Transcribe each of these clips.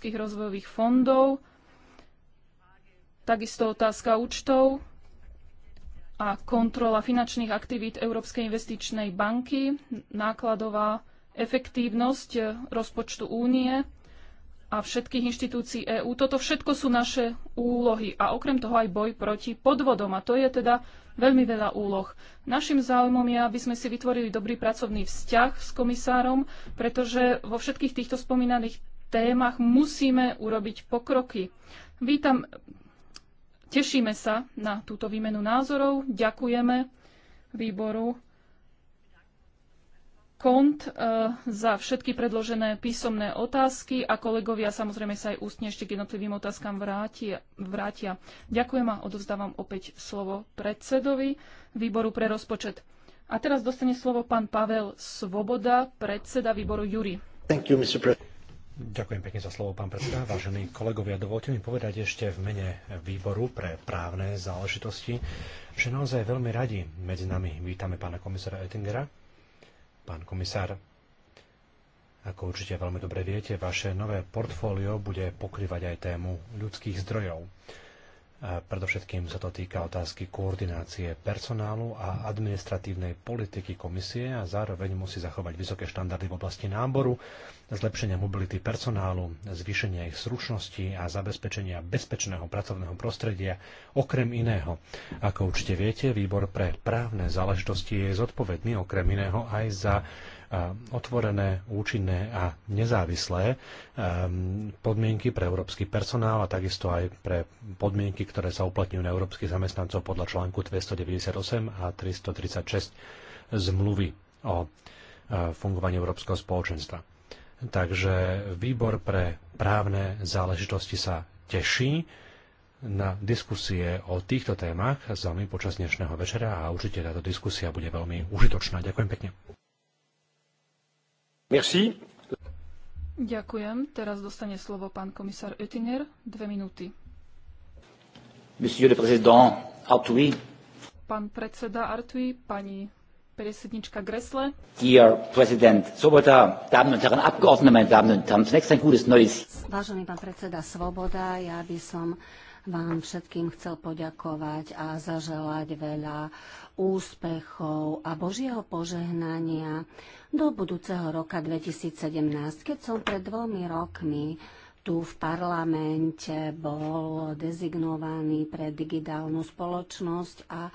európskych rozvojových fondov, takisto otázka účtov a kontrola finančných aktivít Európskej investičnej banky, nákladová efektívnosť rozpočtu únie a všetkých inštitúcií EÚ. Toto všetko sú naše úlohy a okrem toho aj boj proti podvodom. A to je teda veľmi veľa úloh. Našim záujmom je, aby sme si vytvorili dobrý pracovný vzťah s komisárom, pretože vo všetkých týchto spomínaných témach musíme urobiť pokroky. Vítam, tešíme sa na túto výmenu názorov, ďakujeme výboru kont eh, za všetky predložené písomné otázky a kolegovia samozrejme sa aj ústne ešte k jednotlivým otázkam vrátia, vrátia. Ďakujem a odovzdávam opäť slovo predsedovi výboru pre rozpočet. A teraz dostane slovo pán Pavel Svoboda, predseda výboru Jury. Thank you, Mr. President. Ďakujem pekne za slovo, pán predseda. Vážení kolegovia, dovolte mi povedať ešte v mene výboru pre právne záležitosti, že naozaj veľmi radi medzi nami vítame pána komisára Ettingera. Pán komisár, ako určite veľmi dobre viete, vaše nové portfólio bude pokrývať aj tému ľudských zdrojov. Predovšetkým sa to týka otázky koordinácie personálu a administratívnej politiky komisie a zároveň musí zachovať vysoké štandardy v oblasti náboru, zlepšenia mobility personálu, zvýšenia ich zručnosti a zabezpečenia bezpečného pracovného prostredia. Okrem iného, ako určite viete, výbor pre právne záležitosti je zodpovedný okrem iného aj za otvorené, účinné a nezávislé um, podmienky pre európsky personál a takisto aj pre podmienky, ktoré sa uplatňujú na európskych zamestnancov podľa článku 298 a 336 zmluvy o fungovaní Európskeho spoločenstva. Takže výbor pre právne záležitosti sa teší na diskusie o týchto témach s vami počas dnešného večera a určite táto diskusia bude veľmi užitočná. Ďakujem pekne. Ďakujem. Teraz dostane slovo pán komisár Oettinger. Dve minúty. Monsieur le président Artui. Pán predseda Artui, pani predsednička Dear President Svoboda, Abgeordnete, meine Damen und Herren, zunächst ein gutes neues. Vážený pán predseda Svoboda, ja by som vám všetkým chcel poďakovať a zaželať veľa úspechov a Božieho požehnania do budúceho roka 2017, keď som pred dvomi rokmi tu v parlamente bol dezignovaný pre digitálnu spoločnosť a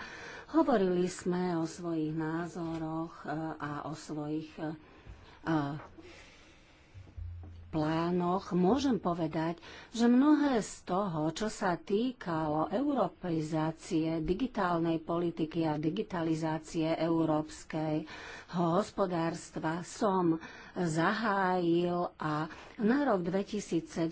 hovorili sme o svojich názoroch e, a o svojich e, plánoch môžem povedať, že mnohé z toho, čo sa týkalo europeizácie, digitálnej politiky a digitalizácie európskej hospodárstva, som zahájil a na rok 2017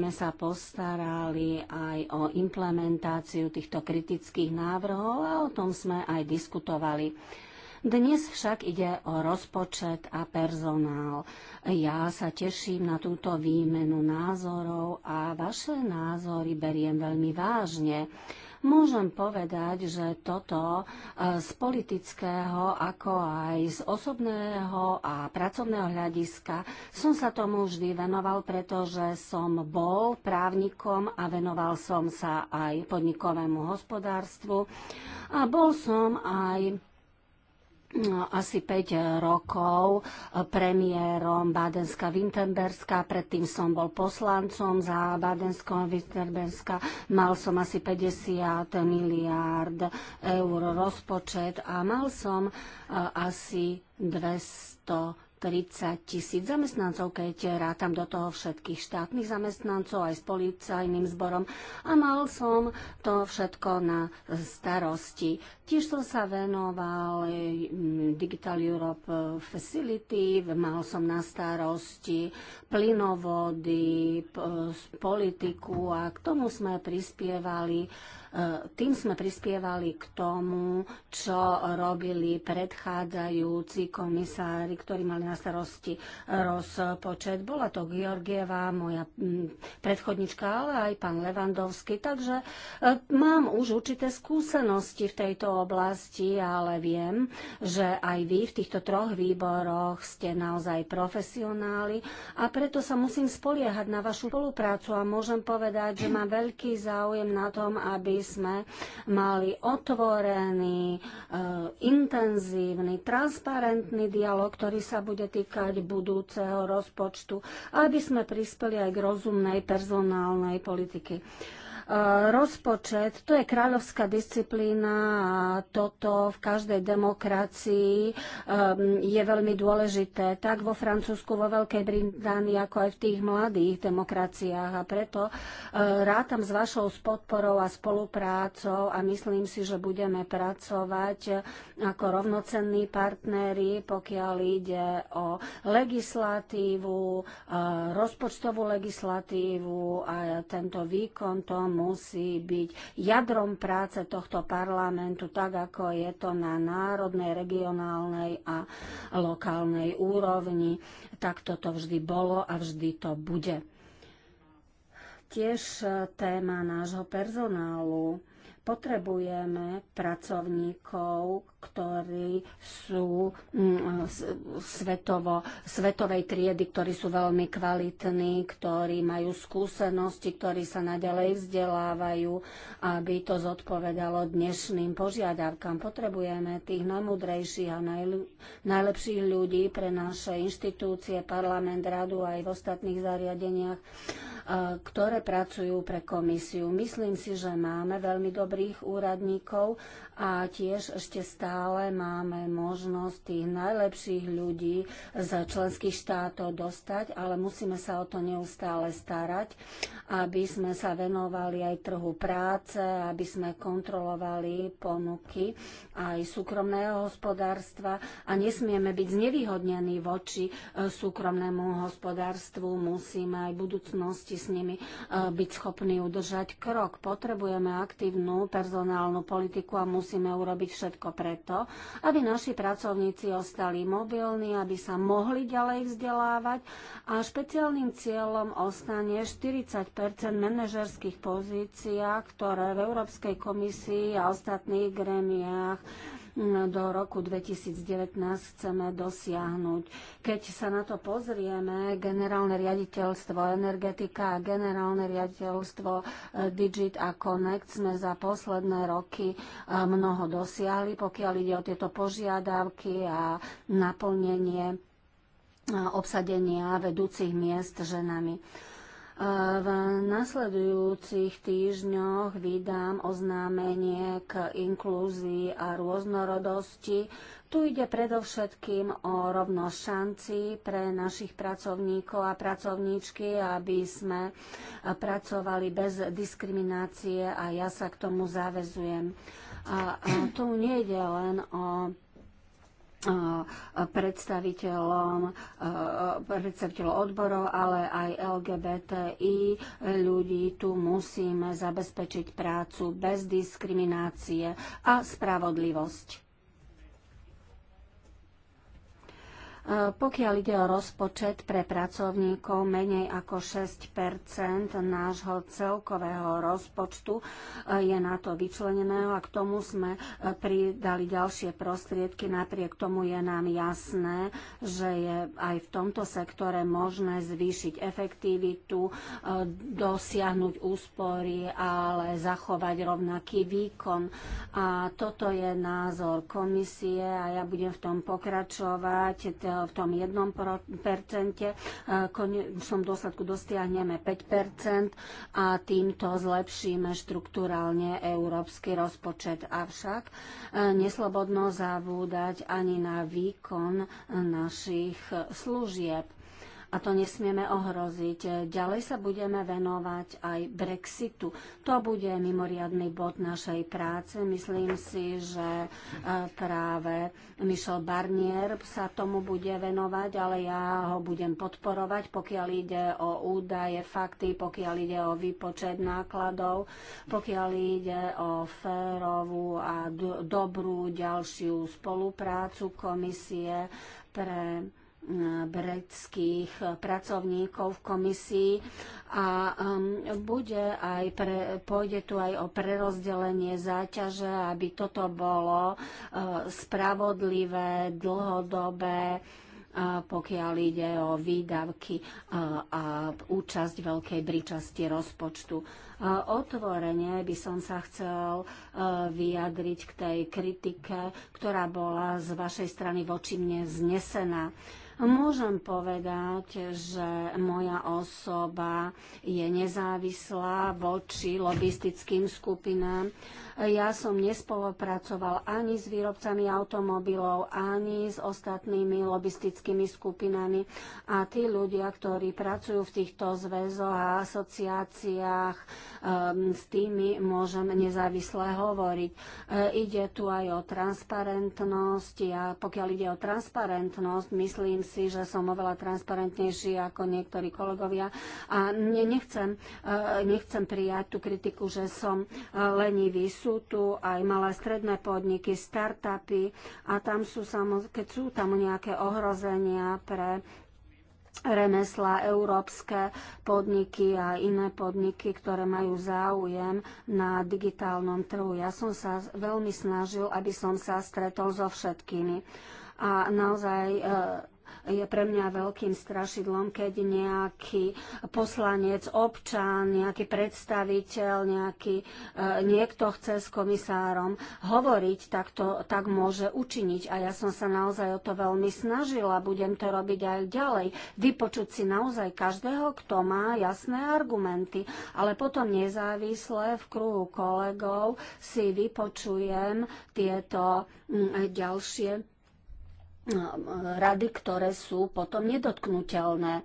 sme sa postarali aj o implementáciu týchto kritických návrhov a o tom sme aj diskutovali. Dnes však ide o rozpočet a personál. Ja sa teším na túto výmenu názorov a vaše názory beriem veľmi vážne. Môžem povedať, že toto e, z politického, ako aj z osobného a pracovného hľadiska som sa tomu vždy venoval, pretože som bol právnikom a venoval som sa aj podnikovému hospodárstvu a bol som aj asi 5 eh, rokov eh, premiérom Bádenska Winterberska, predtým som bol poslancom za Bádensko Winterberska, mal som asi 50 miliárd eur rozpočet a mal som eh, asi 200 30 tisíc zamestnancov, keď rátam do toho všetkých štátnych zamestnancov aj s policajným zborom a mal som to všetko na starosti. Tiež som sa venoval e, Digital Europe Facility, mal som na starosti plynovody, politiku a k tomu sme prispievali E, tým sme prispievali k tomu, čo robili predchádzajúci komisári, ktorí mali na starosti rozpočet. Bola to Georgieva, moja predchodnička, ale aj pán Levandovský. Takže e, mám už určité skúsenosti v tejto oblasti, ale viem, že aj vy v týchto troch výboroch ste naozaj profesionáli a preto sa musím spoliehať na vašu spoluprácu a môžem povedať, že mám veľký záujem na tom, aby sme mali otvorený, eh, intenzívny, transparentný dialog, ktorý sa bude týkať budúceho rozpočtu, aby sme prispeli aj k rozumnej personálnej politiky. Eh, rozpočet, to je kráľovská disciplína a toto v každej demokracii ehm, je veľmi dôležité, tak vo Francúzsku, vo Veľkej Británii, ako aj v tých mladých demokraciách. A preto eh, rátam s vašou podporou a spoluprácou a myslím si, že budeme pracovať eh, ako rovnocenní partnery, pokiaľ ide o legislatívu, rozpočtovú legislatívu a tento výkon, tom musí byť jadrom práce tohto parlamentu, tak ako je to na národnej, regionálnej a lokálnej úrovni. Tak toto vždy bolo a vždy to bude. Tiež e, téma nášho personálu. Potrebujeme pracovníkov, ktorí sú mm, svetovo, svetovej triedy, ktorí sú veľmi kvalitní, ktorí majú skúsenosti, ktorí sa nadalej vzdelávajú, aby to zodpovedalo dnešným požiadavkám. Potrebujeme tých najmudrejších a najlepších ľudí pre naše inštitúcie, parlament, radu aj v ostatných zariadeniach ktoré pracujú pre komisiu. Myslím si, že máme veľmi dobrých úradníkov a tiež ešte stále máme možnosť tých najlepších ľudí z členských štátov dostať, ale musíme sa o to neustále starať, aby sme sa venovali aj trhu práce, aby sme kontrolovali ponuky aj súkromného hospodárstva a nesmieme byť znevýhodnení voči e, súkromnému hospodárstvu. Musíme aj v budúcnosti s nimi e, byť schopní udržať krok. Potrebujeme aktívnu personálnu politiku a musíme musíme urobiť všetko preto, aby naši pracovníci ostali mobilní, aby sa mohli ďalej vzdelávať a špeciálnym cieľom ostane 40 manažerských pozíciách, ktoré v Európskej komisii a ostatných gremiách do roku 2019 chceme dosiahnuť. Keď sa na to pozrieme, generálne riaditeľstvo energetika a generálne riaditeľstvo e, Digit a Connect sme za posledné roky e, mnoho dosiahli, pokiaľ ide o tieto požiadavky a naplnenie e, obsadenia vedúcich miest ženami. V nasledujúcich týždňoch vydám oznámenie k inklúzii a rôznorodosti. Tu ide predovšetkým o rovnosť šanci pre našich pracovníkov a pracovníčky, aby sme pracovali bez diskriminácie a ja sa k tomu zavezujem. A, a tu nejde len o predstaviteľom, predstaviteľom odborov, ale aj LGBTI ľudí tu musíme zabezpečiť prácu bez diskriminácie a spravodlivosť. Pokiaľ ide o rozpočet pre pracovníkov menej ako 6 nášho celkového rozpočtu eh, je na to vyčleneného a k tomu sme eh, pridali ďalšie prostriedky. Napriek tomu je nám jasné, že je aj v tomto sektore možné zvýšiť efektivitu, eh, dosiahnuť úspory, ale zachovať rovnaký výkon. A toto je názor komisie a ja budem v tom pokračovať v tom 1%, v som dôsledku dosiahneme 5% a týmto zlepšíme štruktúralne európsky rozpočet. Avšak e, neslobodno zavúdať ani na výkon našich služieb a to nesmieme ohroziť. Ďalej sa budeme venovať aj Brexitu. To bude mimoriadný bod našej práce. Myslím si, že e, práve Michel Barnier sa tomu bude venovať, ale ja ho budem podporovať, pokiaľ ide o údaje, fakty, pokiaľ ide o výpočet nákladov, pokiaľ ide o férovú a dobrú ďalšiu spoluprácu komisie pre breckých pracovníkov v komisii a um, bude aj pre, pôjde tu aj o prerozdelenie záťaže, aby toto bolo uh, spravodlivé, dlhodobé, uh, pokiaľ ide o výdavky uh, a účasť veľkej bričasti rozpočtu. Otvorene by som sa chcel vyjadriť k tej kritike, ktorá bola z vašej strany voči mne znesená. Môžem povedať, že moja osoba je nezávislá voči lobistickým skupinám. Ja som nespolupracoval ani s výrobcami automobilov, ani s ostatnými lobistickými skupinami. A tí ľudia, ktorí pracujú v týchto zväzoch a asociáciách, ehm, s tými môžem nezávisle hovoriť. E, ide tu aj o transparentnosť. Ja, pokiaľ ide o transparentnosť, myslím si, že som oveľa transparentnejší ako niektorí kolegovia a nechcem, eh, nechcem prijať tú kritiku, že som eh, lenivý. Sú tu aj malé stredné podniky, startupy a tam sú samozrejme, keď sú tam nejaké ohrozenia pre remesla, európske podniky a iné podniky, ktoré majú záujem na digitálnom trhu. Ja som sa veľmi snažil, aby som sa stretol so všetkými. A naozaj e je pre mňa veľkým strašidlom, keď nejaký poslanec, občan, nejaký predstaviteľ, nejaký, e, niekto chce s komisárom hovoriť, tak to tak môže učiniť. A ja som sa naozaj o to veľmi snažila, budem to robiť aj ďalej. Vypočuť si naozaj každého, kto má jasné argumenty, ale potom nezávisle v kruhu kolegov si vypočujem tieto ďalšie Eh, rady, ktoré sú potom nedotknutelné.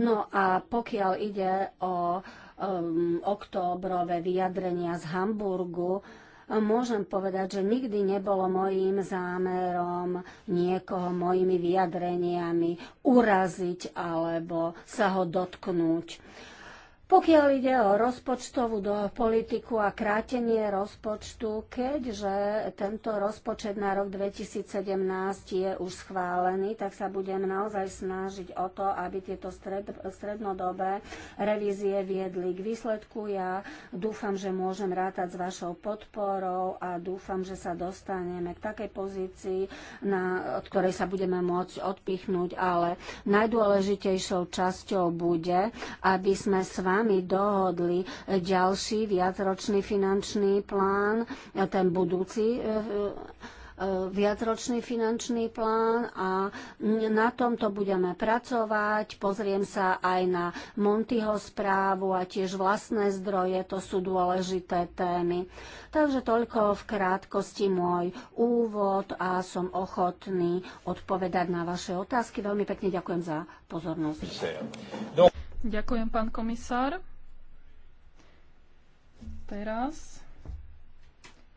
No a pokiaľ ide o um, októbrové vyjadrenia z Hamburgu, eh, môžem povedať, že nikdy nebolo mojím zámerom niekoho mojimi vyjadreniami uraziť alebo sa ho dotknúť. Pokiaľ ide o rozpočtovú politiku a krátenie rozpočtu, keďže tento rozpočet na rok 2017 je už schválený, tak sa budem naozaj snažiť o to, aby tieto stred, strednodobé revízie viedli k výsledku. Ja dúfam, že môžem rátať s vašou podporou a dúfam, že sa dostaneme k takej pozícii, na, od ktorej sa budeme môcť odpichnúť, ale najdôležitejšou časťou bude, aby sme s vami nami dohodli ďalší viacročný finančný plán, ten budúci e, e, e, viacročný finančný plán a na tomto budeme pracovať. Pozriem sa aj na Montyho správu a tiež vlastné zdroje, to sú dôležité témy. Takže toľko v krátkosti môj úvod a som ochotný odpovedať na vaše otázky. Veľmi pekne ďakujem za pozornosť. Ďakujem, pán komisár. Teraz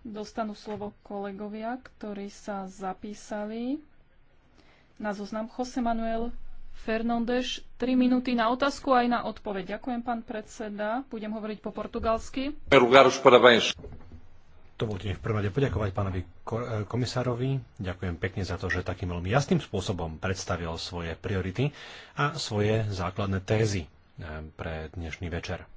dostanú slovo kolegovia, ktorí sa zapísali na zoznam Jose Manuel Fernández. 3 minúty na otázku aj na odpoveď. Ďakujem, pán predseda. Budem hovoriť po portugalsky. Dovolte mi v prvom rade poďakovať pánovi e, komisárovi. Ďakujem pekne za to, že takým veľmi jasným spôsobom predstavil svoje priority a svoje základné tézy e, pre dnešný večer.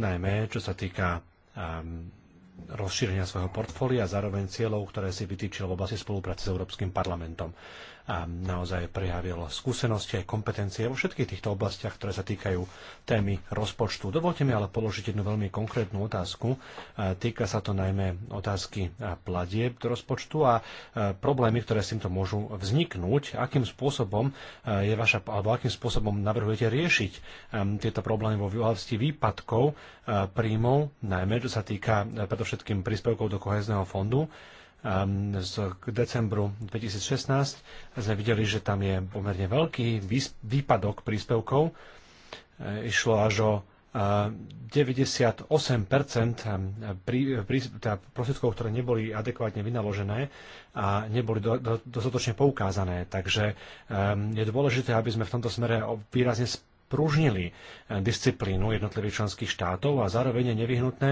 Najmä čo sa týka ehm, rozšírenia svojho portfólia a zároveň cieľov, ktoré si vytýčil v oblasti spolupráce s Európskym parlamentom naozaj prejavil skúsenosti aj kompetencie vo všetkých týchto oblastiach, ktoré sa týkajú témy rozpočtu. Dovolte mi ale položiť jednu veľmi konkrétnu otázku. E, týka sa to najmä otázky e, platieb do rozpočtu a e, problémy, ktoré s týmto môžu vzniknúť. Akým spôsobom je vaša, alebo akým spôsobom navrhujete riešiť tieto problémy vo oblasti výpadkov príjmov, najmä čo sa týka predovšetkým príspevkov do kohezného fondu Ehm, z decembru 2016 sme videli, že tam je pomerne veľký výpadok príspevkov. E, išlo až o 98 e, ehm, teda prostriedkov, ktoré neboli adekvátne vynaložené a neboli do, do, dostatočne poukázané. Takže ehm, je dôležité, aby sme v tomto smere výrazne spružnili e, disciplínu jednotlivých členských štátov a zároveň je nevyhnutné,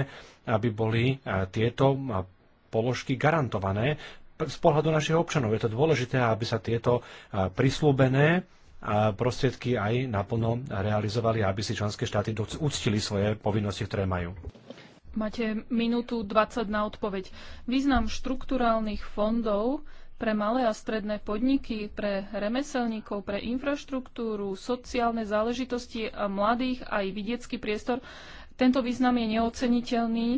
aby boli tieto položky garantované z pohľadu našich občanov. Je to dôležité, aby sa tieto prislúbené prostriedky aj naplno realizovali, aby si členské štáty uctili svoje povinnosti, ktoré majú. Máte minútu 20 na odpoveď. Význam štrukturálnych fondov pre malé a stredné podniky, pre remeselníkov, pre infraštruktúru, sociálne záležitosti mladých aj vidiecký priestor. Tento význam je neoceniteľný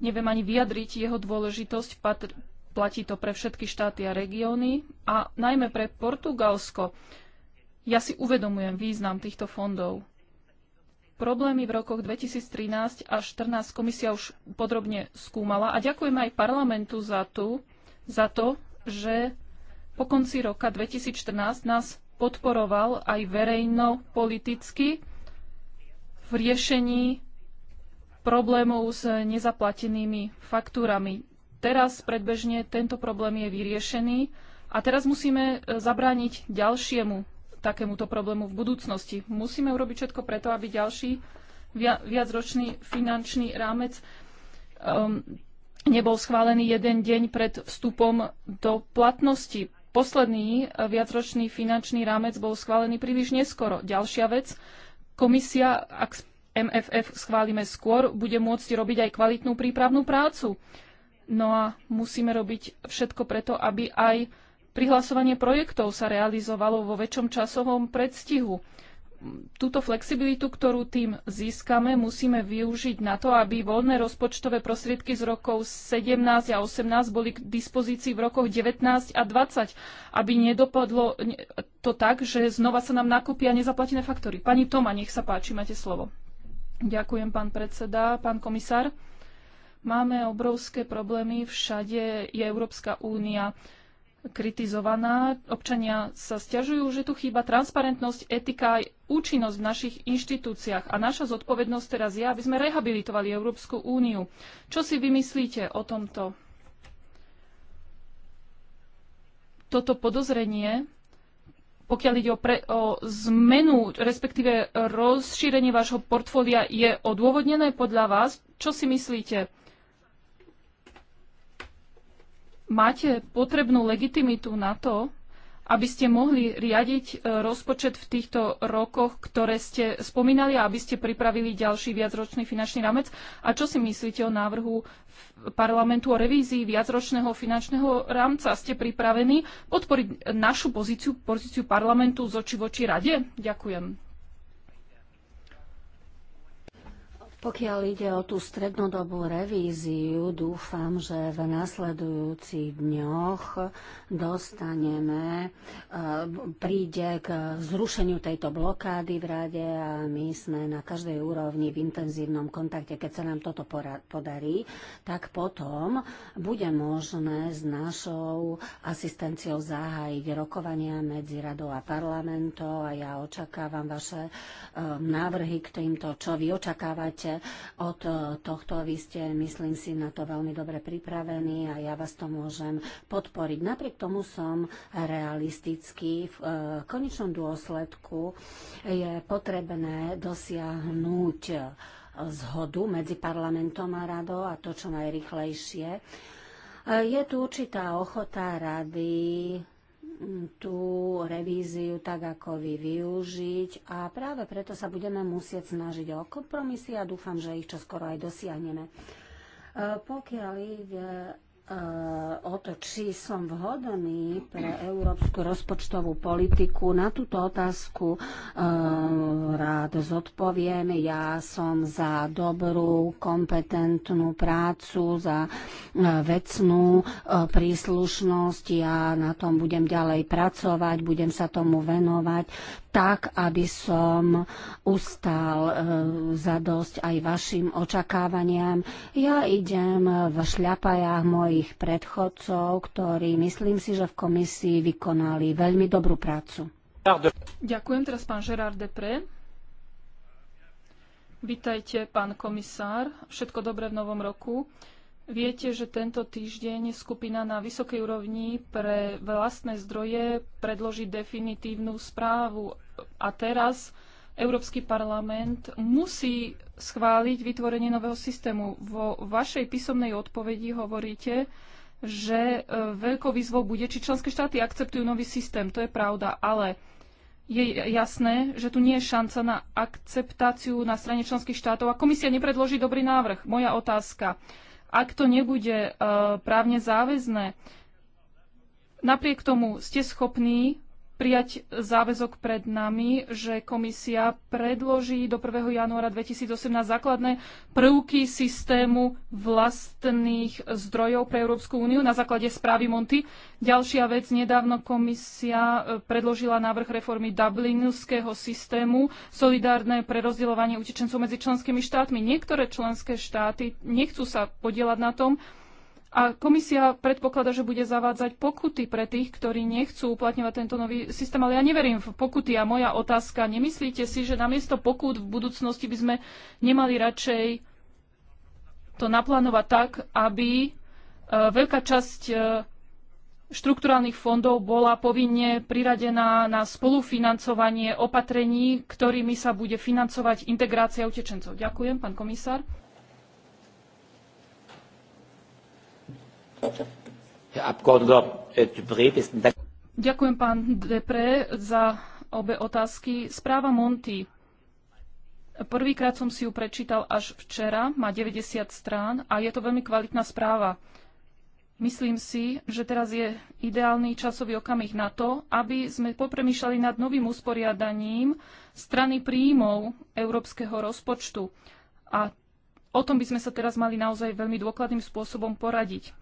neviem ani vyjadriť jeho dôležitosť. Patr- platí to pre všetky štáty a regióny a najmä pre Portugalsko. Ja si uvedomujem význam týchto fondov. Problémy v rokoch 2013 až 2014 komisia už podrobne skúmala a ďakujem aj parlamentu za, tu, za to, že po konci roka 2014 nás podporoval aj verejno politicky v riešení problémov s nezaplatenými faktúrami. Teraz predbežne tento problém je vyriešený a teraz musíme e, zabrániť ďalšiemu takémuto problému v budúcnosti. Musíme urobiť všetko preto, aby ďalší viacročný finančný rámec um, nebol schválený jeden deň pred vstupom do platnosti. Posledný e, viacročný finančný rámec bol schválený príliš neskoro. Ďalšia vec, komisia, ak MFF schválime skôr, bude môcť robiť aj kvalitnú prípravnú prácu. No a musíme robiť všetko preto, aby aj prihlasovanie projektov sa realizovalo vo väčšom časovom predstihu. Túto flexibilitu, ktorú tým získame, musíme využiť na to, aby voľné rozpočtové prostriedky z rokov 17 a 18 boli k dispozícii v rokoch 19 a 20, aby nedopadlo to tak, že znova sa nám nakúpia nezaplatené faktory. Pani Toma, nech sa páči, máte slovo. Ďakujem, pán predseda, pán komisár. Máme obrovské problémy, všade je Európska únia kritizovaná. Občania sa stiažujú, že tu chýba transparentnosť, etika aj účinnosť v našich inštitúciách. A naša zodpovednosť teraz je, aby sme rehabilitovali Európsku úniu. Čo si vymyslíte o tomto? Toto podozrenie pokiaľ ide o, pre, o zmenu, respektíve rozšírenie vášho portfólia, je odôvodnené podľa vás? Čo si myslíte? Máte potrebnú legitimitu na to, aby ste mohli riadiť e, rozpočet v týchto rokoch, ktoré ste spomínali a aby ste pripravili ďalší viacročný finančný ramec? A čo si myslíte o návrhu parlamentu o revízii viacročného finančného rámca. Ste pripravení podporiť našu pozíciu, pozíciu parlamentu z oči voči rade? Ďakujem. Pokiaľ ide o tú strednodobú revíziu, dúfam, že v nasledujúcich dňoch dostaneme, eh, príde k zrušeniu tejto blokády v rade a my sme na každej úrovni v intenzívnom kontakte. Keď sa nám toto podarí, tak potom bude možné s našou asistenciou zahájiť rokovania medzi radou a parlamentom a ja očakávam vaše eh, návrhy k týmto, čo vy očakávate okamžite od e, tohto. Vy ste, myslím si, na to veľmi dobre pripravení a ja vás to môžem podporiť. Napriek tomu som realistický. V e, konečnom dôsledku je potrebné dosiahnuť e, zhodu medzi parlamentom a radou a to čo najrychlejšie. Je tu určitá ochota rady tú revíziu tak, ako vy využiť a práve preto sa budeme musieť snažiť o kompromisy a dúfam, že ich čoskoro aj dosiahneme. E, pokiaľ ide Eh, o to, či som vhodný pre európsku rozpočtovú politiku. Na túto otázku eh, rád zodpoviem. Ja som za dobrú, kompetentnú prácu, za eh, vecnú príslušnosť. Ja na tom budem ďalej pracovať, budem sa tomu venovať tak, aby som ustal dosť aj vašim očakávaniam. Ja idem v šľapajách mojich mojich predchodcov, ktorí myslím si, že v komisii vykonali veľmi dobrú prácu. Ďakujem teraz pán Gerard Depre. Vítajte, pán komisár. Všetko dobré v novom roku. Viete, že tento týždeň skupina na vysokej úrovni pre vlastné zdroje predloží definitívnu správu. A teraz Európsky parlament musí schváliť vytvorenie nového systému. Vo vašej písomnej odpovedi hovoríte, že e, veľkou výzvou bude, či členské štáty akceptujú nový systém. To je pravda, ale je jasné, že tu nie je šanca na akceptáciu na strane členských štátov a komisia nepredloží dobrý návrh. Moja otázka. Ak to nebude e, právne záväzné, napriek tomu ste schopní prijať záväzok pred nami, že komisia predloží do 1. januára 2018 základné prvky systému vlastných zdrojov pre Európsku úniu na základe správy Monty. Ďalšia vec, nedávno komisia e, predložila návrh reformy dublinského systému, solidárne prerozdeľovanie utečencov medzi členskými štátmi. Niektoré členské štáty nechcú sa podielať na tom, a komisia predpokladá, že bude zavádzať pokuty pre tých, ktorí nechcú uplatňovať tento nový systém, ale ja neverím v pokuty. A moja otázka, nemyslíte si, že namiesto pokut v budúcnosti by sme nemali radšej to naplánovať tak, aby e, veľká časť e, štrukturálnych fondov bola povinne priradená na spolufinancovanie opatrení, ktorými sa bude financovať integrácia utečencov. Ďakujem, pán komisár. Äh, Ďakujem, pán Depre, za obe otázky. Správa Monty. Prvýkrát som si ju prečítal až včera, má 90 strán a je to veľmi kvalitná správa. Myslím si, že teraz je ideálny časový okamih na to, aby sme popremýšľali nad novým usporiadaním strany príjmov európskeho rozpočtu. A o tom by sme sa teraz mali naozaj veľmi dôkladným spôsobom poradiť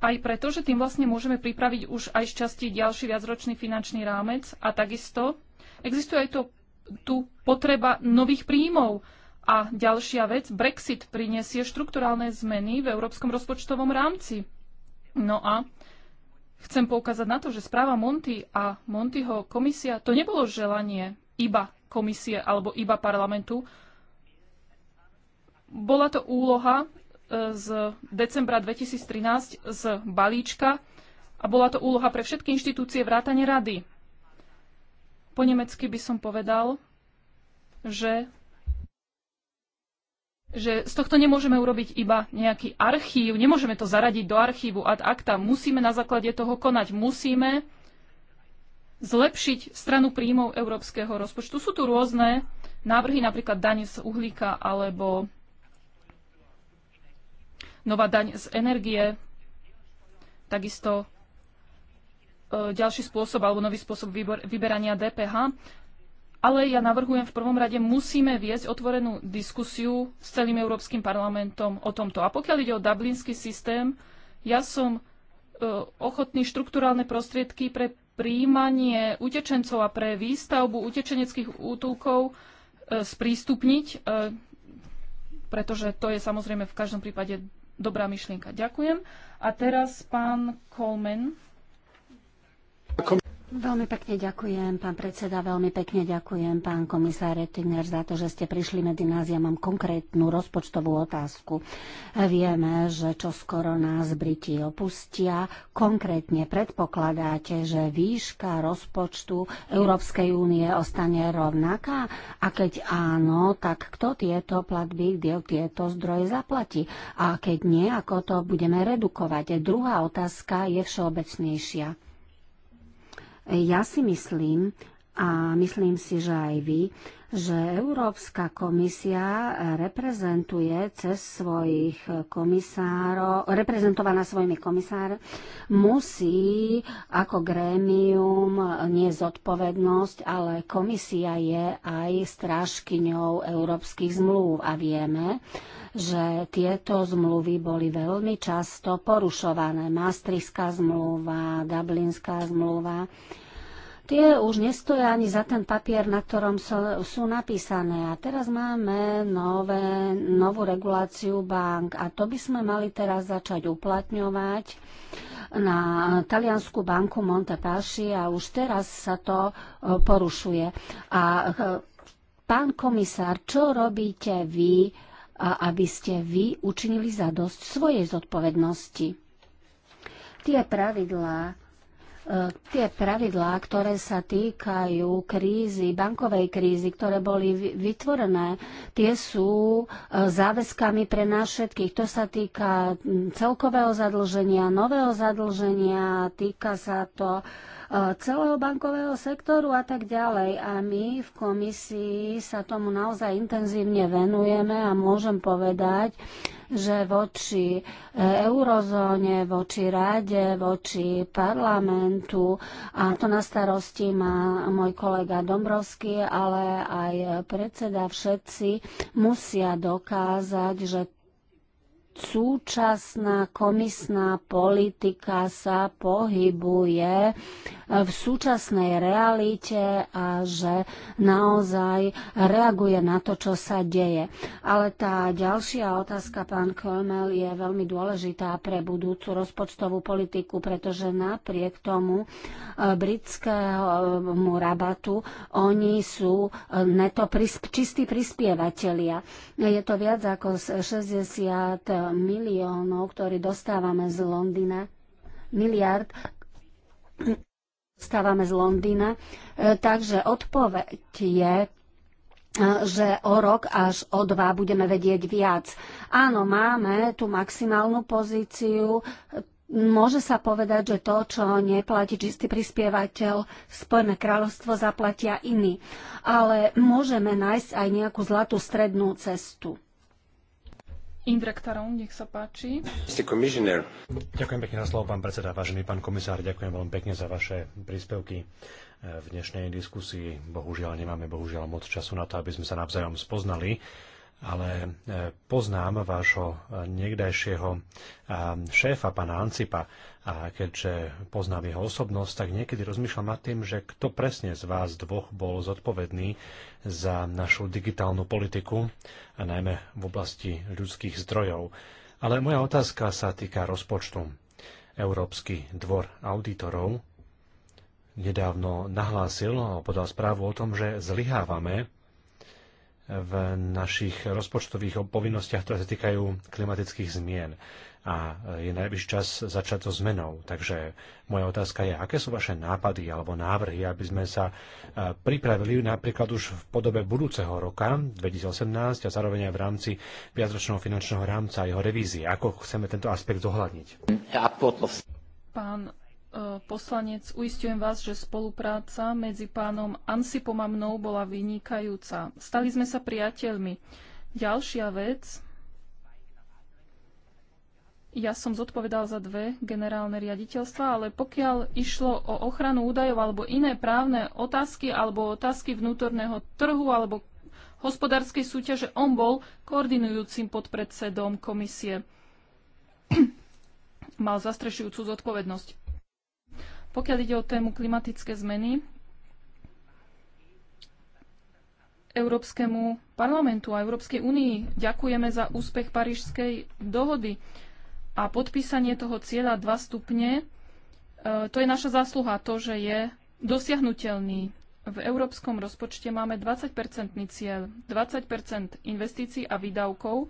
aj preto, že tým vlastne môžeme pripraviť už aj z časti ďalší viacročný finančný rámec a takisto existuje aj to, tu potreba nových príjmov. A ďalšia vec, Brexit prinesie štrukturálne zmeny v európskom rozpočtovom rámci. No a chcem poukázať na to, že správa Monty a Montyho komisia, to nebolo želanie iba komisie alebo iba parlamentu, bola to úloha z decembra 2013 z balíčka a bola to úloha pre všetky inštitúcie vrátane rady. Po nemecky by som povedal, že, že z tohto nemôžeme urobiť iba nejaký archív, nemôžeme to zaradiť do archívu ad acta, musíme na základe toho konať, musíme zlepšiť stranu príjmov európskeho rozpočtu. Sú tu rôzne návrhy, napríklad dane z uhlíka alebo nová daň z energie, takisto e, ďalší spôsob alebo nový spôsob vyberania DPH. Ale ja navrhujem v prvom rade, musíme viesť otvorenú diskusiu s celým Európskym parlamentom o tomto. A pokiaľ ide o dublinský systém, ja som e, ochotný štruktúrálne prostriedky pre príjmanie utečencov a pre výstavbu utečeneckých útulkov e, sprístupniť, pretože to je samozrejme v každom prípade dobrá myšlienka. Ďakujem. A teraz pán Coleman. Veľmi pekne ďakujem, pán predseda, veľmi pekne ďakujem, pán komisár Rettinger, za to, že ste prišli medzi nás. Ja mám konkrétnu rozpočtovú otázku. Vieme, že čo skoro nás Briti opustia. Konkrétne predpokladáte, že výška rozpočtu Európskej únie ostane rovnaká? A keď áno, tak kto tieto platby, kde tieto zdroje zaplatí? A keď nie, ako to budeme redukovať? Druhá otázka je všeobecnejšia ja si myslím, a myslím si, že aj vy, že Európska komisia reprezentuje cez svojich komisárov, reprezentovaná svojimi komisár, musí ako grémium nie zodpovednosť, ale komisia je aj strážkyňou európskych zmluv a vieme, že tieto zmluvy boli veľmi často porušované. Maastrichtská zmluva, Dublinská zmluva tie už nestoja ani za ten papier, na ktorom so, sú napísané. A teraz máme nové, novú reguláciu bank a to by sme mali teraz začať uplatňovať na taliansku banku Monte Paschi a už teraz sa to e, porušuje. A e, pán komisár, čo robíte vy, aby ste vy učinili za dosť svojej zodpovednosti? Tie pravidlá, tie pravidlá, ktoré sa týkajú krízy, bankovej krízy, ktoré boli vytvorené, tie sú e, záväzkami pre nás všetkých. To sa týka celkového zadlženia, nového zadlženia, týka sa to e, celého bankového sektoru a tak ďalej. A my v komisii sa tomu naozaj intenzívne venujeme a môžem povedať, že voči e, eurozóne, voči rade, voči parlamentu a to na starosti má môj kolega Dombrovský, ale aj predseda všetci musia dokázať, že súčasná komisná politika sa pohybuje v súčasnej realite a že naozaj reaguje na to, čo sa deje. Ale tá ďalšia otázka, pán Kolmel, je veľmi dôležitá pre budúcu rozpočtovú politiku, pretože napriek tomu e, britskému rabatu oni sú neto prisp- čistí prispievateľia. Je to viac ako 60 miliónov, ktorý dostávame z Londýna, miliard dostávame z Londýna. E, takže odpoveď je, e, že o rok až o dva budeme vedieť viac. Áno, máme tú maximálnu pozíciu. Môže sa povedať, že to, čo neplatí čistý prispievateľ, Spojené kráľovstvo zaplatia iní. Ale môžeme nájsť aj nejakú zlatú strednú cestu. Indrek Taron, nech sa páči. Ďakujem pekne za slovo, pán predseda. Vážený pán komisár, ďakujem veľmi pekne za vaše príspevky e, v dnešnej diskusii. Bohužiaľ nemáme bohužiaľ moc času na to, aby sme sa navzájom spoznali ale e, poznám vášho e, niekdajšieho e, šéfa, pána Ancipa, a keďže poznám jeho osobnosť, tak niekedy rozmýšľam nad tým, že kto presne z vás dvoch bol zodpovedný za našu digitálnu politiku, a najmä v oblasti ľudských zdrojov. Ale moja otázka sa týka rozpočtu. Európsky dvor auditorov nedávno nahlásil a podal správu o tom, že zlyhávame v našich rozpočtových povinnostiach, ktoré sa týkajú klimatických zmien. A je najvyšší čas začať so zmenou. Takže moja otázka je, aké sú vaše nápady alebo návrhy, aby sme sa e, pripravili napríklad už v podobe budúceho roka 2018 a zároveň aj v rámci viacročného finančného rámca a jeho revízie. Ako chceme tento aspekt zohľadniť? Pán E, poslanec, uistujem vás, že spolupráca medzi pánom Ansipom a mnou bola vynikajúca. Stali sme sa priateľmi. Ďalšia vec. Ja som zodpovedal za dve generálne riaditeľstva, ale pokiaľ išlo o ochranu údajov alebo iné právne otázky alebo otázky vnútorného trhu alebo hospodárskej súťaže, on bol koordinujúcim podpredsedom komisie. Mal zastrešujúcu zodpovednosť. Pokiaľ ide o tému klimatické zmeny, Európskemu parlamentu a Európskej únii ďakujeme za úspech Parížskej dohody a podpísanie toho cieľa 2 stupne. E, to je naša zásluha, to, že je dosiahnutelný. V európskom rozpočte máme 20-percentný cieľ, 20 investícií a výdavkov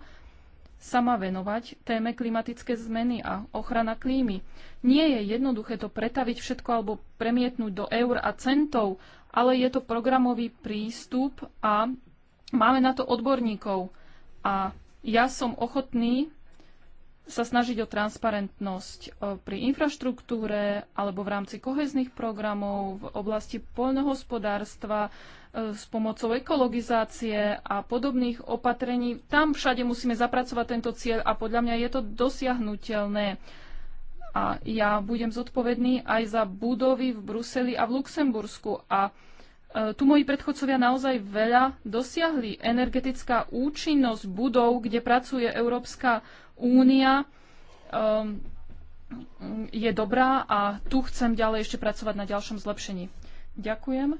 sama venovať téme klimatické zmeny a ochrana klímy. Nie je jednoduché to pretaviť všetko alebo premietnúť do eur a centov, ale je to programový prístup a máme na to odborníkov. A ja som ochotný sa snažiť o transparentnosť pri infraštruktúre alebo v rámci kohezných programov v oblasti poľnohospodárstva e, s pomocou ekologizácie a podobných opatrení. Tam všade musíme zapracovať tento cieľ a podľa mňa je to dosiahnutelné. A ja budem zodpovedný aj za budovy v Bruseli a v Luxembursku a E, tu moji predchodcovia naozaj veľa dosiahli. Energetická účinnosť budov, kde pracuje Európska únia, ehm, je dobrá a tu chcem ďalej ešte pracovať na ďalšom zlepšení. Ďakujem.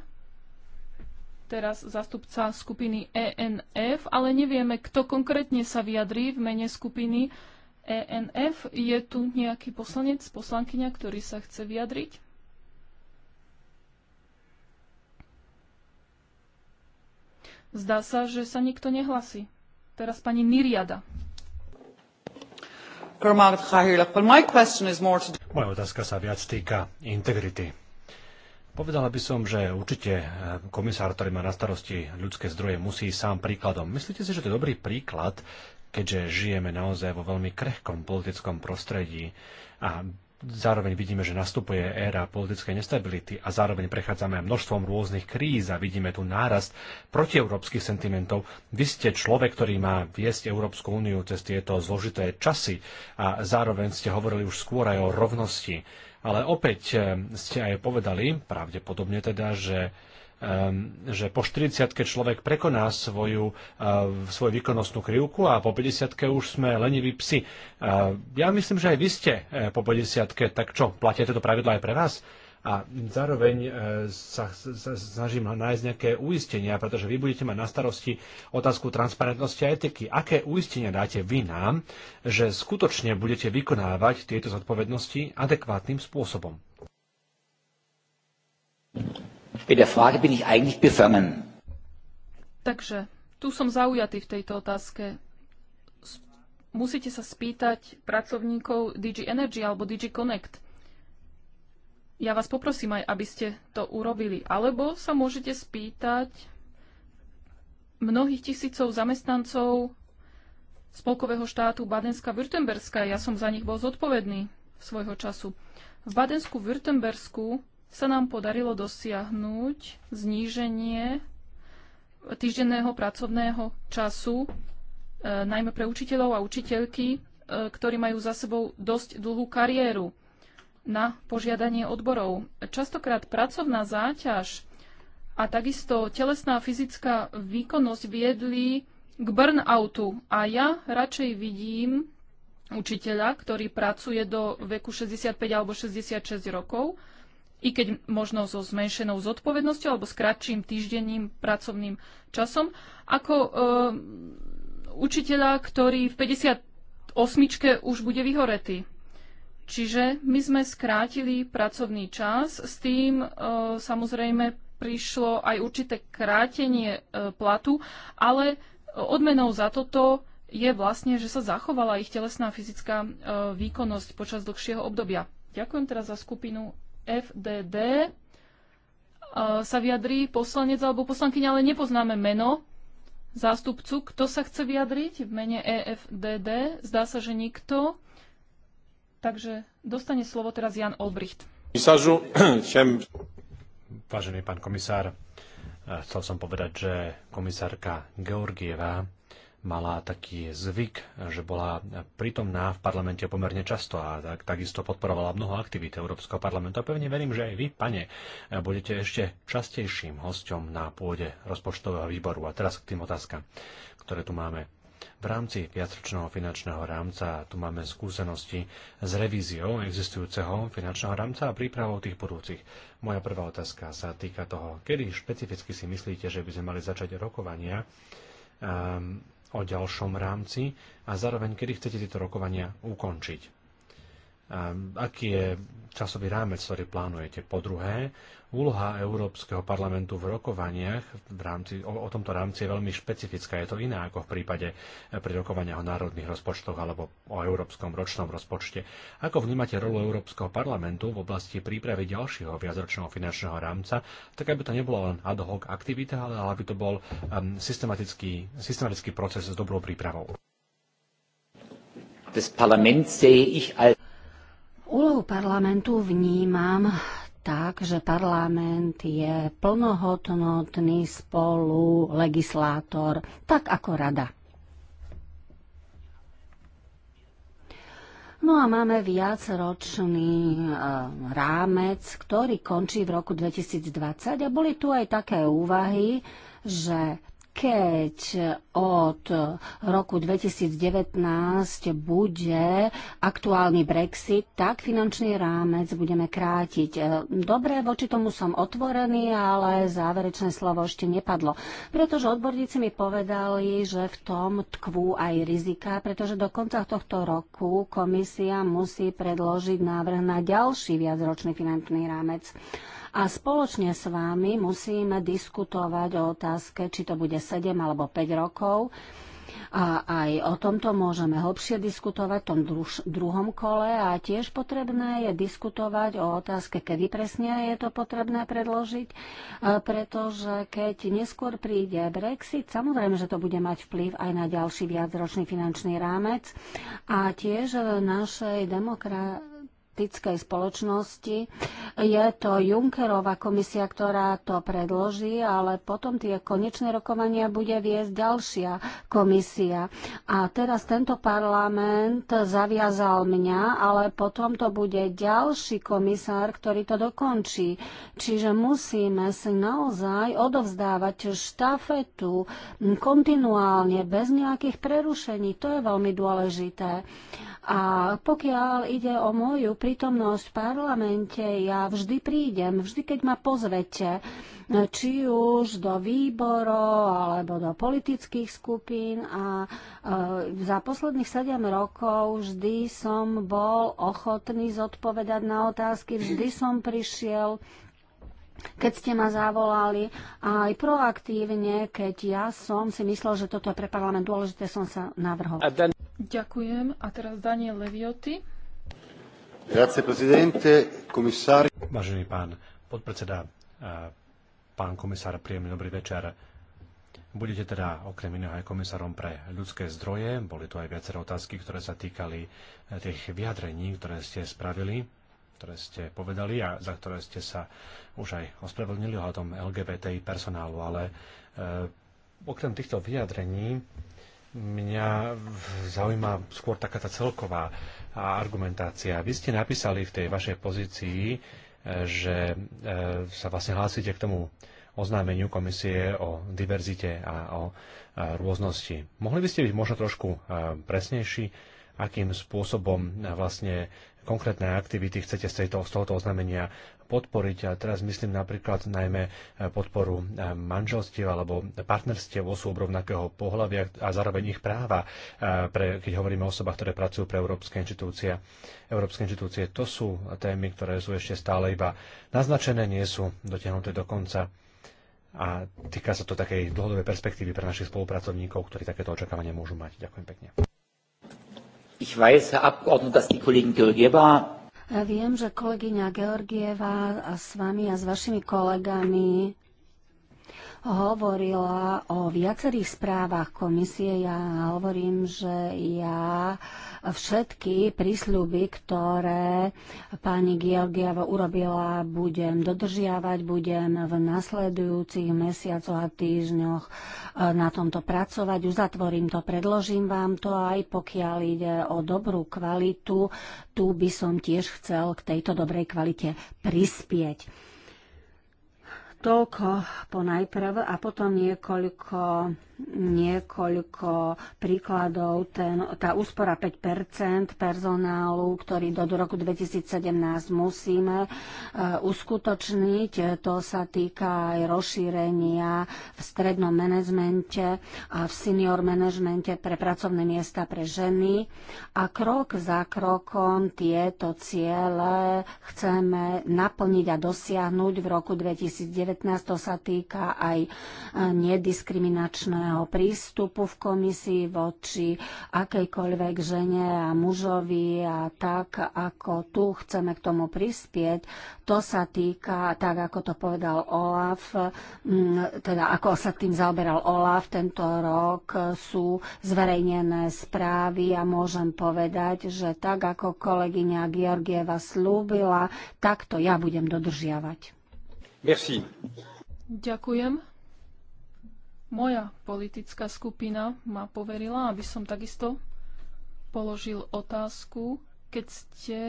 Teraz zastupca skupiny ENF, ale nevieme, kto konkrétne sa vyjadrí v mene skupiny ENF. Je tu nejaký poslanec, poslankyňa, ktorý sa chce vyjadriť? Zdá sa, že sa nikto nehlasí. Teraz pani Miriada. Moja otázka sa viac týka integrity. Povedala by som, že určite eh, komisár, ktorý má na starosti ľudské zdroje, musí sám príkladom. Myslíte si, že to je dobrý príklad, keďže žijeme naozaj vo veľmi krehkom politickom prostredí a Zároveň vidíme, že nastupuje éra politickej nestability a zároveň prechádzame množstvom rôznych kríz a vidíme tu nárast protieurópskych sentimentov. Vy ste človek, ktorý má viesť Európsku úniu cez tieto zložité časy a zároveň ste hovorili už skôr aj o rovnosti. Ale opäť eh, ste aj povedali, pravdepodobne teda, že Ehm, že po 40 človek prekoná svoju, eh, svoju výkonnostnú krivku a po 50 už sme leniví psi. Ehm, ja myslím, že aj vy ste eh, po 50 tak čo, platia tieto pravidla aj pre vás? a zároveň eh, sa, snažím nájsť nejaké uistenia, pretože vy budete mať na starosti otázku transparentnosti a etiky. Aké uistenia dáte vy nám, že skutočne budete vykonávať tieto zodpovednosti adekvátnym spôsobom? Bei der Frage bin ich eigentlich befangen. Takže tu som zaujatý v tejto otázke. Musíte sa spýtať pracovníkov DG Energy alebo DG Connect. Ja vás poprosím aj, aby ste to urobili. Alebo sa môžete spýtať mnohých tisícov zamestnancov spolkového štátu Badenska-Württemberska. Ja som za nich bol zodpovedný svojho času. V Badensku-Württembersku sa nám podarilo dosiahnuť zníženie týždenného pracovného času, e, najmä pre učiteľov a učiteľky, e, ktorí majú za sebou dosť dlhú kariéru na požiadanie odborov. Častokrát pracovná záťaž a takisto telesná a fyzická výkonnosť viedli k burnoutu. A ja radšej vidím učiteľa, ktorý pracuje do veku 65 alebo 66 rokov, i keď možno so zmenšenou zodpovednosťou alebo s kratším týždenným pracovným časom, ako e, učiteľa, ktorý v 58 už bude vyhoretý. Čiže my sme skrátili pracovný čas, s tým e, samozrejme prišlo aj určité krátenie e, platu, ale odmenou za toto je vlastne, že sa zachovala ich telesná fyzická e, výkonnosť počas dlhšieho obdobia. Ďakujem teraz za skupinu FDD sa vyjadrí poslanec alebo poslankyňa, ale nepoznáme meno zástupcu. Kto sa chce vyjadriť v mene EFDD? Zdá sa, že nikto. Takže dostane slovo teraz Jan Olbricht. Vážený pán komisár, eh, chcel som povedať, že komisárka Georgieva mala taký zvyk, že bola prítomná v parlamente pomerne často a tak, takisto podporovala mnoho aktivít Európskeho parlamentu. A pevne verím, že aj vy, pane, budete ešte častejším hosťom na pôde rozpočtového výboru. A teraz k tým otázkam, ktoré tu máme. V rámci viacročného finančného rámca tu máme skúsenosti s revíziou existujúceho finančného rámca a prípravou tých budúcich. Moja prvá otázka sa týka toho, kedy špecificky si myslíte, že by sme mali začať rokovania um, o ďalšom rámci a zároveň, kedy chcete tieto rokovania ukončiť. Ehm, aký je časový rámec, ktorý plánujete. Po druhé, úloha Európskeho parlamentu v rokovaniach v rámci, o, o tomto rámci je veľmi špecifická. Je to iná ako v prípade eh, pri rokovaniach o národných rozpočtoch alebo o európskom ročnom rozpočte. Ako vnímate rolu Európskeho parlamentu v oblasti prípravy ďalšieho viacročného finančného rámca, tak aby to nebolo len ad hoc aktivita, ale aby to bol um, systematický, systematický proces s dobrou prípravou? Das Parlament sehe ich als Úlohu parlamentu vnímam tak, že parlament je plnohodnotný spolu legislátor, tak ako rada. No a máme viacročný eh, rámec, ktorý končí v roku 2020 a boli tu aj také úvahy, že keď od roku 2019 bude aktuálny Brexit, tak finančný rámec budeme krátiť. Dobre, voči tomu som otvorený, ale záverečné slovo ešte nepadlo. Pretože odborníci mi povedali, že v tom tkvú aj rizika, pretože do konca tohto roku komisia musí predložiť návrh na ďalší viacročný finančný rámec a spoločne s vami musíme diskutovať o otázke, či to bude 7 alebo 5 rokov. A aj o tomto môžeme hlbšie diskutovať v tom druž, druhom kole a tiež potrebné je diskutovať o otázke, kedy presne je to potrebné predložiť, e, pretože keď neskôr príde Brexit, samozrejme, že to bude mať vplyv aj na ďalší viacročný finančný rámec a tiež v našej demokracii energetickej spoločnosti. Je to Junckerová komisia, ktorá to predloží, ale potom tie konečné rokovania bude viesť ďalšia komisia. A teraz tento parlament zaviazal mňa, ale potom to bude ďalší komisár, ktorý to dokončí. Čiže musíme si naozaj odovzdávať štafetu kontinuálne, bez nejakých prerušení. To je veľmi dôležité. A pokiaľ ide o moju prítomnosť v parlamente, ja vždy prídem, vždy keď ma pozvete, či už do výborov alebo do politických skupín a e, za posledných 7 rokov vždy som bol ochotný zodpovedať na otázky, vždy som prišiel keď ste ma zavolali a aj proaktívne, keď ja som si myslel, že toto je pre parlament dôležité, som sa navrhol. Ďakujem. A teraz Daniel Levioty. Vážený pán podpredseda, pán komisár, príjemný dobrý večer. Budete teda okrem iného aj komisárom pre ľudské zdroje. Boli tu aj viaceré otázky, ktoré sa týkali e, tých vyjadrení, ktoré ste spravili, ktoré ste povedali a za ktoré ste sa už aj ospravedlnili ohľadom LGBTI personálu. Ale e, okrem týchto vyjadrení mňa zaujíma skôr taká tá celková a argumentácia. Vy ste napísali v tej vašej pozícii, e, že e, sa vlastne hlásite k tomu oznámeniu komisie o diverzite a o e, rôznosti. Mohli by ste byť možno trošku presnejší, akým spôsobom vlastne konkrétne aktivity chcete z, tejto, z tohoto oznámenia podporiť. A teraz myslím napríklad najmä e, podporu e, manželstiev alebo partnerstiev osôb rovnakého pohľavia a zároveň ich práva, e, pre, keď hovoríme o osobách, ktoré pracujú pre európske inštitúcie. Európske inštitúcie to sú témy, ktoré sú ešte stále iba naznačené, nie sú dotiahnuté do konca a týka sa to takej dlhodobej perspektívy pre našich spolupracovníkov, ktorí takéto očakávania môžu mať. Ďakujem pekne. Ich weiß, Herr Abgeordneter, dass die Kollegin Georgieva Viem, že kolegyňa Georgieva a s vami a s vašimi kolegami hovorila o viacerých správach komisie. Ja hovorím, že ja uh, všetky prísľuby, ktoré pani Georgiava urobila, budem dodržiavať, budem v nasledujúcich mesiacoch a týždňoch e, na tomto pracovať. Uzatvorím to, predložím vám to aj pokiaľ ide o dobrú kvalitu. Tu by som tiež chcel k tejto dobrej kvalite prispieť. Toľko ponajprv a potom niekoľko niekoľko príkladov. Ten, tá úspora 5 personálu, ktorý do roku 2017 musíme e, uskutočniť, to sa týka aj rozšírenia v strednom manažmente a v senior manažmente pre pracovné miesta pre ženy. A krok za krokom tieto ciele chceme naplniť a dosiahnuť v roku 2019. To sa týka aj e, nediskriminačného rovného prístupu v komisii voči akejkoľvek žene a mužovi a tak, ako tu chceme k tomu prispieť. To sa týka, tak ako to povedal Olaf, mm, teda ako sa tým zaoberal Olaf tento rok, sú zverejnené správy a môžem povedať, že tak ako kolegyňa Georgieva slúbila, takto ja budem dodržiavať. Merci. Ďakujem. Moja politická skupina ma poverila, aby som takisto položil otázku, keď ste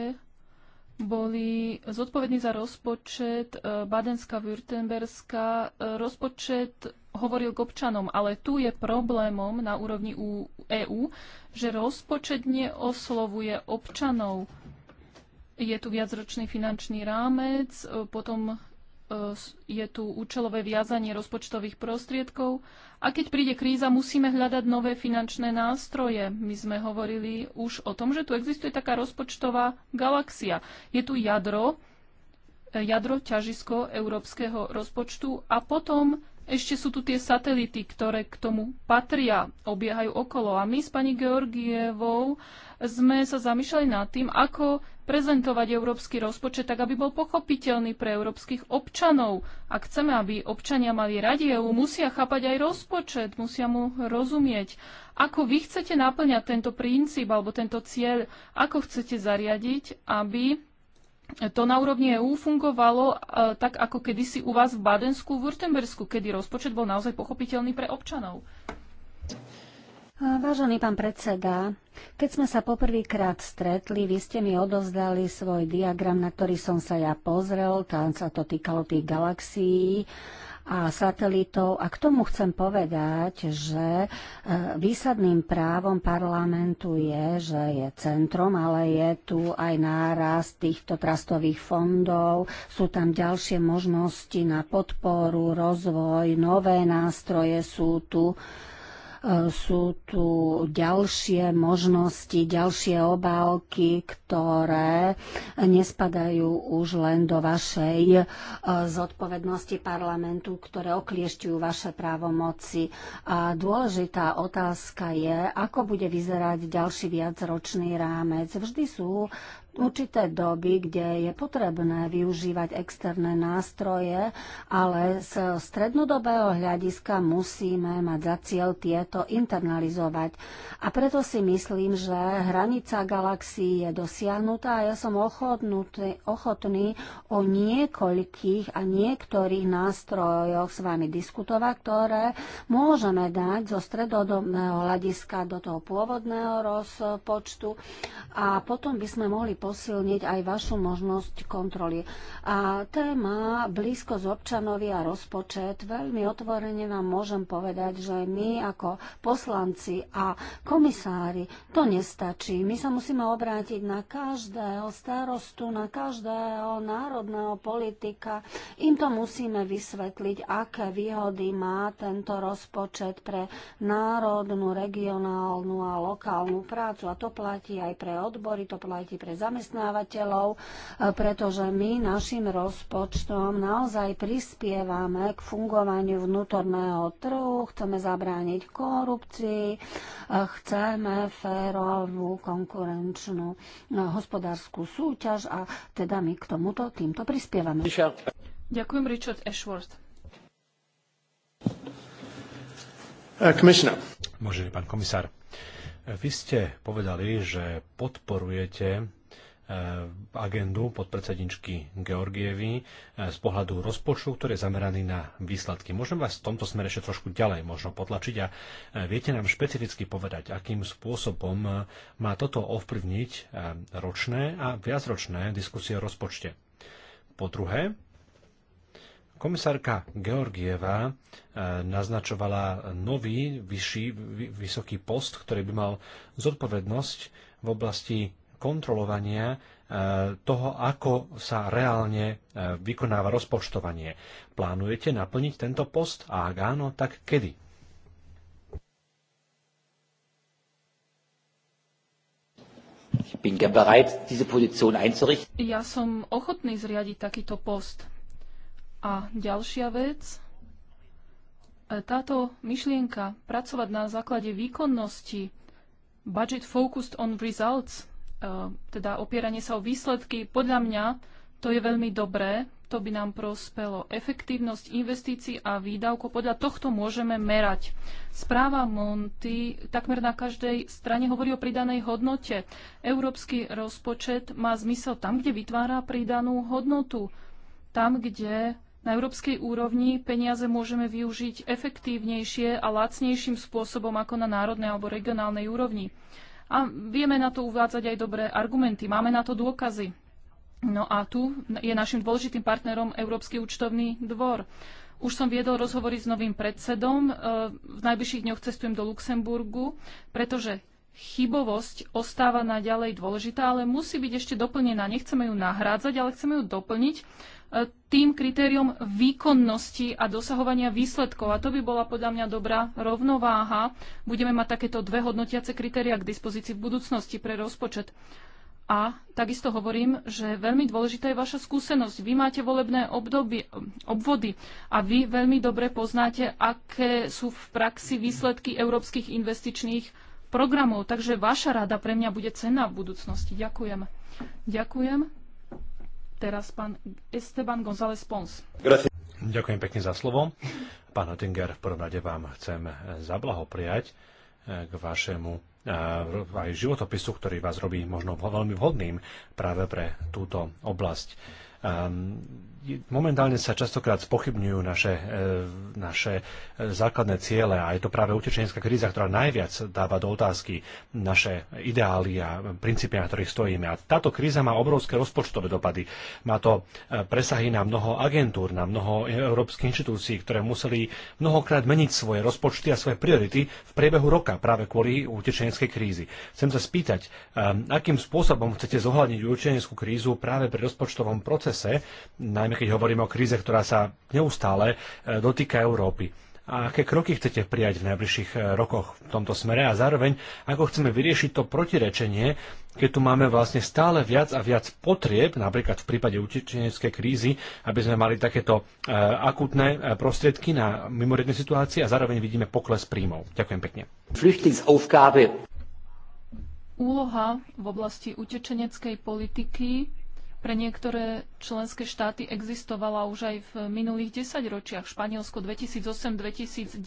boli zodpovední za rozpočet e, Badenska-Württemberska. E, rozpočet hovoril k občanom, ale tu je problémom na úrovni EÚ, že rozpočet neoslovuje občanov. Je tu viacročný finančný rámec, e, potom E, je tu účelové viazanie rozpočtových prostriedkov a keď príde kríza, musíme hľadať nové finančné nástroje. My sme hovorili už o tom, že tu existuje taká rozpočtová galaxia. Je tu jadro, e, jadro ťažisko európskeho rozpočtu a potom ešte sú tu tie satelity, ktoré k tomu patria, obiehajú okolo. A my s pani Georgievou sme sa zamýšľali nad tým, ako prezentovať európsky rozpočet tak, aby bol pochopiteľný pre európskych občanov. Ak chceme, aby občania mali radi EU, musia chápať aj rozpočet, musia mu rozumieť. Ako vy chcete naplňať tento princíp alebo tento cieľ? Ako chcete zariadiť, aby to na úrovni EÚ fungovalo e, tak, ako kedysi u vás v Badensku, v Württembersku, kedy rozpočet bol naozaj pochopiteľný pre občanov. Vážený pán predseda, keď sme sa poprvýkrát stretli, vy ste mi odovzdali svoj diagram, na ktorý som sa ja pozrel, tam sa to týkalo tých galaxií a satelitov. A k tomu chcem povedať, že e, výsadným právom parlamentu je, že je centrom, ale je tu aj nárast týchto trastových fondov. Sú tam ďalšie možnosti na podporu, rozvoj, nové nástroje sú tu sú tu ďalšie možnosti, ďalšie obálky, ktoré nespadajú už len do vašej e, zodpovednosti parlamentu, ktoré okliešťujú vaše právomoci. A dôležitá otázka je, ako bude vyzerať ďalší viacročný rámec. Vždy sú určité doby, kde je potrebné využívať externé nástroje, ale z strednodobého hľadiska musíme mať za cieľ tieto internalizovať. A preto si myslím, že hranica galaxií je dosiahnutá a ja som ochotný, ochotný o niekoľkých a niektorých nástrojoch s vami diskutovať, ktoré môžeme dať zo stredodobného hľadiska do toho pôvodného rozpočtu a potom by sme mohli posilniť aj vašu možnosť kontroly. A téma blízko z občanovi a rozpočet, veľmi otvorene vám môžem povedať, že my ako poslanci a komisári to nestačí. My sa musíme obrátiť na každého starostu, na každého národného politika. Im to musíme vysvetliť, aké výhody má tento rozpočet pre národnú, regionálnu a lokálnu prácu. A to platí aj pre odbory, to platí pre zamestnanosti zamestnávateľov, e, pretože my našim rozpočtom naozaj prispievame k fungovaniu vnútorného trhu, chceme zabrániť korupcii, e, chceme férovú konkurenčnú e, hospodárskú súťaž a teda my k tomuto týmto prispievame. Ďakujem, Richard Ashworth. Vážený uh, pán komisár, vy ste povedali, že podporujete Eh, agendu podpredsedničky Georgievy eh, z pohľadu rozpočtu, ktorý je zameraný na výsledky. Môžem vás v tomto smere ešte trošku ďalej možno potlačiť a eh, viete nám špecificky povedať, akým spôsobom má toto ovplyvniť ročné a viacročné diskusie o rozpočte. Po druhé, Komisárka Georgieva naznačovala nový, vyšší, vysoký post, ktorý by mal zodpovednosť v oblasti kontrolovania e, toho, ako sa reálne e, vykonáva rozpočtovanie. Plánujete naplniť tento post? A ak áno, tak kedy? Ja som ochotný zriadiť takýto post. A ďalšia vec, e, táto myšlienka pracovať na základe výkonnosti, budget focused on results, E, teda opieranie sa o výsledky, podľa mňa to je veľmi dobré, to by nám prospelo. Efektívnosť investícií a výdavkov podľa tohto môžeme merať. Správa Monty takmer na každej strane hovorí o pridanej hodnote. Európsky rozpočet má zmysel tam, kde vytvára pridanú hodnotu. Tam, kde na európskej úrovni peniaze môžeme využiť efektívnejšie a lacnejším spôsobom ako na národnej alebo regionálnej úrovni. A vieme na to uvádzať aj dobré argumenty, máme na to dôkazy. No a tu je našim dôležitým partnerom Európsky účtovný dvor. Už som viedol rozhovory s novým predsedom. E, v najbližších dňoch cestujem do Luxemburgu, pretože chybovosť ostáva naďalej dôležitá, ale musí byť ešte doplnená. Nechceme ju nahrádzať, ale chceme ju doplniť, tým kritériom výkonnosti a dosahovania výsledkov. A to by bola podľa mňa dobrá rovnováha. Budeme mať takéto dve hodnotiace kritéria k dispozícii v budúcnosti pre rozpočet. A takisto hovorím, že veľmi dôležitá je vaša skúsenosť. Vy máte volebné obdobie, obvody a vy veľmi dobre poznáte, aké sú v praxi výsledky európskych investičných programov. Takže vaša rada pre mňa bude cenná v budúcnosti. Ďakujem. Ďakujem. Teraz pán Esteban González Pons. Ďakujem pekne za slovo. Pán Oettinger, v prvom rade vám chcem zablahopriať eh, k vašemu eh, aj životopisu, ktorý vás robí možno veľmi vhodným práve pre túto oblasť. Ehm, momentálne sa častokrát spochybňujú naše, e, naše e, základné ciele a je to práve utečenská kríza, ktorá najviac dáva do otázky naše ideály a princípy, na ktorých stojíme. A táto kríza má obrovské rozpočtové dopady. Má to e, presahy na mnoho agentúr, na mnoho európskych inštitúcií, ktoré museli mnohokrát meniť svoje rozpočty a svoje priority v priebehu roka práve kvôli utečeneckej krízy. Chcem sa spýtať, akým spôsobom chcete zohľadniť utečeneckú krízu práve pri rozpočtovom procese, najmä najmä keď hovoríme o kríze, ktorá sa neustále e, dotýka Európy a aké kroky chcete prijať v najbližších e, rokoch v tomto smere a zároveň ako chceme vyriešiť to protirečenie, keď tu máme vlastne stále viac a viac potrieb, napríklad v prípade utečeneckej krízy, aby sme mali takéto e, akútne prostriedky na mimoriadne situácie a zároveň vidíme pokles príjmov. Ďakujem pekne. Úloha v oblasti utečeneckej politiky pre niektoré členské štáty existovala už aj v minulých desaťročiach. Španielsko 2008-2009,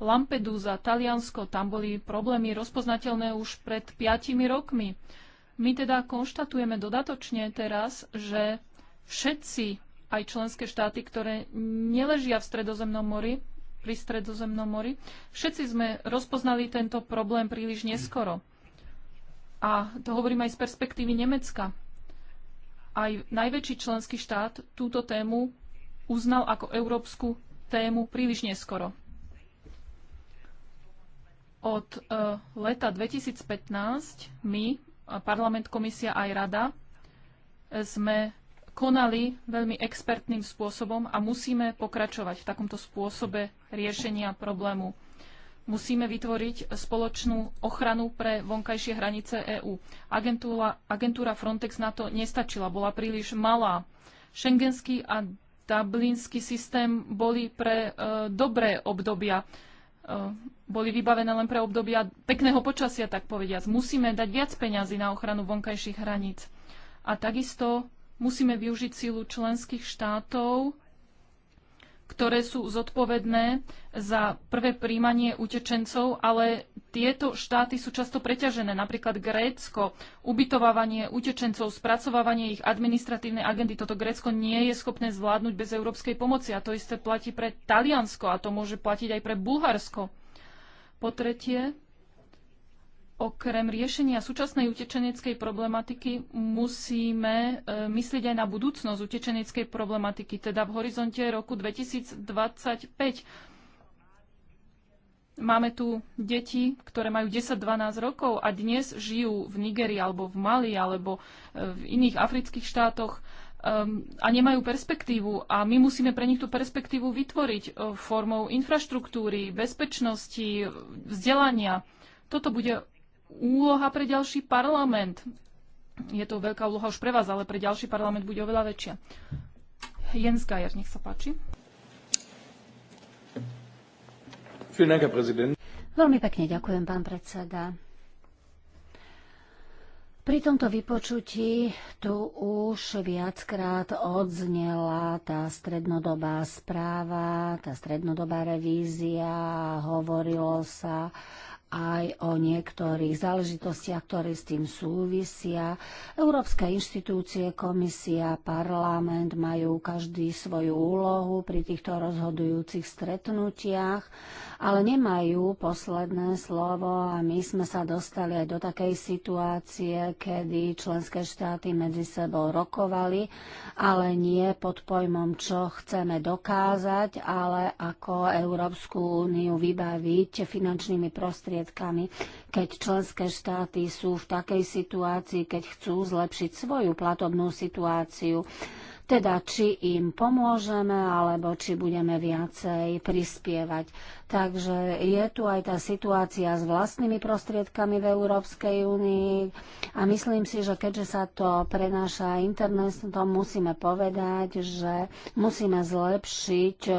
Lampedusa, Taliansko, tam boli problémy rozpoznateľné už pred piatimi rokmi. My teda konštatujeme dodatočne teraz, že všetci, aj členské štáty, ktoré neležia v Stredozemnom mori, pri Stredozemnom mori, všetci sme rozpoznali tento problém príliš neskoro. A to hovorím aj z perspektívy Nemecka aj najväčší členský štát túto tému uznal ako európsku tému príliš neskoro. Od e, leta 2015 my, parlament, komisia aj rada, sme konali veľmi expertným spôsobom a musíme pokračovať v takomto spôsobe riešenia problému musíme vytvoriť spoločnú ochranu pre vonkajšie hranice EÚ. Agentúra, agentúra Frontex na to nestačila, bola príliš malá. Schengenský a Dublinský systém boli pre e, dobré obdobia. E, boli vybavené len pre obdobia pekného počasia, tak povediac. Musíme dať viac peňazí na ochranu vonkajších hraníc. A takisto musíme využiť sílu členských štátov ktoré sú zodpovedné za prvé príjmanie utečencov, ale tieto štáty sú často preťažené, napríklad Grécko, ubytovávanie utečencov, spracovávanie ich administratívnej agendy. Toto Grécko nie je schopné zvládnuť bez európskej pomoci a to isté platí pre Taliansko a to môže platiť aj pre Bulharsko. Po tretie, Okrem riešenia súčasnej utečeneckej problematiky musíme e, myslieť aj na budúcnosť utečeneckej problematiky, teda v horizonte roku 2025. Máme tu deti, ktoré majú 10-12 rokov a dnes žijú v Nigerii alebo v Mali alebo e, v iných afrických štátoch ehm, a nemajú perspektívu. A my musíme pre nich tú perspektívu vytvoriť e, formou infraštruktúry, bezpečnosti, vzdelania. Toto bude úloha pre ďalší parlament. Je to veľká úloha už pre vás, ale pre ďalší parlament bude oveľa väčšia. Jens Geier, nech sa páči. Veľmi pekne ďakujem, pán predseda. Pri tomto vypočutí tu už viackrát odznela tá strednodobá správa, tá strednodobá revízia, hovorilo sa aj o niektorých záležitostiach, ktoré s tým súvisia. Európske inštitúcie, komisia, parlament majú každý svoju úlohu pri týchto rozhodujúcich stretnutiach, ale nemajú posledné slovo a my sme sa dostali aj do takej situácie, kedy členské štáty medzi sebou rokovali, ale nie pod pojmom, čo chceme dokázať, ale ako Európsku úniu vybaviť finančnými prostriedkami prostriedkami, keď členské štáty sú v takej situácii, keď chcú zlepšiť svoju platobnú situáciu teda či im pomôžeme, alebo či budeme viacej prispievať. Takže je tu aj tá situácia s vlastnými prostriedkami v Európskej únii a myslím si, že keďže sa to prenáša internetom, musíme povedať, že musíme zlepšiť eh,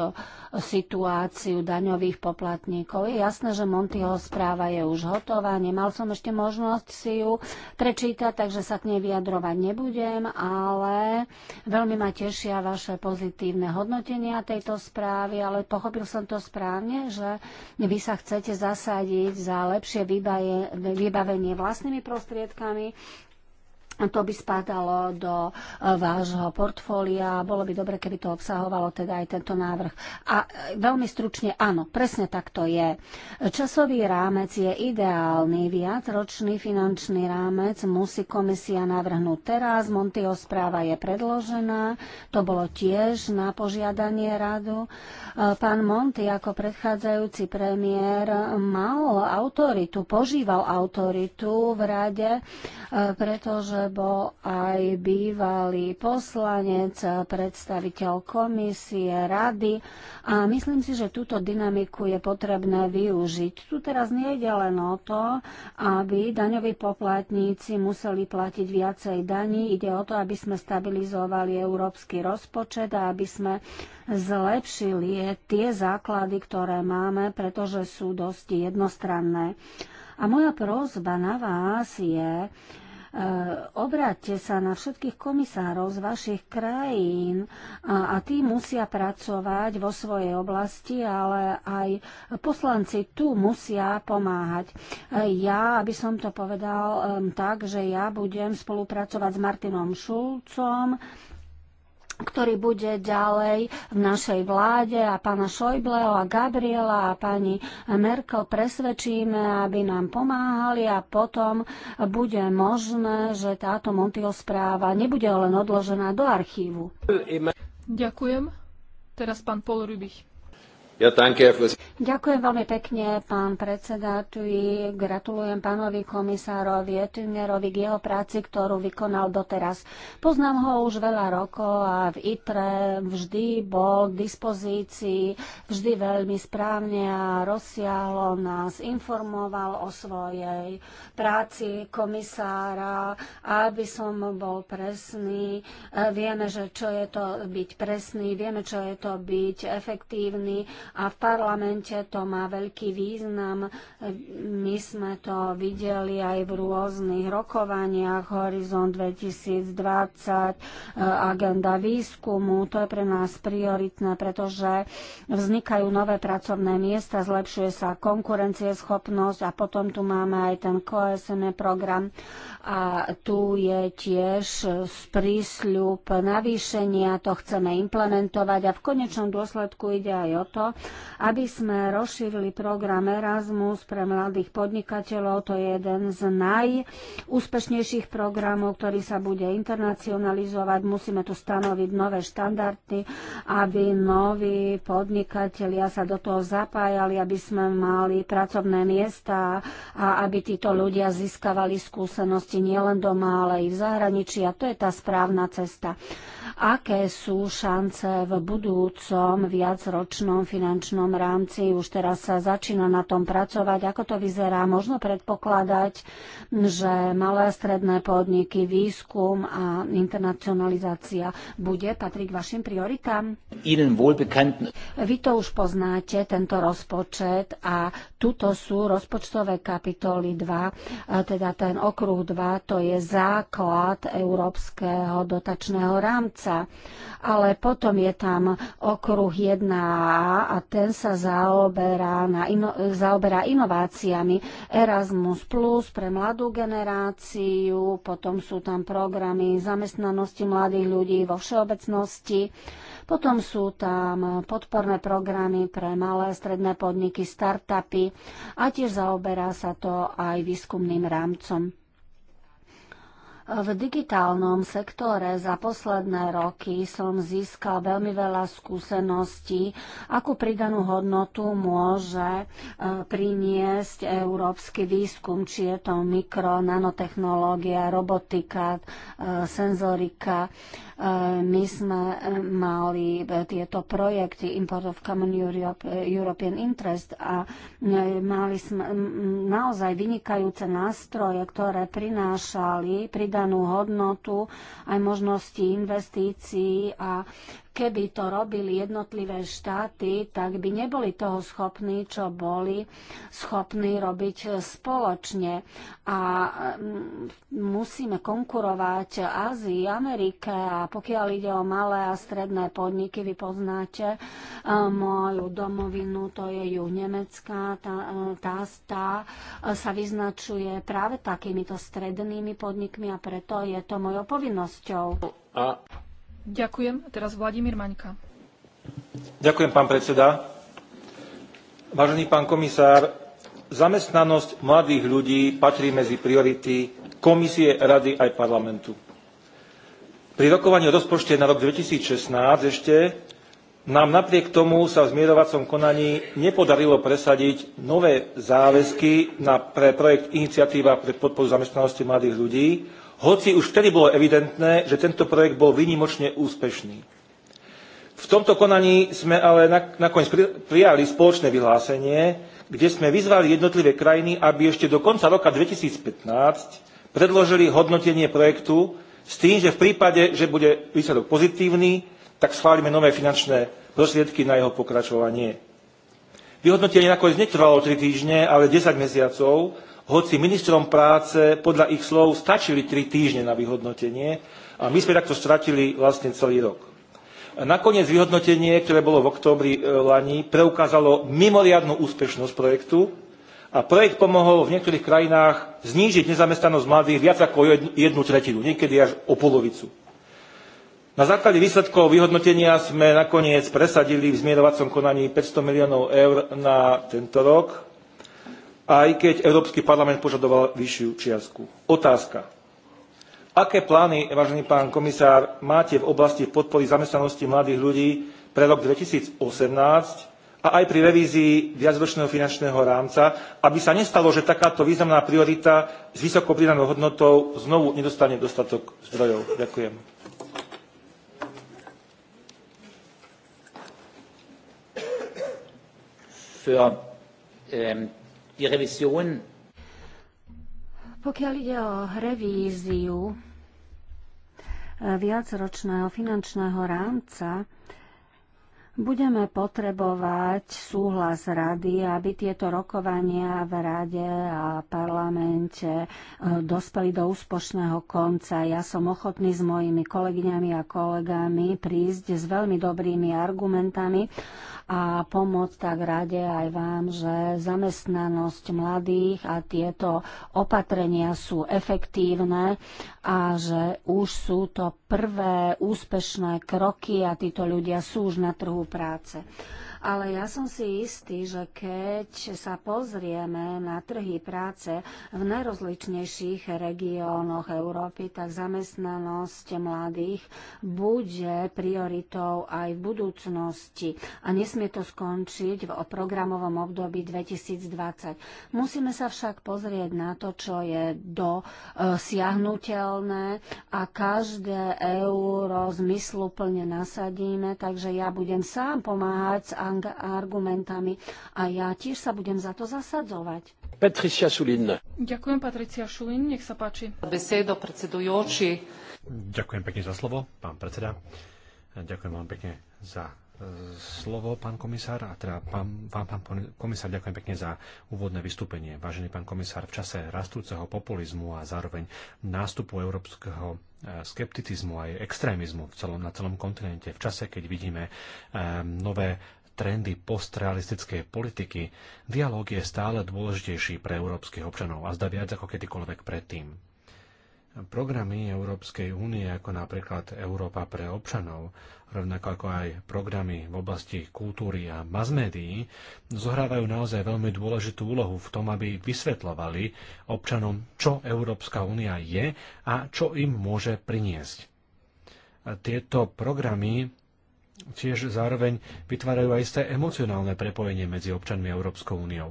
situáciu daňových poplatníkov. Je jasné, že Montyho správa je už hotová, nemal som ešte možnosť si ju prečítať, takže sa k nej vyjadrovať nebudem, ale veľmi ma tešia vaše pozitívne hodnotenia tejto správy, ale pochopil som to správne, že že vy sa chcete zasadiť za lepšie vybavenie vlastnými prostriedkami to by spadalo do e, vášho portfólia. Bolo by dobre, keby to obsahovalo teda aj tento návrh. A e, veľmi stručne, áno, presne tak to je. Časový rámec je ideálny. Viacročný finančný rámec musí komisia navrhnúť teraz. Montyho správa je predložená. To bolo tiež na požiadanie radu. E, pán Monty ako predchádzajúci premiér mal autoritu, požíval autoritu v rade, pretože alebo aj bývalý poslanec, predstaviteľ komisie, rady. A myslím si, že túto dynamiku je potrebné využiť. Tu teraz nie je len o to, aby daňoví poplatníci museli platiť viacej daní. Ide o to, aby sme stabilizovali európsky rozpočet a aby sme zlepšili tie základy, ktoré máme, pretože sú dosť jednostranné. A moja prozba na vás je, E, obráťte sa na všetkých komisárov z vašich krajín a, a tí musia pracovať vo svojej oblasti, ale aj poslanci tu musia pomáhať. E, ja, aby som to povedal e, tak, že ja budem spolupracovať s Martinom Šulcom, ktorý bude ďalej v našej vláde a pána Šojbleho a Gabriela a pani Merkel presvedčíme, aby nám pomáhali a potom bude možné, že táto Montiel správa nebude len odložená do archívu. Ďakujem. Teraz pán Paul Rubich. Ja, danke, Ďakujem veľmi pekne, pán predseda. Tu gratulujem pánovi komisárovi Ettingerovi k jeho práci, ktorú vykonal doteraz. Poznám ho už veľa rokov a v ITRE vždy bol k dispozícii, vždy veľmi správne a rozsiahlo nás informoval o svojej práci komisára. Aby som bol presný, e, vieme, že čo je to byť presný, vieme, čo je to byť efektívny a v parlamente to má veľký význam. My sme to videli aj v rôznych rokovaniach Horizon 2020, e, agenda výskumu. To je pre nás prioritné, pretože vznikajú nové pracovné miesta, zlepšuje sa konkurencieschopnosť a potom tu máme aj ten COSM program a tu je tiež prísľub navýšenia, to chceme implementovať a v konečnom dôsledku ide aj o to, aby sme rozšírili program Erasmus pre mladých podnikateľov. To je jeden z najúspešnejších programov, ktorý sa bude internacionalizovať. Musíme tu stanoviť nové štandardy, aby noví podnikatelia sa do toho zapájali, aby sme mali pracovné miesta a aby títo ľudia získavali skúsenosti nielen doma, ale i v zahraničí a to je tá správna cesta aké sú šance v budúcom viacročnom finančnom rámci. Už teraz sa začína na tom pracovať. Ako to vyzerá? Možno predpokladať, že malé a stredné podniky, výskum a internacionalizácia bude patriť vašim prioritám? Vy to už poznáte, tento rozpočet a tuto sú rozpočtové kapitoly 2, teda ten okruh 2, to je základ európskeho dotačného rámca srdca. ale potom je tam okruh 1A a ten sa zaoberá, na ino, zaoberá inováciami Erasmus Plus pre mladú generáciu, potom sú tam programy zamestnanosti mladých ľudí vo všeobecnosti. Potom sú tam podporné programy pre malé stredné podniky, startupy a tiež zaoberá sa to aj výskumným rámcom. V digitálnom sektore za posledné roky som získal veľmi veľa skúseností, akú pridanú hodnotu môže e, priniesť európsky výskum, či je to mikro, nanotechnológia, robotika, e, senzorika my sme eh, mali eh, tieto projekty Import of Common Europe, eh, European Interest a mali sme naozaj vynikajúce nástroje, ktoré prinášali pridanú hodnotu aj možnosti investícií a Keby to robili jednotlivé štáty, tak by neboli toho schopní, čo boli schopní robiť spoločne. A mm, musíme konkurovať Ázii, Amerike a pokiaľ ide o malé a stredné podniky, vy poznáte e, moju domovinu, to je ju Nemecká, e, tá, tá, tá e, sa vyznačuje práve takýmito strednými podnikmi a preto je to mojou povinnosťou. A Ďakujem. Teraz Vladimír Maňka. Ďakujem, pán predseda. Vážený pán komisár, zamestnanosť mladých ľudí patrí medzi priority komisie, rady aj parlamentu. Pri rokovaní o rozpočte na rok 2016 ešte nám napriek tomu sa v zmierovacom konaní nepodarilo presadiť nové záväzky na, pre projekt Iniciatíva pre podporu zamestnanosti mladých ľudí, hoci už vtedy bolo evidentné, že tento projekt bol výnimočne úspešný. V tomto konaní sme ale nakoniec prijali spoločné vyhlásenie, kde sme vyzvali jednotlivé krajiny, aby ešte do konca roka 2015 predložili hodnotenie projektu s tým, že v prípade, že bude výsledok pozitívny, tak schválime nové finančné prostriedky na jeho pokračovanie. Vyhodnotenie nakoniec netrvalo 3 týždne, ale 10 mesiacov hoci ministrom práce podľa ich slov stačili tri týždne na vyhodnotenie a my sme takto stratili vlastne celý rok. Nakoniec vyhodnotenie, ktoré bolo v októbri e, lani, preukázalo mimoriadnu úspešnosť projektu a projekt pomohol v niektorých krajinách znížiť nezamestnanosť mladých viac ako jednu tretinu, niekedy až o polovicu. Na základe výsledkov vyhodnotenia sme nakoniec presadili v zmierovacom konaní 500 miliónov eur na tento rok aj keď Európsky parlament požadoval vyššiu čiastku. Otázka. Aké plány, vážený pán komisár, máte v oblasti podpory zamestnanosti mladých ľudí pre rok 2018 a aj pri revízii viacročného finančného rámca, aby sa nestalo, že takáto významná priorita s vysokou pridanou hodnotou znovu nedostane dostatok zdrojov. Ďakujem. Für, ähm die Revision. Pokiaľ ide o revíziu e, viacročného finančného rámca, budeme potrebovať súhlas rady, aby tieto rokovania v rade a parlamente e, dospeli do úspošného konca. Ja som ochotný s mojimi kolegyňami a kolegami prísť s veľmi dobrými argumentami a pomoc tak rade aj vám, že zamestnanosť mladých a tieto opatrenia sú efektívne a že už sú to prvé úspešné kroky a títo ľudia sú už na trhu práce ale ja som si istý, že keď sa pozrieme na trhy práce v najrozličnejších regiónoch Európy, tak zamestnanosť mladých bude prioritou aj v budúcnosti a nesmie to skončiť v programovom období 2020. Musíme sa však pozrieť na to, čo je dosiahnutelné e, a každé euro zmysluplne nasadíme, takže ja budem sám pomáhať s argumentami a ja tiež sa budem za to zasadzovať. Patricia Šulín. Ďakujem, Patricia Šulín, nech sa páči. Besedo predsedujúči. Ďakujem pekne za slovo, pán predseda. Ďakujem vám pekne za e, slovo, pán komisár, a teda pán, pán, pán komisár, ďakujem pekne za úvodné vystúpenie. Vážený pán komisár, v čase rastúceho populizmu a zároveň nástupu európskeho e, skepticizmu aj extrémizmu v celom, na celom kontinente, v čase, keď vidíme um, nové trendy postrealistickej politiky, dialóg je stále dôležitejší pre európskych občanov a zda viac ako kedykoľvek predtým. Programy Európskej únie, ako napríklad Európa pre občanov, rovnako ako aj programy v oblasti kultúry a masmédií, zohrávajú naozaj veľmi dôležitú úlohu v tom, aby vysvetľovali občanom, čo Európska únia je a čo im môže priniesť. Tieto programy tiež zároveň vytvárajú aj isté emocionálne prepojenie medzi občanmi Európskou úniou.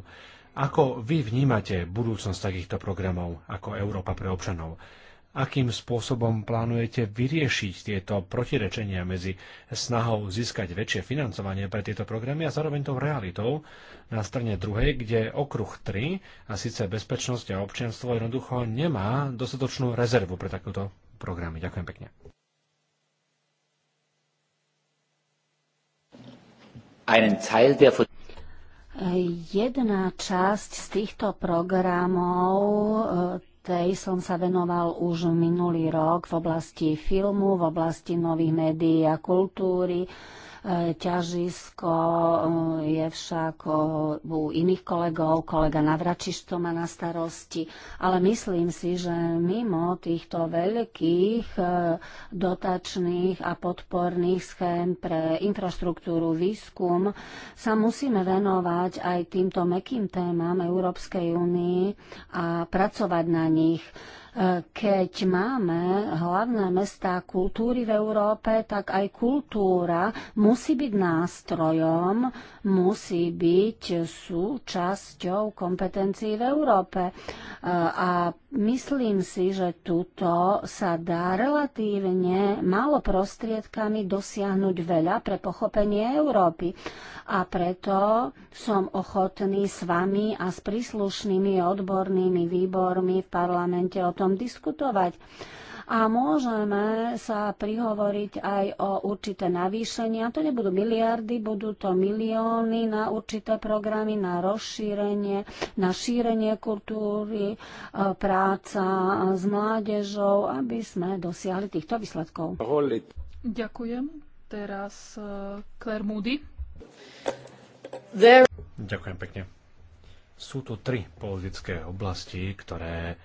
Ako vy vnímate budúcnosť takýchto programov ako Európa pre občanov? Akým spôsobom plánujete vyriešiť tieto protirečenia medzi snahou získať väčšie financovanie pre tieto programy a zároveň tou realitou na strane druhej, kde okruh 3, a síce bezpečnosť a občianstvo, jednoducho nemá dostatočnú rezervu pre takúto programy. Ďakujem pekne. einen Teil der Jedna časť z týchto programov, eh, tej som sa venoval už minulý rok v oblasti filmu, v oblasti nových médií a kultúry. Ťažisko eh, je však eh, u iných kolegov, kolega Navračiš to má na starosti, ale myslím si, že mimo týchto veľkých eh, dotačných a podporných schém pre infraštruktúru, výskum sa musíme venovať aj týmto mekým témam Európskej únii a pracovať na nich. Keď máme hlavné mesta kultúry v Európe, tak aj kultúra musí byť nástrojom, musí byť súčasťou kompetencií v Európe. A Myslím si, že tuto sa dá relatívne málo prostriedkami dosiahnuť veľa pre pochopenie Európy. A preto som ochotný s vami a s príslušnými odbornými výbormi v parlamente o tom diskutovať a môžeme sa prihovoriť aj o určité navýšenia. To nebudú miliardy, budú to milióny na určité programy, na rozšírenie, na šírenie kultúry, e, práca s mládežou, aby sme dosiahli týchto výsledkov. Ďakujem. Teraz e, Claire Moody. There... Ďakujem pekne. Sú tu tri politické oblasti, ktoré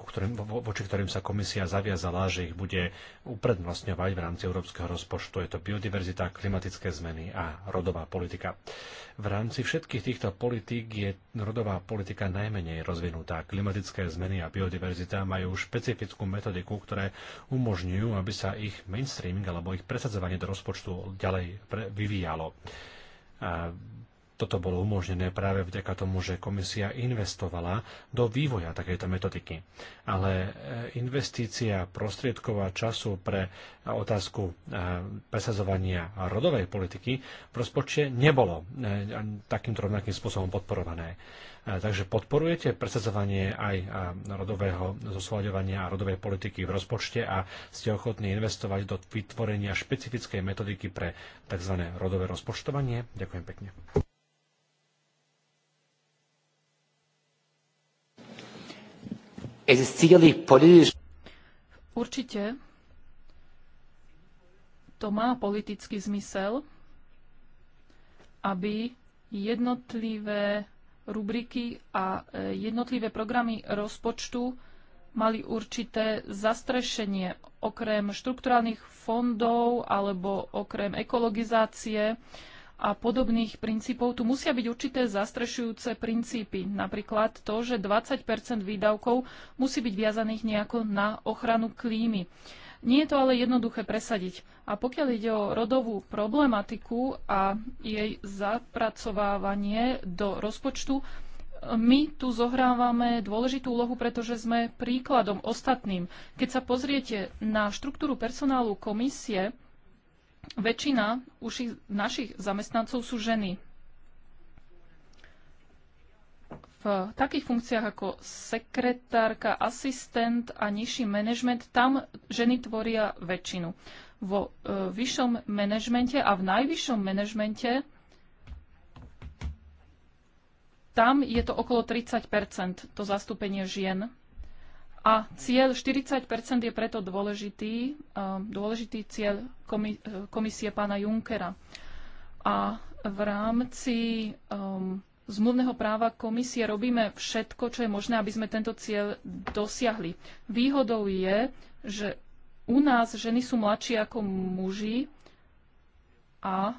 ktorým, vo, voči ktorým sa komisia zaviazala, že ich bude uprednostňovať v rámci európskeho rozpočtu. Je to biodiverzita, klimatické zmeny a rodová politika. V rámci všetkých týchto politík je rodová politika najmenej rozvinutá. Klimatické zmeny a biodiverzita majú špecifickú metodiku, ktoré umožňujú, aby sa ich mainstreaming alebo ich presadzovanie do rozpočtu ďalej vyvíjalo toto bolo umožnené práve vďaka tomu, že komisia investovala do vývoja takejto metodiky. Ale e, investícia prostriedkov a času pre otázku e, presazovania rodovej politiky v rozpočte nebolo e, takýmto rovnakým spôsobom podporované. Takže podporujete presadzovanie aj rodového zosúľadovania a rodovej politiky v rozpočte a ste ochotní investovať do vytvorenia špecifickej metodiky pre tzv. rodové rozpočtovanie? Ďakujem pekne. Určite to má politický zmysel, aby jednotlivé rubriky a e, jednotlivé programy rozpočtu mali určité zastrešenie. Okrem štrukturálnych fondov alebo okrem ekologizácie a podobných princípov, tu musia byť určité zastrešujúce princípy. Napríklad to, že 20 výdavkov musí byť viazaných nejako na ochranu klímy. Nie je to ale jednoduché presadiť. A pokiaľ ide o rodovú problematiku a jej zapracovávanie do rozpočtu, my tu zohrávame dôležitú úlohu, pretože sme príkladom ostatným. Keď sa pozriete na štruktúru personálu komisie, väčšina našich zamestnancov sú ženy. V takých funkciách ako sekretárka, asistent a nižší manažment, tam ženy tvoria väčšinu. Vo e, vyššom manažmente a v najvyššom manažmente tam je to okolo 30 to zastúpenie žien a cieľ 40 je preto dôležitý, um, dôležitý cieľ eh, komisie pána Junckera. A v rámci um, zmluvného práva komisie robíme všetko, čo je možné, aby sme tento cieľ dosiahli. Výhodou je, že u nás ženy sú mladšie ako muži a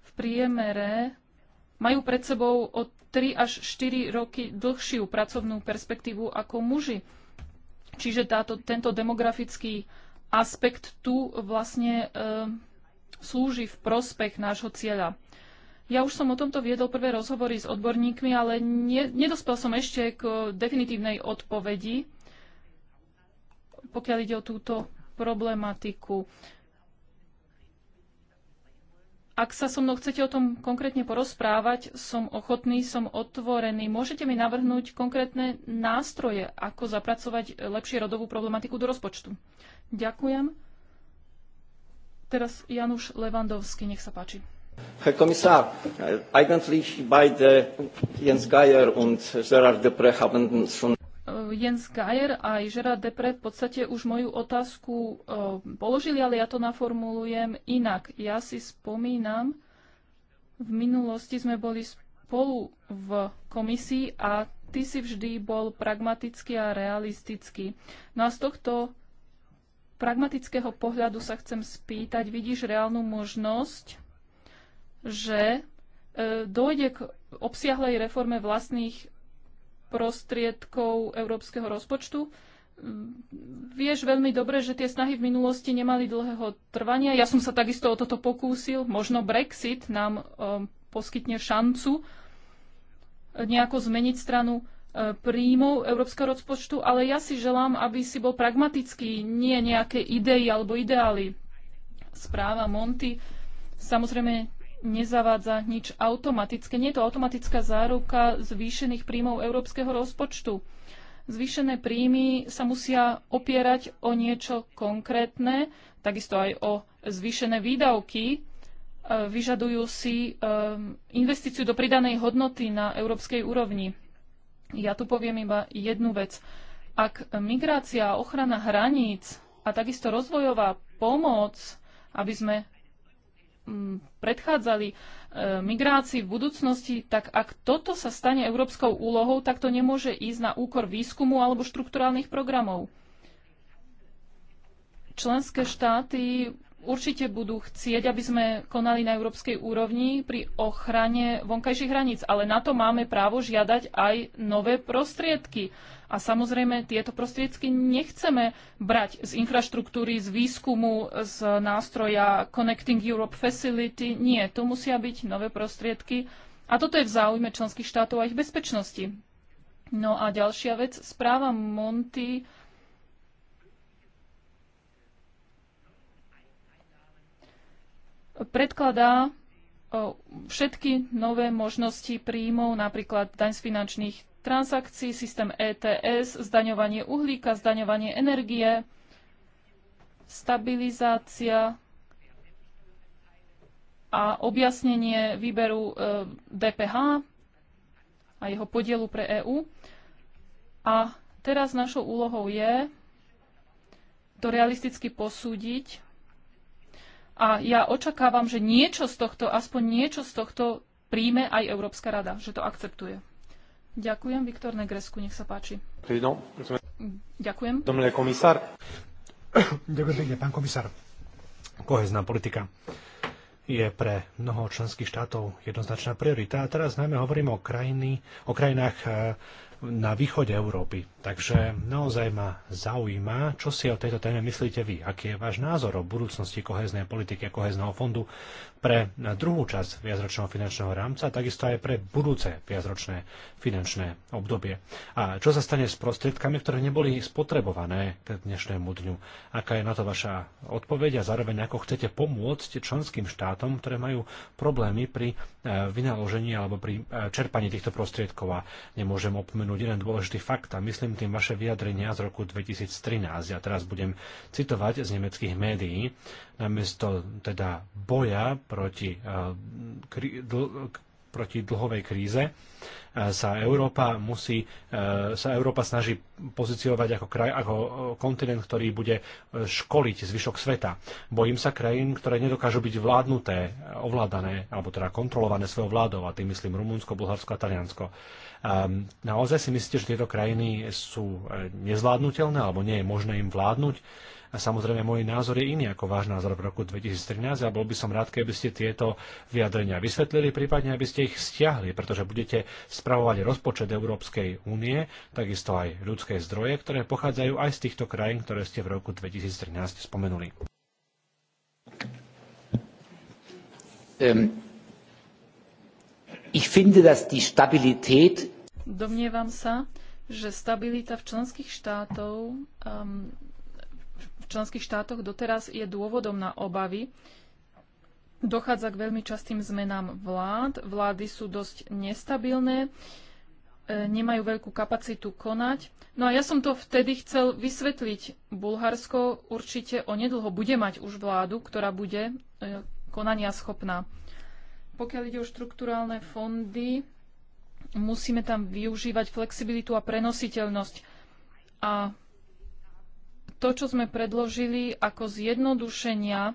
v priemere majú pred sebou od 3 až 4 roky dlhšiu pracovnú perspektívu ako muži. Čiže táto, tento demografický aspekt tu vlastne e, slúži v prospech nášho cieľa. Ja už som o tomto viedol prvé rozhovory s odborníkmi, ale nie, nedospel som ešte k definitívnej odpovedi, pokiaľ ide o túto problematiku. Ak sa so mnou chcete o tom konkrétne porozprávať, som ochotný, som otvorený. Môžete mi navrhnúť konkrétne nástroje, ako zapracovať lepšie rodovú problematiku do rozpočtu. Ďakujem. Teraz Januš Levandovský, nech sa páči. Herr Kommissar, eigentlich beide Jens Geier und Gerard Depre haben schon Eh, Jens Geier aj Gerard Depret v podstate už moju otázku eh, položili, ale ja to naformulujem inak. Ja si spomínam, v minulosti sme boli spolu v komisii a ty si vždy bol pragmatický a realistický. No a z tohto pragmatického pohľadu sa chcem spýtať, vidíš reálnu možnosť, že eh, dojde k obsiahlej reforme vlastných prostriedkov európskeho rozpočtu. Vieš veľmi dobre, že tie snahy v minulosti nemali dlhého trvania. Ja som sa takisto o toto pokúsil. Možno Brexit nám um, poskytne šancu eh, nejako zmeniť stranu eh, príjmov európskeho rozpočtu, ale ja si želám, aby si bol pragmatický, nie nejaké idei alebo ideály. Správa Monty samozrejme nezavádza nič automatické. Nie je to automatická záruka zvýšených príjmov európskeho rozpočtu. Zvýšené príjmy sa musia opierať o niečo konkrétne, takisto aj o zvýšené výdavky. E, vyžadujú si e, investíciu do pridanej hodnoty na európskej úrovni. Ja tu poviem iba jednu vec. Ak migrácia, ochrana hraníc a takisto rozvojová pomoc, aby sme predchádzali e, migrácii v budúcnosti, tak ak toto sa stane európskou úlohou, tak to nemôže ísť na úkor výskumu alebo štrukturálnych programov. Členské štáty určite budú chcieť, aby sme konali na európskej úrovni pri ochrane vonkajších hraníc, ale na to máme právo žiadať aj nové prostriedky. A samozrejme, tieto prostriedky nechceme brať z infraštruktúry, z výskumu, z nástroja Connecting Europe Facility. Nie, to musia byť nové prostriedky. A toto je v záujme členských štátov a ich bezpečnosti. No a ďalšia vec, správa Monty predkladá všetky nové možnosti príjmov, napríklad daň z finančných transakcií, systém ETS, zdaňovanie uhlíka, zdaňovanie energie, stabilizácia a objasnenie výberu e, DPH a jeho podielu pre EÚ. A teraz našou úlohou je to realisticky posúdiť a ja očakávam, že niečo z tohto, aspoň niečo z tohto príjme aj Európska rada, že to akceptuje. Ďakujem, Viktor Negresku, nech sa páči. Ďakujem. Domnule komisár. Ďakujem pekne, pán komisár. Kohezná politika je pre mnoho členských štátov jednoznačná priorita. A teraz najmä hovoríme o, krajiny, o krajinách na východe Európy. Takže naozaj ma zaujíma, čo si o tejto téme myslíte vy. Aký je váš názor o budúcnosti koheznej politiky a kohezného fondu pre druhú časť viacročného finančného rámca, takisto aj pre budúce viacročné finančné obdobie. A čo sa stane s prostriedkami, ktoré neboli spotrebované k dnešnému dňu? Aká je na to vaša odpoveď a zároveň ako chcete pomôcť členským štátom, ktoré majú problémy pri eh, vynaložení alebo pri eh, čerpaní týchto prostriedkov a nemôžem opomenúť spomenúť jeden dôležitý fakt a myslím tým vaše vyjadrenia z roku 2013. Ja teraz budem citovať z nemeckých médií. Namiesto teda boja proti, eh, kri, dl, proti dlhovej kríze eh, sa Európa musí, eh, sa Európa snaží pozíciovať ako, kraj, ako kontinent, ktorý bude školiť zvyšok sveta. Bojím sa krajín, ktoré nedokážu byť vládnuté, ovládané, alebo teda kontrolované svojou vládou, a tým myslím Rumunsko, Bulharsko a Taliansko Ehm, naozaj si myslíte, že tieto krajiny sú e, nezvládnutelné alebo nie je možné im vládnuť? A samozrejme, môj názor je iný ako váš názor v roku 2013 a bol by som rád, keby ste tieto vyjadrenia vysvetlili, prípadne aby ste ich stiahli, pretože budete spravovať rozpočet Európskej únie, takisto aj ľudské zdroje, ktoré pochádzajú aj z týchto krajín, ktoré ste v roku 2013 spomenuli. Ehm, ich finde, dass die Stabilität Domnievam sa, že stabilita v členských štátov um, v členských štátoch doteraz je dôvodom na obavy. Dochádza k veľmi častým zmenám vlád. Vlády sú dosť nestabilné, e, nemajú veľkú kapacitu konať. No a ja som to vtedy chcel vysvetliť. Bulharsko určite onedlho bude mať už vládu, ktorá bude e, konania schopná pokiaľ ide o štrukturálne fondy, musíme tam využívať flexibilitu a prenositeľnosť. A to, čo sme predložili ako zjednodušenia,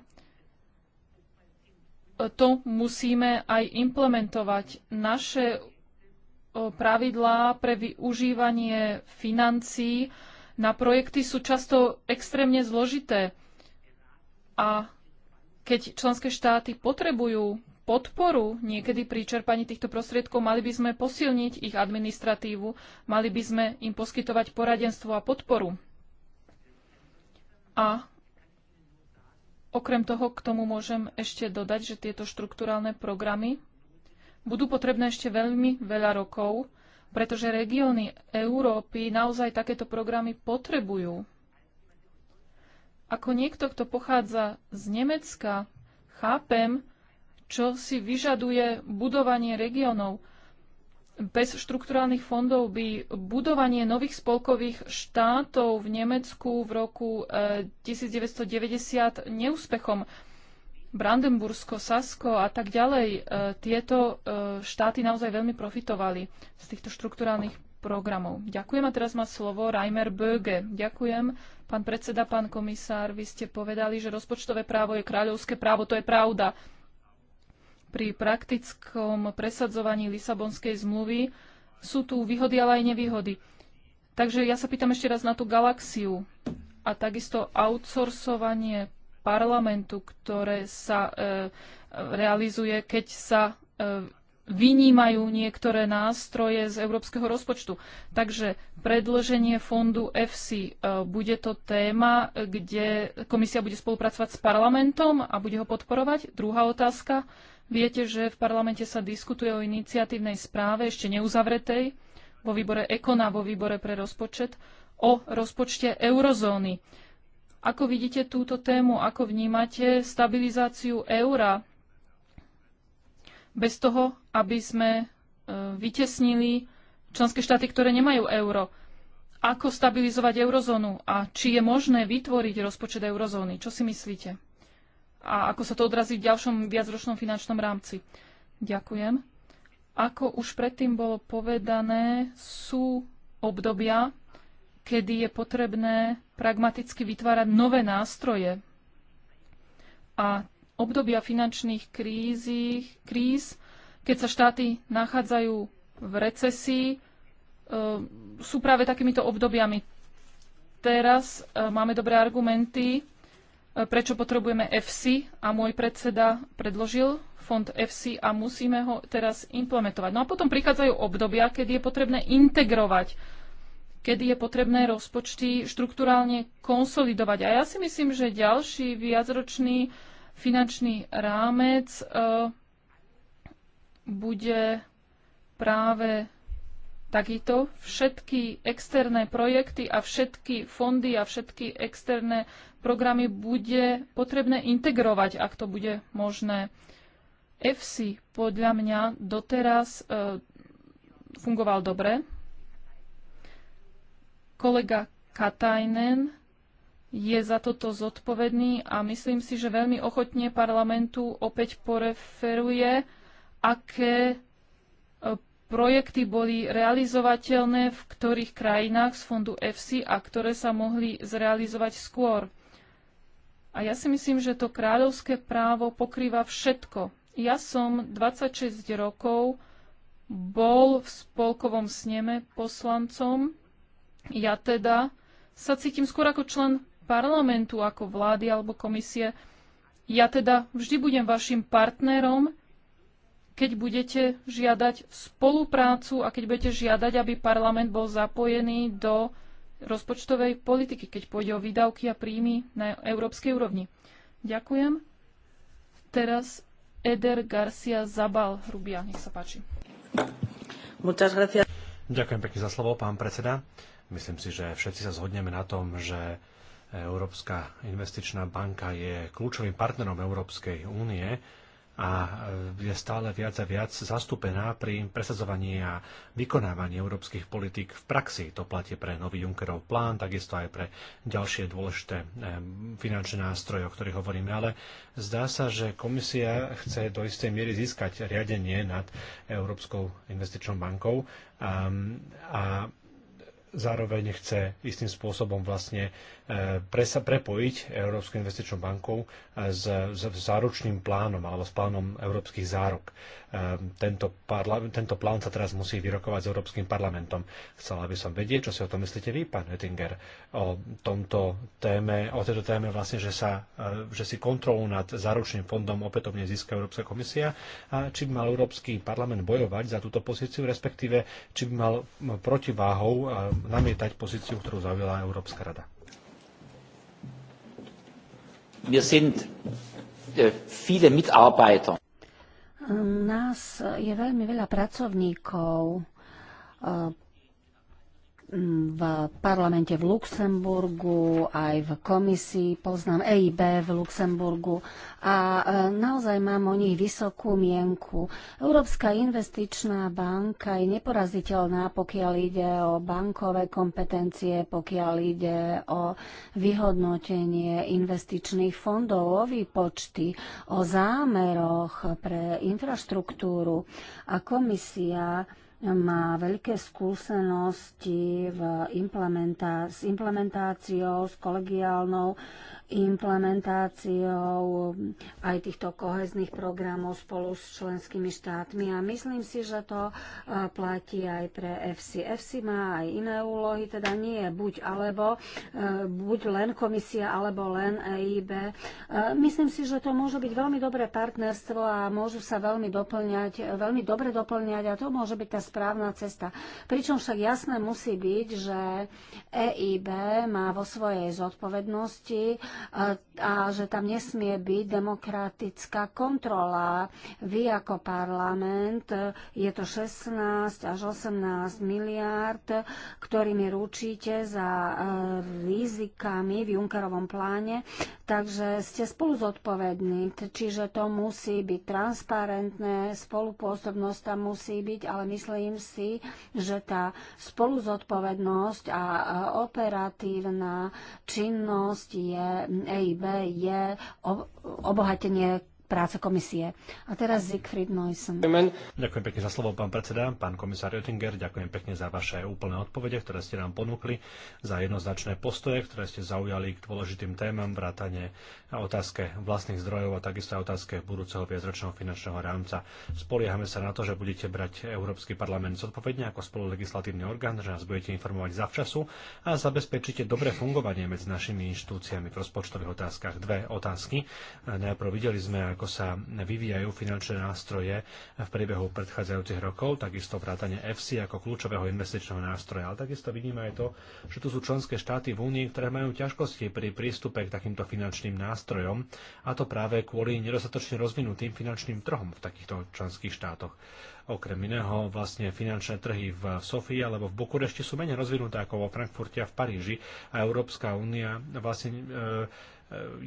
to musíme aj implementovať. Naše pravidlá pre využívanie financií na projekty sú často extrémne zložité. A keď členské štáty potrebujú podporu niekedy pri čerpaní týchto prostriedkov, mali by sme posilniť ich administratívu, mali by sme im poskytovať poradenstvo a podporu. A okrem toho k tomu môžem ešte dodať, že tieto štrukturálne programy budú potrebné ešte veľmi veľa rokov, pretože regióny Európy naozaj takéto programy potrebujú. Ako niekto, kto pochádza z Nemecka, chápem, čo si vyžaduje budovanie regiónov. Bez štrukturálnych fondov by budovanie nových spolkových štátov v Nemecku v roku 1990 e, neúspechom Brandenbursko, Sasko a tak ďalej, e, tieto e, štáty naozaj veľmi profitovali z týchto štrukturálnych programov. Ďakujem a teraz má slovo Reimer Böge. Ďakujem, pán predseda, pán komisár, vy ste povedali, že rozpočtové právo je kráľovské právo, to je pravda pri praktickom presadzovaní Lisabonskej zmluvy sú tu výhody, ale aj nevýhody. Takže ja sa pýtam ešte raz na tú galaxiu a takisto outsourcovanie parlamentu, ktoré sa e, realizuje, keď sa e, vynímajú niektoré nástroje z európskeho rozpočtu. Takže predlženie fondu EFSI, bude to téma, kde komisia bude spolupracovať s parlamentom a bude ho podporovať? Druhá otázka. Viete, že v parlamente sa diskutuje o iniciatívnej správe, ešte neuzavretej, vo výbore Ekona, vo výbore pre rozpočet, o rozpočte eurozóny. Ako vidíte túto tému, ako vnímate stabilizáciu eura bez toho, aby sme e, vytesnili členské štáty, ktoré nemajú euro? Ako stabilizovať eurozónu a či je možné vytvoriť rozpočet eurozóny? Čo si myslíte? a ako sa to odrazí v ďalšom viacročnom finančnom rámci. Ďakujem. Ako už predtým bolo povedané, sú obdobia, kedy je potrebné pragmaticky vytvárať nové nástroje. A obdobia finančných krízy, kríz, keď sa štáty nachádzajú v recesii, e, sú práve takýmito obdobiami. Teraz e, máme dobré argumenty E, prečo potrebujeme FC a môj predseda predložil fond FC a musíme ho teraz implementovať. No a potom prichádzajú obdobia, kedy je potrebné integrovať, kedy je potrebné rozpočty štruktúrálne konsolidovať. A ja si myslím, že ďalší viacročný finančný rámec e, bude práve takýto. Všetky externé projekty a všetky fondy a všetky externé programy bude potrebné integrovať, ak to bude možné. EFSI podľa mňa doteraz e, fungoval dobre. Kolega Katajnen je za toto zodpovedný a myslím si, že veľmi ochotne parlamentu opäť poreferuje, aké e, projekty boli realizovateľné v ktorých krajinách z fondu EFSI a ktoré sa mohli zrealizovať skôr. A ja si myslím, že to kráľovské právo pokrýva všetko. Ja som 26 rokov bol v spolkovom sneme poslancom. Ja teda sa cítim skôr ako člen parlamentu, ako vlády alebo komisie. Ja teda vždy budem vašim partnerom, keď budete žiadať spoluprácu a keď budete žiadať, aby parlament bol zapojený do rozpočtovej politiky, keď pôjde o výdavky a príjmy na európskej úrovni. Ďakujem. Teraz Eder Garcia Zabal Rubia. Nech sa páči. Ďakujem pekne za slovo, pán predseda. Myslím si, že všetci sa zhodneme na tom, že Európska investičná banka je kľúčovým partnerom Európskej únie a e, je stále viac a viac zastúpená pri presadzovaní a vykonávaní európskych politík v praxi. To platí pre nový Junckerov plán, takisto aj pre ďalšie dôležité e, finančné nástroje, o ktorých hovoríme. Ale zdá sa, že komisia chce do istej miery získať riadenie nad Európskou investičnou bankou a, a zároveň chce istým spôsobom vlastne e, presa, prepojiť Európsku investičnú bankou e, s, s záručným plánom alebo s plánom európskych zárok. E, tento, parla, tento plán sa teraz musí vyrokovať s Európskym parlamentom. Chcela by som vedieť, čo si o tom myslíte vy, pán Oettinger, o, tomto téme, o tejto téme vlastne, že, sa, že si kontrolu nad záručným fondom opätovne získa Európska komisia a či by mal Európsky parlament bojovať za túto pozíciu, respektíve či by mal protiváhou namietať pozíciu, ktorú zaujala Európska rada. Wir sind äh, viele Mitarbeiter. Ehm, nás je veľmi veľa pracovníkov, ehm, v parlamente v Luxemburgu, aj v komisii, poznám EIB v Luxemburgu a e, naozaj mám o nich vysokú mienku. Európska investičná banka je neporaziteľná, pokiaľ ide o bankové kompetencie, pokiaľ ide o vyhodnotenie investičných fondov, o výpočty, o zámeroch pre infraštruktúru a komisia má veľké skúsenosti v implementá- s implementáciou, s kolegiálnou implementáciou aj týchto kohezných programov spolu s členskými štátmi a myslím si, že to e, platí aj pre FC. FC má aj iné úlohy, teda nie je buď alebo, e, buď len komisia alebo len EIB. E, myslím si, že to môže byť veľmi dobré partnerstvo a môžu sa veľmi doplňať, veľmi dobre doplňať a to môže byť tá správna cesta. Pričom však jasné musí byť, že EIB má vo svojej zodpovednosti a že tam nesmie byť demokratická kontrola. Vy ako parlament, je to 16 až 18 miliárd, ktorými ručíte za e, rizikami v Junckerovom pláne, takže ste spolu zodpovední, čiže to musí byť transparentné, spolupôsobnosť tam musí byť, ale myslím si, že tá spoluzodpovednosť a operatívna činnosť je EIB je obohatenie práce komisie. A teraz Siegfried Neusen. Ďakujem pekne za slovo, pán predseda. Pán komisár Oettinger, ďakujem pekne za vaše úplné odpovede, ktoré ste nám ponúkli, za jednoznačné postoje, ktoré ste zaujali k dôležitým témam, vrátane a otázke vlastných zdrojov a takisto aj otázke budúceho viacročného finančného rámca. Spoliehame sa na to, že budete brať Európsky parlament zodpovedne ako spolulegislatívny orgán, že nás budete informovať zavčasu a zabezpečíte dobré fungovanie medzi našimi inštitúciami v rozpočtových otázkach. Dve otázky. Najprv videli sme, ako sa vyvíjajú finančné nástroje v priebehu predchádzajúcich rokov, takisto vrátane EFSI ako kľúčového investičného nástroja. Ale takisto vidíme aj to, že tu sú členské štáty v Únii, ktoré majú ťažkosti pri prístupe k takýmto finančným nástrojom, a to práve kvôli nedostatočne rozvinutým finančným trhom v takýchto členských štátoch. Okrem iného vlastne finančné trhy v Sofii alebo v Bukurešti sú menej rozvinuté ako vo Frankfurte a v Paríži a Európska únia vlastne e, e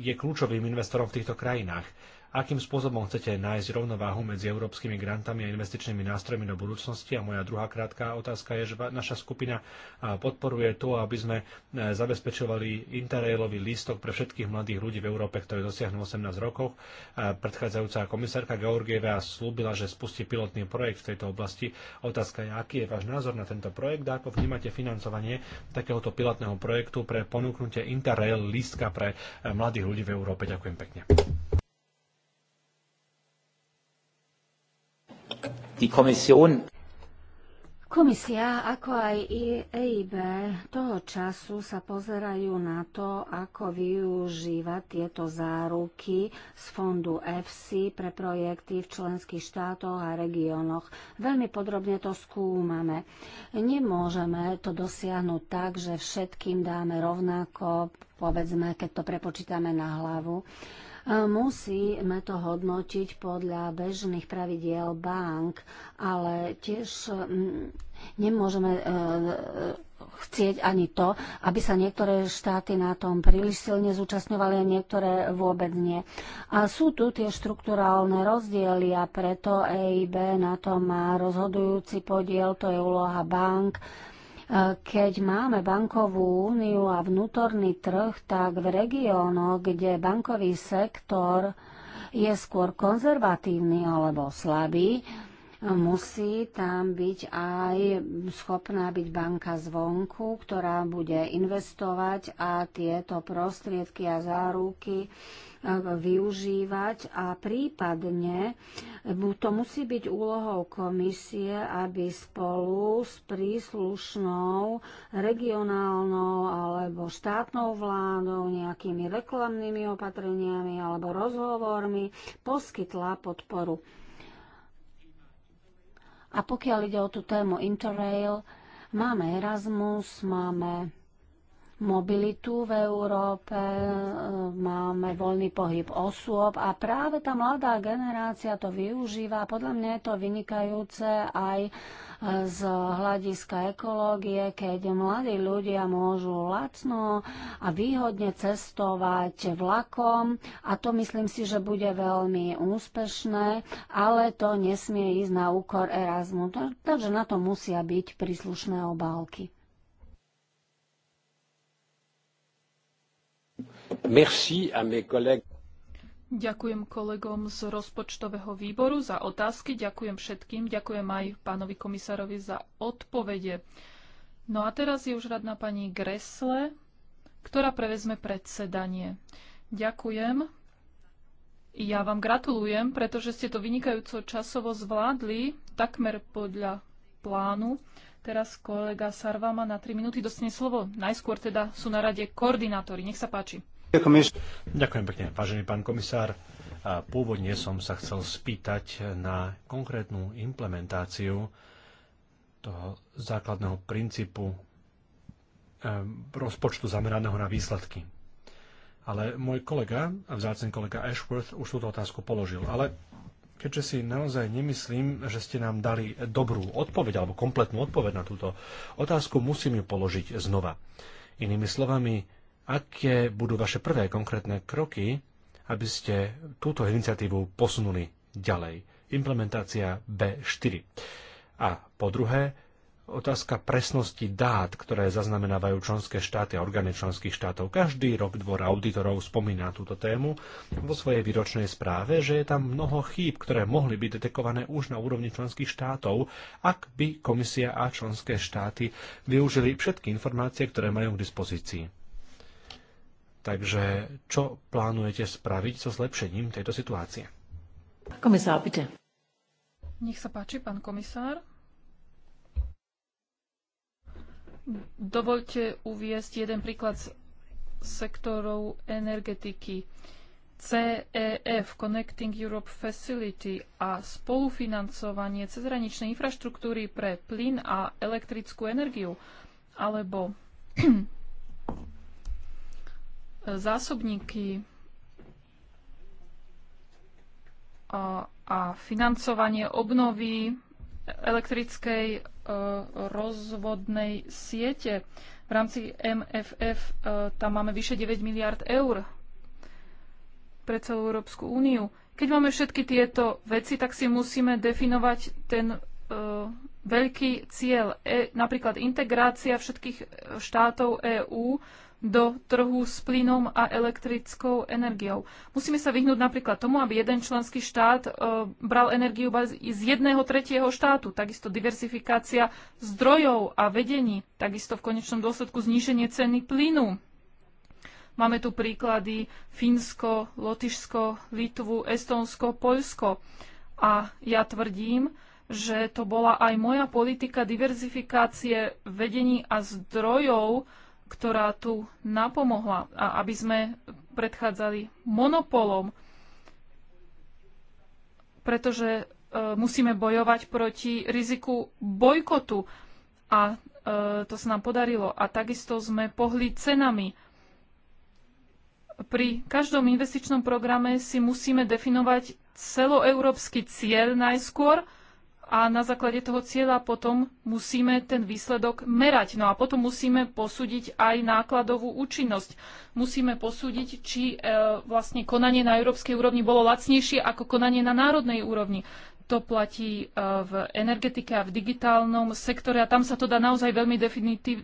je kľúčovým investorom v týchto krajinách akým spôsobom chcete nájsť rovnováhu medzi európskymi grantami a investičnými nástrojmi do budúcnosti. A moja druhá krátka otázka je, že naša skupina podporuje to, aby sme e, zabezpečovali interrailový lístok pre všetkých mladých ľudí v Európe, ktorí dosiahnu 18 rokov. Predchádzajúca komisárka Georgieva slúbila, že spustí pilotný projekt v tejto oblasti. Otázka je, aký je váš názor na tento projekt a ako vnímate financovanie takéhoto pilotného projektu pre ponúknutie interrail lístka pre e, mladých ľudí v Európe. Ďakujem pekne. Komisia, ako aj EIB, toho času sa pozerajú na to, ako využívať tieto záruky z fondu EFSI pre projekty v členských štátoch a regiónoch. Veľmi podrobne to skúmame. Nemôžeme to dosiahnuť tak, že všetkým dáme rovnako, povedzme, keď to prepočítame na hlavu Musíme to hodnotiť podľa bežných pravidiel bank, ale tiež mm, nemôžeme e, e, chcieť ani to, aby sa niektoré štáty na tom príliš silne zúčastňovali a niektoré vôbec nie. A sú tu tie štrukturálne rozdiely a preto EIB na to má rozhodujúci podiel, to je úloha bank keď máme bankovú úniu a vnútorný trh, tak v regiónoch, kde bankový sektor je skôr konzervatívny alebo slabý, musí tam byť aj schopná byť banka zvonku, ktorá bude investovať a tieto prostriedky a záruky využívať a prípadne to musí byť úlohou komisie, aby spolu s príslušnou regionálnou alebo štátnou vládou, nejakými reklamnými opatreniami alebo rozhovormi poskytla podporu. A pokiaľ ide o tú tému Interrail, máme Erasmus, máme mobilitu v Európe, máme voľný pohyb osôb a práve tá mladá generácia to využíva. Podľa mňa je to vynikajúce aj z hľadiska ekológie, keď mladí ľudia môžu lacno a výhodne cestovať vlakom a to myslím si, že bude veľmi úspešné, ale to nesmie ísť na úkor Erasmu, takže na to musia byť príslušné obálky. Merci mes collègues. Ďakujem kolegom z rozpočtového výboru za otázky, ďakujem všetkým, ďakujem aj pánovi komisárovi za odpovede. No a teraz je už rad na pani Gresle, ktorá prevezme predsedanie. Ďakujem. Ja vám gratulujem, pretože ste to vynikajúco časovo zvládli, takmer podľa plánu. Teraz kolega Sarvama na 3 minúty dostane slovo. Najskôr teda sú na rade koordinátori. Nech sa páči. Ďakujem pekne, vážený pán komisár. Pôvodne som sa chcel spýtať na konkrétnu implementáciu toho základného princípu ehm, rozpočtu zameraného na výsledky. Ale môj kolega, vzácný kolega Ashworth, už túto otázku položil. Ale keďže si naozaj nemyslím, že ste nám dali dobrú odpoveď alebo kompletnú odpoveď na túto otázku, musím ju položiť znova. Inými slovami, Aké budú vaše prvé konkrétne kroky, aby ste túto iniciatívu posunuli ďalej? Implementácia B4. A po druhé, otázka presnosti dát, ktoré zaznamenávajú členské štáty a orgány členských štátov. Každý rok dvor auditorov spomína túto tému vo svojej výročnej správe, že je tam mnoho chýb, ktoré mohli byť detekované už na úrovni členských štátov, ak by komisia a členské štáty využili všetky informácie, ktoré majú k dispozícii. Takže čo plánujete spraviť so zlepšením tejto situácie? Komisár, pite. Nech sa páči, pán komisár. Dovolte uviesť jeden príklad z sektorov energetiky. CEF, Connecting Europe Facility a spolufinancovanie cezhraničnej infraštruktúry pre plyn a elektrickú energiu, alebo zásobníky a financovanie obnovy elektrickej e, rozvodnej siete. V rámci MFF e, tam máme vyše 9 miliard eur pre celú Európsku úniu. Keď máme všetky tieto veci, tak si musíme definovať ten e, veľký cieľ. napríklad integrácia všetkých štátov EÚ do trhu s plynom a elektrickou energiou. Musíme sa vyhnúť napríklad tomu, aby jeden členský štát e, bral energiu z jedného tretieho štátu. Takisto diversifikácia zdrojov a vedení. Takisto v konečnom dôsledku zníženie ceny plynu. Máme tu príklady Fínsko, Lotyšsko, Litvu, Estonsko, Poľsko. A ja tvrdím, že to bola aj moja politika diverzifikácie vedení a zdrojov, ktorá tu napomohla a aby sme predchádzali monopolom, pretože e, musíme bojovať proti riziku bojkotu a e, to sa nám podarilo. A takisto sme pohli cenami. Pri každom investičnom programe si musíme definovať celoeurópsky cieľ najskôr, a na základe toho cieľa potom musíme ten výsledok merať. No a potom musíme posúdiť aj nákladovú účinnosť. Musíme posúdiť, či e, vlastne konanie na európskej úrovni bolo lacnejšie ako konanie na národnej úrovni. To platí e, v energetike a v digitálnom sektore a tam sa to dá naozaj veľmi, definitív,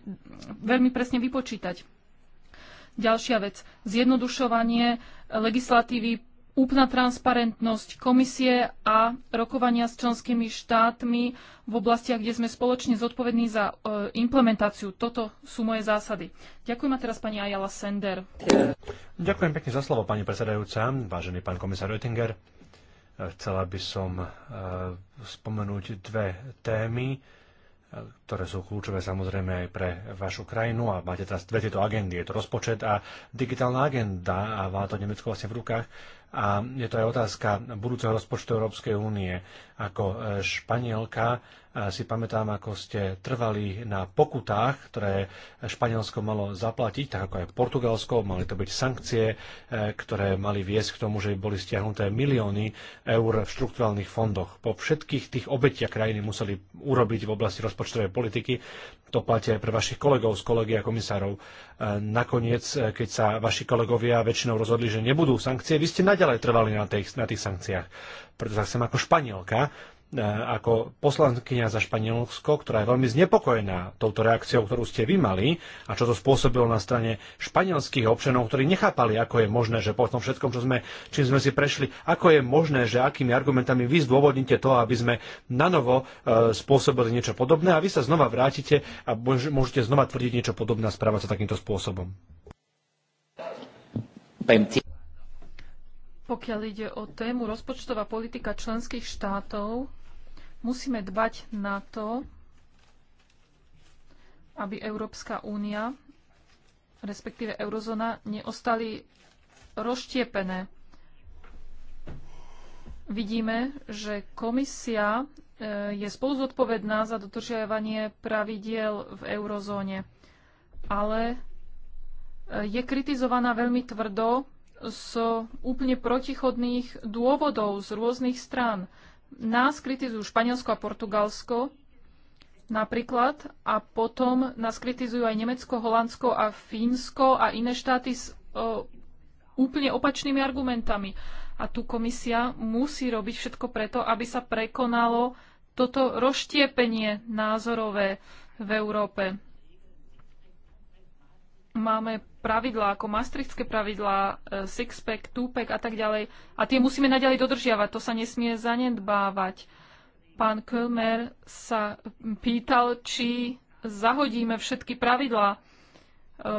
veľmi presne vypočítať. Ďalšia vec. Zjednodušovanie legislatívy úplná transparentnosť komisie a rokovania s členskými štátmi v oblastiach, kde sme spoločne zodpovední za e, implementáciu. Toto sú moje zásady. Ďakujem a teraz pani Ajala Sender. Ďakujem pekne za slovo, pani predsedajúca, vážený pán komisár Oettinger. Chcela by som e, spomenúť dve témy, e, ktoré sú kľúčové samozrejme aj pre vašu krajinu a máte teraz dve tieto agendy. Je to rozpočet a digitálna agenda a má to Nemecko vlastne v rukách a je to aj otázka budúceho rozpočtu Európskej únie. Ako e, Španielka e, si pamätám, ako ste trvali na pokutách, ktoré Španielsko malo zaplatiť, tak ako aj Portugalsko. Mali to byť sankcie, e, ktoré mali viesť k tomu, že boli stiahnuté milióny eur v štrukturálnych fondoch. Po všetkých tých obetiach krajiny museli urobiť v oblasti rozpočtovej politiky. To platia aj pre vašich kolegov z kolegia komisárov. Nakoniec, keď sa vaši kolegovia väčšinou rozhodli, že nebudú sankcie, vy ste naďalej trvali na tých, na tých sankciách preto sa chcem ako Španielka, e, ako poslankyňa za Španielsko, ktorá je veľmi znepokojená touto reakciou, ktorú ste vy mali a čo to spôsobilo na strane španielských občanov, ktorí nechápali, ako je možné, že po tom všetkom, čo sme, čím sme si prešli, ako je možné, že akými argumentami vy zdôvodnite to, aby sme nanovo e, spôsobili niečo podobné a vy sa znova vrátite a môžete znova tvrdiť niečo podobné a správať sa takýmto spôsobom. Pojďte. Pokiaľ ide o tému rozpočtová politika členských štátov, musíme dbať na to, aby Európska únia, respektíve eurozóna, neostali rozštiepené. Vidíme, že komisia e, je spolu zodpovedná za dodržiavanie pravidiel v eurozóne, ale e, je kritizovaná veľmi tvrdo z úplne protichodných dôvodov z rôznych strán. Nás kritizujú Španielsko a Portugalsko napríklad a potom nás kritizujú aj Nemecko, Holandsko a Fínsko a iné štáty s o, úplne opačnými argumentami. A tu komisia musí robiť všetko preto, aby sa prekonalo toto roztiepenie názorové v Európe máme pravidlá ako maastrichtské pravidlá, e, six-pack, two-pack a tak ďalej. A tie musíme naďalej dodržiavať, to sa nesmie zanedbávať. Pán Kölmer sa pýtal, či zahodíme všetky pravidlá e,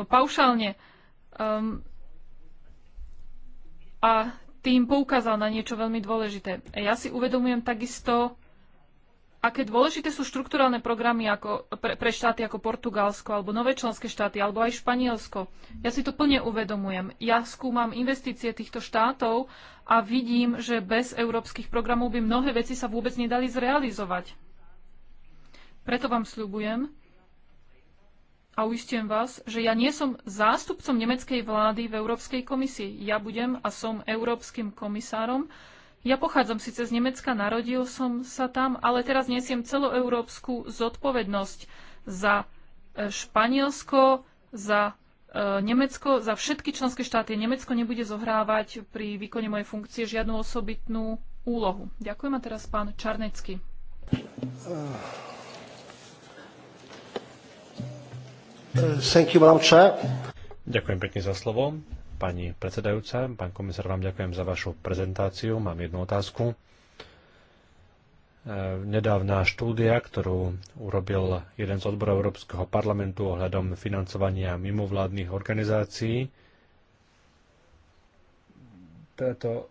paušálne. Um, a tým poukázal na niečo veľmi dôležité. Ja si uvedomujem takisto aké dôležité sú štrukturálne programy ako, pre, pre štáty ako Portugalsko alebo nové členské štáty alebo aj Španielsko. Ja si to plne uvedomujem. Ja skúmam investície týchto štátov a vidím, že bez európskych programov by mnohé veci sa vôbec nedali zrealizovať. Preto vám sľubujem a uistím vás, že ja nie som zástupcom nemeckej vlády v Európskej komisii. Ja budem a som európskym komisárom, ja pochádzam síce z Nemecka, narodil som sa tam, ale teraz nesiem celoeurópsku zodpovednosť za e, Španielsko, za e, Nemecko, za všetky členské štáty. Nemecko nebude zohrávať pri výkone mojej funkcie žiadnu osobitnú úlohu. Ďakujem a teraz pán Čarnecký. Ďakujem pekne za slovo. Pani predsedajúca, pán komisár, vám ďakujem za vašu prezentáciu. Mám jednu otázku. E, nedávna štúdia, ktorú urobil jeden z odborov Európskeho parlamentu ohľadom financovania mimovládnych organizácií, táto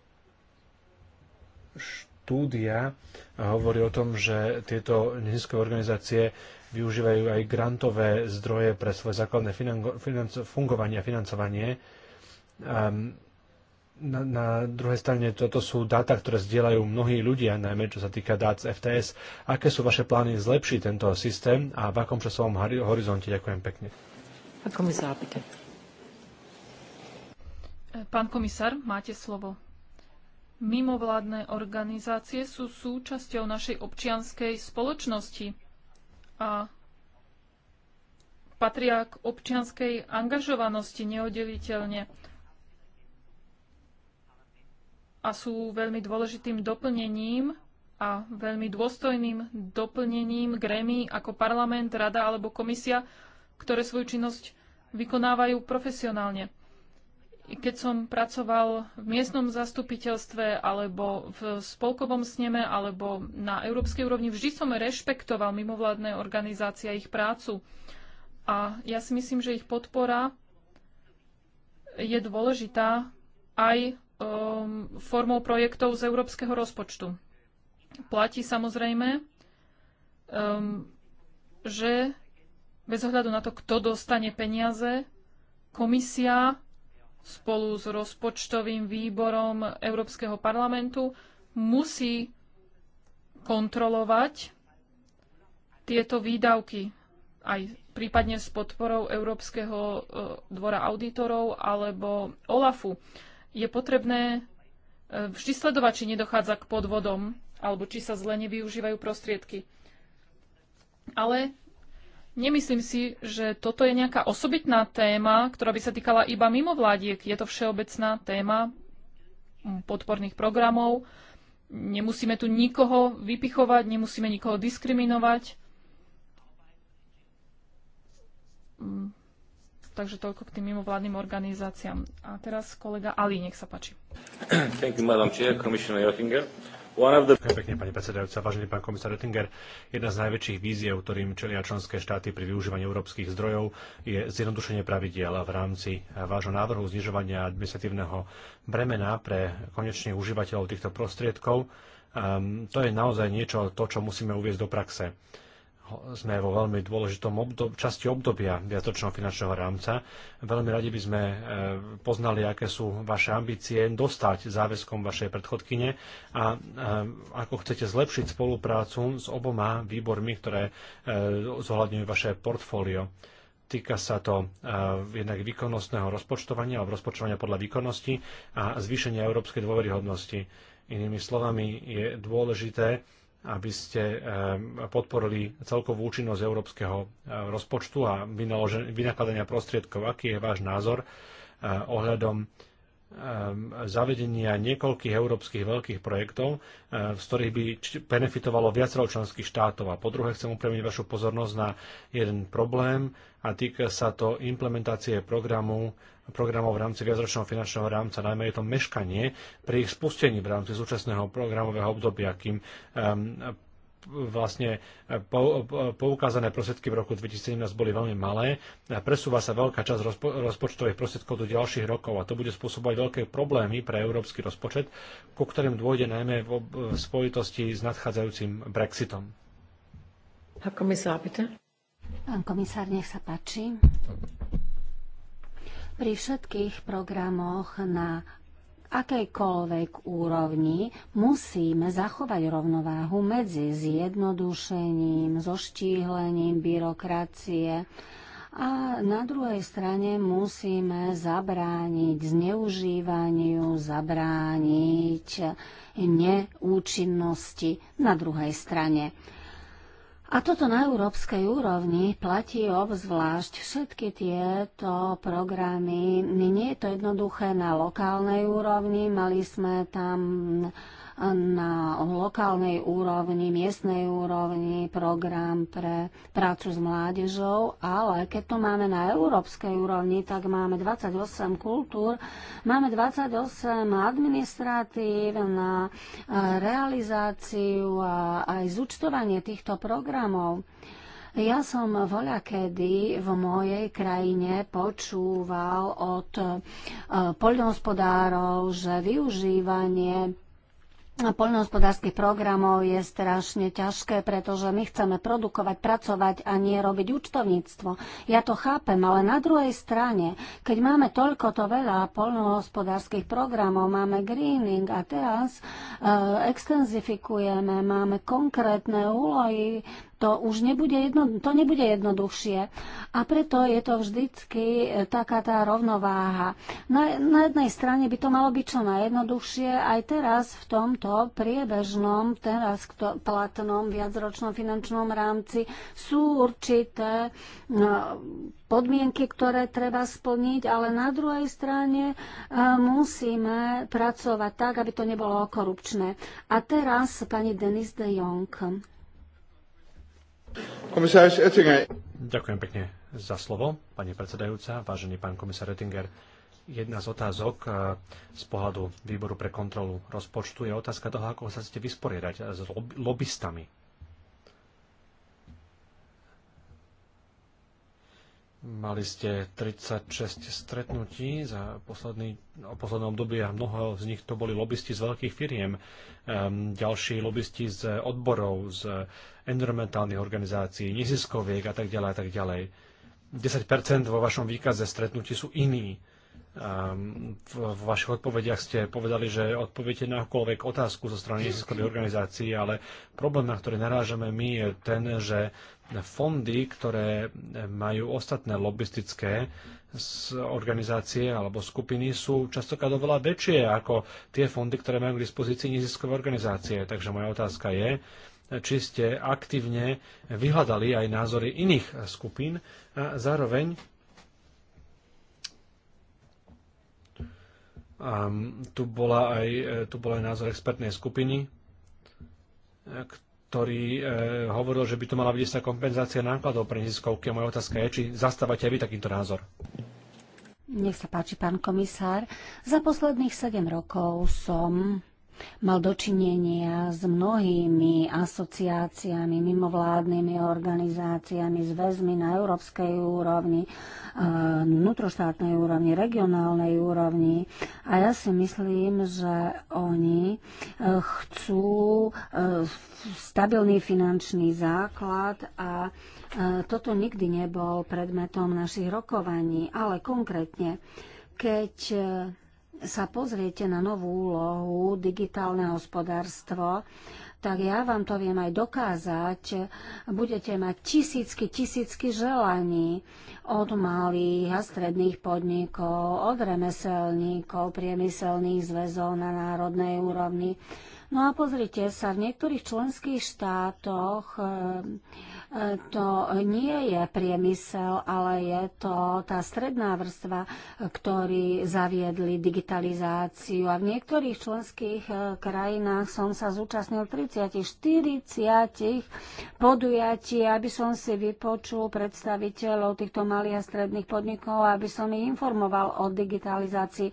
štúdia hovorí o tom, že tieto neziskové organizácie využívajú aj grantové zdroje pre svoje základné fungovanie a financovanie Ehm, na, na druhej strane toto sú dáta, ktoré zdieľajú mnohí ľudia, najmä čo sa týka dát z FTS. Aké sú vaše plány zlepšiť tento systém a v akom časovom horizonte? Ďakujem pekne. Pán komisár, pýtaj. E, pán komisár, máte slovo. Mimovládne organizácie sú súčasťou našej občianskej spoločnosti a patria k občianskej angažovanosti neoddeliteľne a sú veľmi dôležitým doplnením a veľmi dôstojným doplnením grémy ako parlament, rada alebo komisia, ktoré svoju činnosť vykonávajú profesionálne. Keď som pracoval v miestnom zastupiteľstve alebo v spolkovom sneme alebo na európskej úrovni, vždy som rešpektoval mimovládne organizácie a ich prácu. A ja si myslím, že ich podpora je dôležitá aj um, formou projektov z európskeho rozpočtu. Platí samozrejme, um, že bez ohľadu na to, kto dostane peniaze, komisia spolu s rozpočtovým výborom Európskeho parlamentu musí kontrolovať tieto výdavky aj prípadne s podporou Európskeho e, dvora auditorov alebo OLAFu je potrebné e, vždy sledovať, či nedochádza k podvodom alebo či sa zle nevyužívajú prostriedky. Ale nemyslím si, že toto je nejaká osobitná téma, ktorá by sa týkala iba mimovládiek. Je to všeobecná téma podporných programov. Nemusíme tu nikoho vypichovať, nemusíme nikoho diskriminovať Takže toľko k tým mimovládnym organizáciám. A teraz kolega Ali, nech sa páči. Pekne, pani predsedajúca, vážený pán komisár Oettinger, jedna z najväčších víziev, ktorým čelia členské štáty pri využívaní európskych zdrojov, je zjednodušenie pravidiel v rámci vášho návrhu znižovania administratívneho bremena pre konečných užívateľov týchto prostriedkov. Um, to je naozaj niečo, to, čo musíme uviezť do praxe sme vo veľmi dôležitom obdob, časti obdobia viatočného finančného rámca. Veľmi radi by sme e, poznali, aké sú vaše ambície dostať záväzkom vašej predchodkyne a e, ako chcete zlepšiť spoluprácu s oboma výbormi, ktoré e, zohľadňujú vaše portfólio. Týka sa to jednak výkonnostného rozpočtovania alebo rozpočtovania podľa výkonnosti a zvýšenia európskej dôveryhodnosti. Inými slovami, je dôležité, aby ste eh, podporili celkovú účinnosť európskeho eh, rozpočtu a vynakladania prostriedkov. Aký je váš názor eh, ohľadom Ehm, zavedenia niekoľkých európskych veľkých projektov, ehm, z ktorých by benefitovalo viacero členských štátov. A po druhé chcem upremiť vašu pozornosť na jeden problém a týka sa to implementácie programu programov v rámci viacročného finančného rámca, najmä je to meškanie pri ich spustení v rámci súčasného programového obdobia, kým um, vlastne e, e, poukázané prostriedky v roku 2017 boli veľmi malé. a Presúva sa veľká časť rozpočtových prostriedkov do ďalších rokov a to bude spôsobovať veľké problémy pre európsky rozpočet, ku ktorým dôjde najmä v spojitosti s nadchádzajúcim Brexitom. Pán komisár, Pán komisár, nech sa páči. Pri všetkých programoch na akejkoľvek úrovni musíme zachovať rovnováhu medzi zjednodušením, zoštíhlením byrokracie a na druhej strane musíme zabrániť zneužívaniu, zabrániť neúčinnosti na druhej strane. A toto na európskej úrovni platí obzvlášť všetky tieto programy. Nie je to jednoduché na lokálnej úrovni. Mali sme tam na lokálnej úrovni, miestnej úrovni program pre prácu s mládežou, ale keď to máme na európskej úrovni, tak máme 28 kultúr, máme 28 administratív na eh, realizáciu a aj zúčtovanie týchto programov. Ja som voľa kedy v mojej krajine počúval od eh, poľnohospodárov, že využívanie poľnohospodárskych programov je strašne ťažké, pretože my chceme produkovať, pracovať a nie robiť účtovníctvo. Ja to chápem, ale na druhej strane, keď máme toľko to veľa poľnohospodárskych programov, máme greening a teraz uh, extenzifikujeme, máme konkrétne úlohy, to už nebude, jedno, to nebude jednoduchšie. A preto je to vždycky e, taká tá rovnováha. Na, na jednej strane by to malo byť čo najjednoduchšie aj teraz v tomto priebežnom, teraz kto, platnom viacročnom finančnom rámci sú určité no, podmienky, ktoré treba splniť, ale na druhej strane e, musíme pracovať tak, aby to nebolo korupčné. A teraz pani Denis de Jong. Komisáris Ettinger. Ďakujem pekne za slovo, pani predsedajúca, vážený pán komisár Oettinger. Jedna z otázok e, z pohľadu Výboru pre kontrolu rozpočtu je otázka toho, ako sa chcete vysporiadať s lobbystami Mali ste 36 stretnutí za posledný, no, poslednom obdobie a mnoho z nich to boli lobbysti z veľkých firiem, um, ďalší lobbysti z odborov, z environmentálnych organizácií, neziskoviek a tak ďalej a tak ďalej. 10% vo vašom výkaze stretnutí sú iní. Um, v, v vašich odpovediach ste povedali, že odpoviete na akúkoľvek otázku zo strany neziskových organizácií, ale problém, na ktorý narážame my, je ten, že fondy, ktoré eh, majú ostatné lobbystické organizácie alebo skupiny, sú častokrát oveľa väčšie ako tie fondy, ktoré majú k dispozícii neziskové organizácie. Takže moja otázka je, či ste aktívne vyhľadali aj názory iných skupín a zároveň A tu, bola aj, eh, tu aj názor expertnej skupiny, eh, ktorý e, hovoril, že by to mala byť istá kompenzácia nákladov pre neziskovky. moja otázka je, či zastávate aj vy takýto názor. Nech sa páči, pán komisár. Za posledných 7 rokov som mal dočinenia s mnohými asociáciami, mimovládnymi organizáciami, zväzmi na európskej úrovni, vnútroštátnej úrovni, regionálnej úrovni. A ja si myslím, že oni e, chcú e, stabilný finančný základ a e, toto nikdy nebol predmetom našich rokovaní, ale konkrétne, keď sa pozriete na novú úlohu digitálne hospodárstvo, tak ja vám to viem aj dokázať. Budete mať tisícky, tisícky želaní od malých a stredných podnikov, od remeselníkov, priemyselných zväzov na národnej úrovni No a pozrite sa, v niektorých členských štátoch e, e, to nie je priemysel, ale je to tá stredná vrstva, ktorí zaviedli digitalizáciu. A v niektorých členských e, krajinách som sa zúčastnil 30-40 podujatí, aby som si vypočul predstaviteľov týchto malých a stredných podnikov, aby som ich informoval o digitalizácii.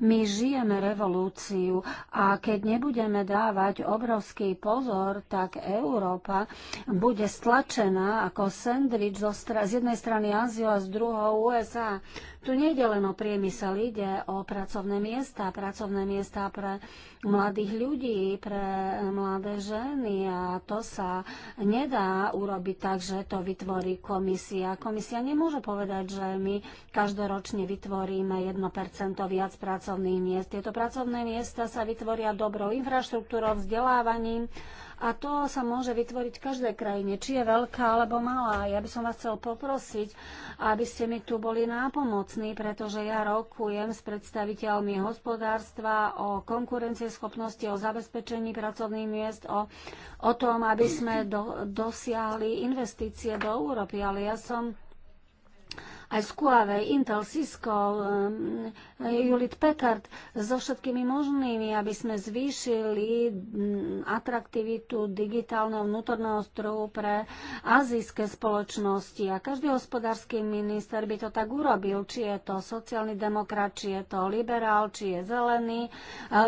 My žijeme revolúciu a keď nebudeme dávať obrovský pozor, tak Európa bude stlačená ako sandwich z jednej strany Áziu a z druhou USA. Tu nejde len o priemysel, ide o pracovné miesta, pracovné miesta pre mladých ľudí, pre mladé ženy a to sa nedá urobiť tak, že to vytvorí komisia. Komisia nemôže povedať, že my každoročne vytvoríme 1% viac pracovných miest. Tieto pracovné miesta sa vytvoria dobrou infraštruktúrou, vzdelávaním a to sa môže vytvoriť v každej krajine, či je veľká alebo malá. Ja by som vás chcel poprosiť, aby ste mi tu boli nápomocní, pretože ja rokujem s predstaviteľmi hospodárstva o konkurencieschopnosti, o zabezpečení pracovných miest, o, o tom, aby sme do, dosiahli investície do Európy. Ale ja som aj z Kuave, Intel, Cisco, Julit um, eh, Packard, so všetkými možnými, aby sme zvýšili mm, atraktivitu digitálneho vnútorného trhu pre azijské spoločnosti. A každý hospodársky minister by to tak urobil, či je to sociálny demokrat, či je to liberál, či je zelený.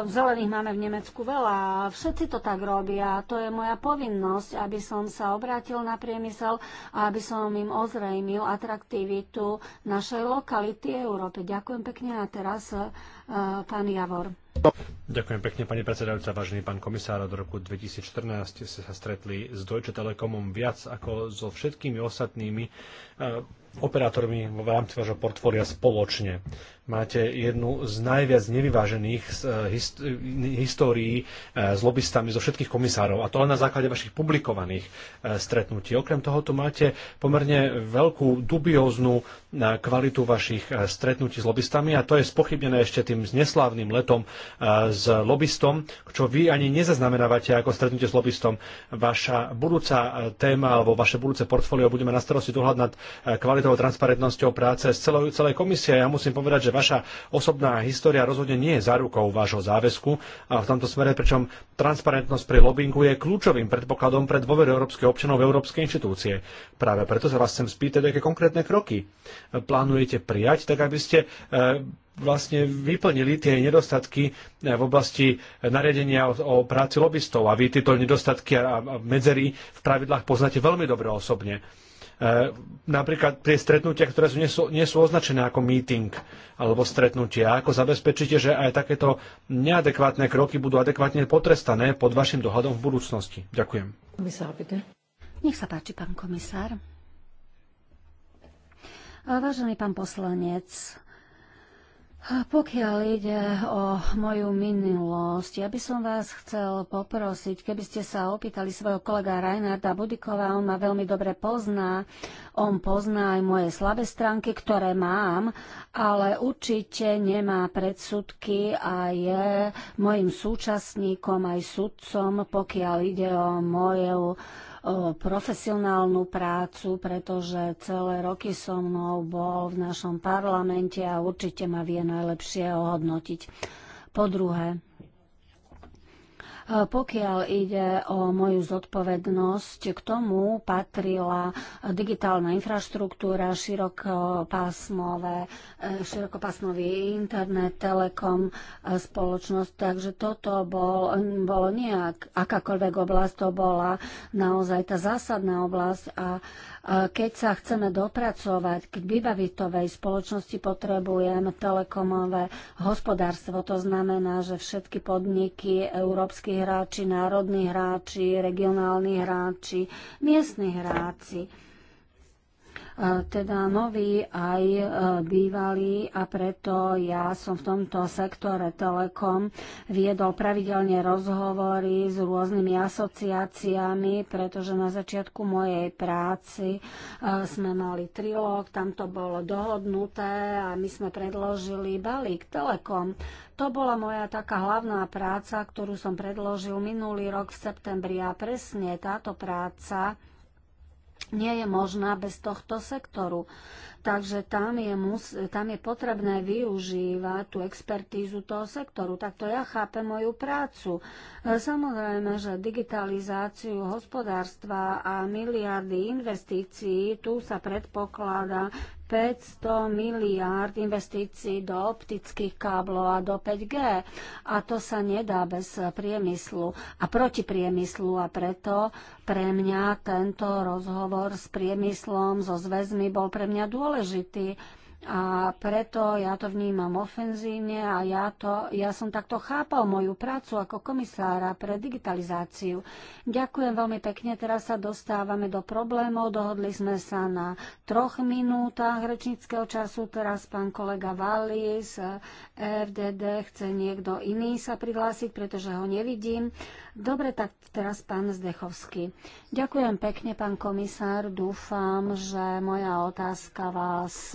Zelených máme v Nemecku veľa. Všetci to tak robia. To je moja povinnosť, aby som sa obrátil na priemysel a aby som im ozrejmil atraktivitu našej lokality Európe. Ďakujem pekne a teraz e, pán Javor. Ďakujem pekne, pani predsedajúca, vážený pán komisár. Od roku 2014 ste sa stretli s Deutsche Telekomom viac ako so všetkými ostatnými e, operátormi v rámci vášho portfólia spoločne. Máte jednu z najviac nevyvážených eh, histórií eh, s lobbystami zo všetkých komisárov, a to len na základe vašich publikovaných eh, stretnutí. Okrem toho tu máte pomerne veľkú dubióznu kvalitu vašich stretnutí s lobbystami a to je spochybnené ešte tým neslávnym letom s lobbystom, čo vy ani nezaznamenávate ako stretnutie s lobbystom. Vaša budúca téma alebo vaše budúce portfólio budeme na starosti dohľad nad kvalitou a transparentnosťou práce z celej, celej komisie. Ja musím povedať, že vaša osobná história rozhodne nie je zárukou vášho záväzku a v tomto smere, pričom transparentnosť pri lobbingu je kľúčovým predpokladom pre dôveru európskych občanov v európske inštitúcie. Práve preto sa vás chcem spýtať, aké konkrétne kroky plánujete prijať, tak aby ste e, vlastne vyplnili tie nedostatky e, v oblasti nariadenia o práci lobbystov. A vy tieto nedostatky a medzery v pravidlách poznáte veľmi dobre osobne. E, napríklad tie stretnutia, ktoré sú, nie, sú, nie sú označené ako meeting alebo stretnutia. Ako zabezpečíte, že aj takéto neadekvátne kroky budú adekvátne potrestané pod vašim dohľadom v budúcnosti? Ďakujem. Komisár, Nech sa páči, pán komisár. E, vážený pán poslanec, pokiaľ ide o moju minulosť, ja by som vás chcel poprosiť, keby ste sa opýtali svojho kolega Reinharda Budikova, on ma veľmi dobre pozná, on pozná aj moje slabé stránky, ktoré mám, ale určite nemá predsudky a je mojim súčasníkom aj sudcom, pokiaľ ide o moju profesionálnu prácu, pretože celé roky so mnou bol v našom parlamente a určite ma vie najlepšie ohodnotiť. Po druhé, Eh, pokiaľ ide o moju zodpovednosť, k tomu patrila digitálna infraštruktúra, širokopásmové, eh, širokopásmový internet, telekom, eh, spoločnosť. Takže toto bol, bolo nejak, akákoľvek oblasť, to bola naozaj tá zásadná oblasť a keď sa chceme dopracovať k vybavitovej spoločnosti, potrebujeme telekomové hospodárstvo. To znamená, že všetky podniky, európsky hráči, národní hráči, regionálni hráči, miestni hráči, E, teda noví aj e, bývalý a preto ja som v tomto sektore Telekom viedol pravidelne rozhovory s rôznymi asociáciami, pretože na začiatku mojej práci e, sme mali trilóg, tam to bolo dohodnuté a my sme predložili balík Telekom. To bola moja taká hlavná práca, ktorú som predložil minulý rok v septembri a presne táto práca nie je možná bez tohto sektoru. Takže tam je, mus, tam je potrebné využívať tú expertízu toho sektoru. Takto ja chápem moju prácu. E, samozrejme, že digitalizáciu hospodárstva a miliardy investícií, tu sa predpokladá, 500 miliárd investícií do optických káblov a do 5G. A to sa nedá bez priemyslu a proti priemyslu a preto pre mňa tento rozhovor s priemyslom, so zväzmi bol pre mňa dôležitý a preto ja to vnímam ofenzívne a ja, to, ja som takto chápal moju prácu ako komisára pre digitalizáciu. Ďakujem veľmi pekne, teraz sa dostávame do problémov. Dohodli sme sa na troch minútach rečníckého času. Teraz pán kolega Vali z FDD chce niekto iný sa prihlásiť, pretože ho nevidím. Dobre, tak teraz pán Zdechovský. Ďakujem pekne, pán komisár. Dúfam, že moja otázka vás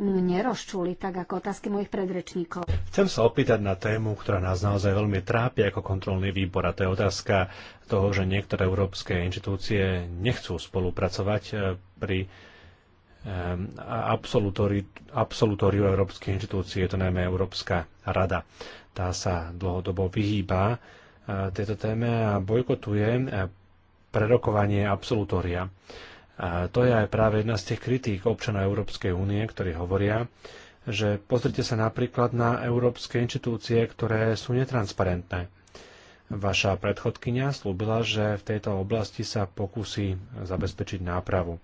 nerozčuli, tak ako otázky mojich predrečníkov. Chcem sa opýtať na tému, ktorá nás naozaj veľmi trápi ako kontrolný výbor, a to je otázka toho, že niektoré európske inštitúcie nechcú spolupracovať eh, pri eh, absolutóriu európskych inštitúcií, je to najmä Európska rada. Tá sa dlhodobo vyhýba eh, tejto téme a bojkotuje prerokovanie absolutória. A to je aj práve jedna z tých kritík občanov Európskej únie, ktorí hovoria, že pozrite sa napríklad na európske inštitúcie, ktoré sú netransparentné. Vaša predchodkynia slúbila, že v tejto oblasti sa pokusí zabezpečiť nápravu.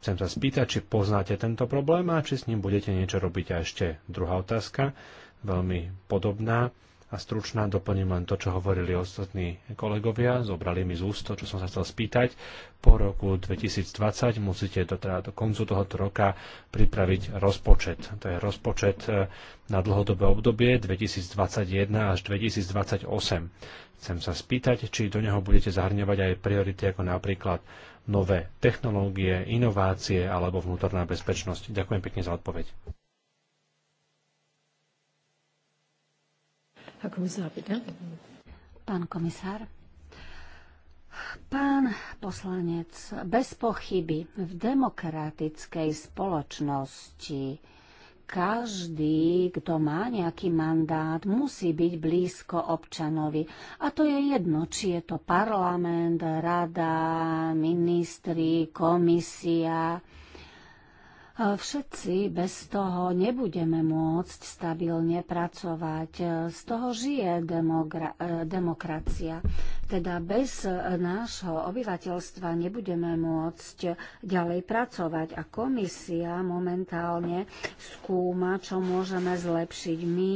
Chcem sa spýtať, či poznáte tento problém a či s ním budete niečo robiť. A ešte druhá otázka, veľmi podobná a stručná, doplním len to, čo hovorili ostatní kolegovia, zobrali mi z úst to, čo som sa chcel spýtať. Po roku 2020 musíte do, teda do koncu tohoto roka pripraviť rozpočet. To je rozpočet e, na dlhodobé obdobie 2021 až 2028. Chcem sa spýtať, či do neho budete zahrňovať aj priority ako napríklad nové technológie, inovácie alebo vnútorná bezpečnosť. Ďakujem pekne za odpoveď. Herr Kommissar, bitte. Pán komisár. Pán poslanec, bez pochyby v demokratickej spoločnosti každý, kto má nejaký mandát, musí byť blízko občanovi. A to je jedno, či je to parlament, rada, ministri, komisia. E, všetci bez toho nebudeme môcť stabilne pracovať. E, z toho žije e, demokracia. Teda bez nášho obyvateľstva nebudeme môcť ďalej pracovať. A komisia momentálne skúma, čo môžeme zlepšiť my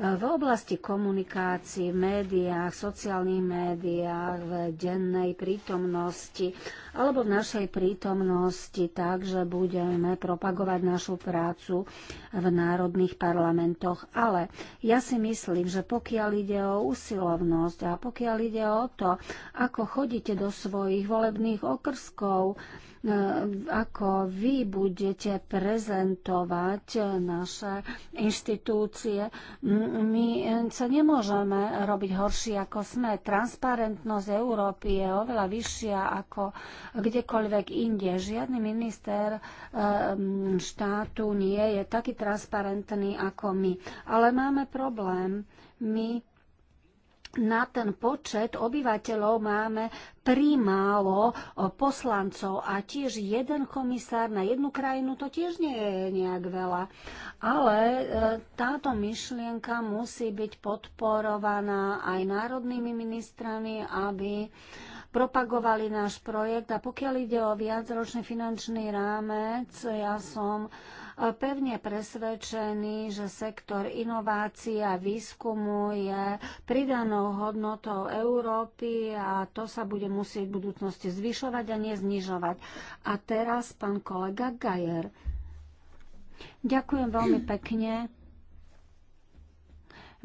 v oblasti komunikácií, v médiách, sociálnych médiách, v dennej prítomnosti alebo v našej prítomnosti, takže budeme pro propagovať našu prácu v národných parlamentoch. Ale ja si myslím, že pokiaľ ide o usilovnosť a pokiaľ ide o to, ako chodíte do svojich volebných okrskov, Ehm, ako vy budete prezentovať eh, naše inštitúcie. My eh, sa nemôžeme robiť horší, ako sme. Transparentnosť Európy je oveľa vyššia ako kdekoľvek inde. Žiadny minister ehm, štátu nie je taký transparentný ako my. Ale máme problém. My na ten počet obyvateľov máme primálo poslancov a tiež jeden komisár na jednu krajinu, to tiež nie je nejak veľa. Ale e, táto myšlienka musí byť podporovaná aj národnými ministrami, aby propagovali náš projekt. A pokiaľ ide o viacročný finančný rámec, ja som uh, pevne presvedčení, že sektor inovácií a výskumu je pridanou hodnotou Európy a to sa bude musieť v budúcnosti zvyšovať a neznižovať. A teraz pán kolega Gajer. Ďakujem veľmi pekne.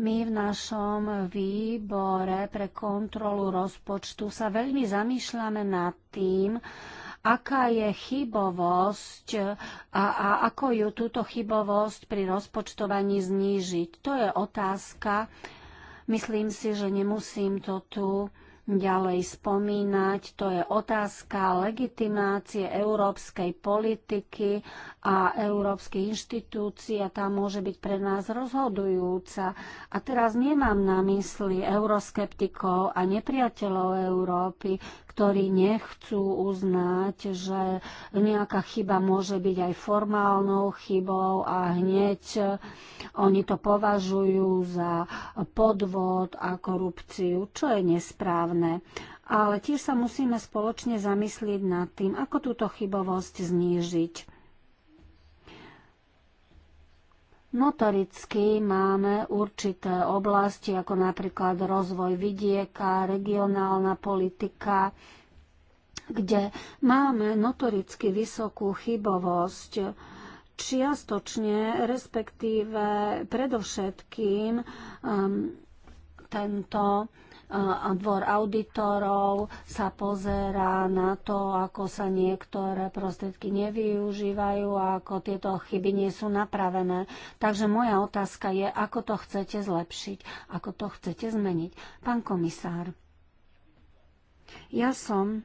My v našom výbore pre kontrolu rozpočtu sa veľmi zamýšľame nad tým, aká je chybovosť a, a ako ju túto chybovosť pri rozpočtovaní znížiť. To je otázka. Myslím si, že nemusím to tu ďalej spomínať. To je otázka legitimácie európskej politiky a európskej inštitúcií a tá môže byť pre nás rozhodujúca. A teraz nemám na mysli euroskeptikov a nepriateľov Európy, ktorí nechcú uznať, že nejaká chyba môže byť aj formálnou chybou a hneď eh, oni to považujú za podvod a korupciu, čo je nesprávne. Ale tiež sa musíme spoločne zamyslieť nad tým, ako túto chybovosť znížiť Notoricky máme určité oblasti, ako napríklad rozvoj vidieka, regionálna politika, kde máme notoricky vysokú chybovosť čiastočne, respektíve predovšetkým um, tento dvor auditorov sa pozerá na to, ako sa niektoré prostriedky nevyužívajú a ako tieto chyby nie sú napravené. Takže moja otázka je, ako to chcete zlepšiť, ako to chcete zmeniť. Pán komisár, ja som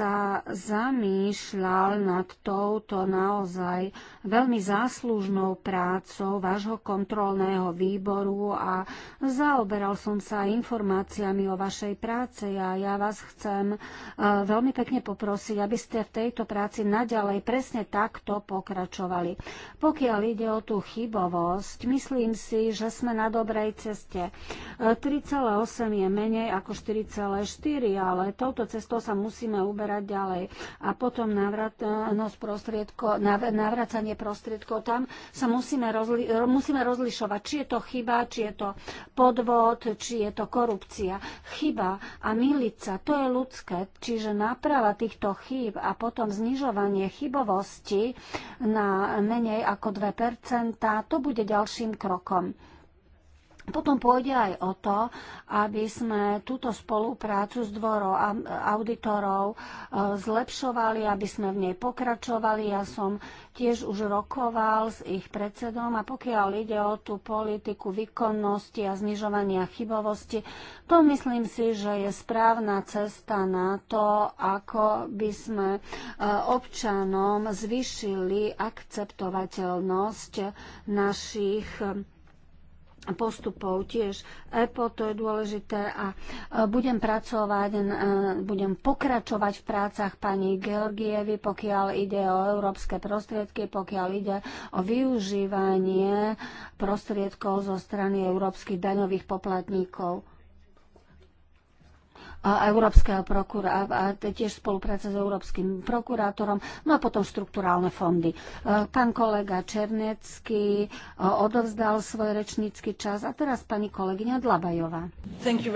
sa zamýšľal nad touto naozaj veľmi záslužnou prácou vášho kontrolného výboru a zaoberal som sa informáciami o vašej práce a ja vás chcem e, veľmi pekne poprosiť, aby ste v tejto práci naďalej presne takto pokračovali. Pokiaľ ide o tú chybovosť, myslím si, že sme na dobrej ceste. 3,8 e, je menej ako 4,4, ale touto cestou sa musíme uberať ďalej. A potom návratnosť prostriedko, navracanie prostriedkov, tam sa musíme, rozli, musíme rozlišovať, či je to chyba, či je to podvod, či je to korupcia. Chyba a milica, to je ľudské, čiže náprava týchto chýb a potom znižovanie chybovosti na menej ako 2%, to bude ďalším krokom. Potom pôjde aj o to, aby sme túto spoluprácu s dvorou auditorov e, zlepšovali, aby sme v nej pokračovali. Ja som tiež už rokoval s ich predsedom a pokiaľ ide o tú politiku výkonnosti a znižovania chybovosti, to myslím si, že je správna cesta na to, ako by sme e, občanom zvýšili akceptovateľnosť našich postupov tiež EPO, to je dôležité a e, budem pracovať, e, budem pokračovať v prácach pani Georgievy, pokiaľ ide o európske prostriedky, pokiaľ ide o využívanie prostriedkov zo strany európskych daňových poplatníkov. Európskeho prokurátora, tiež spolupráca s Európskym prokurátorom, no a potom štruktúrálne fondy. E, pán kolega Černecký e, odovzdal svoj rečnícky čas a teraz pani kolegyňa Dlabajová.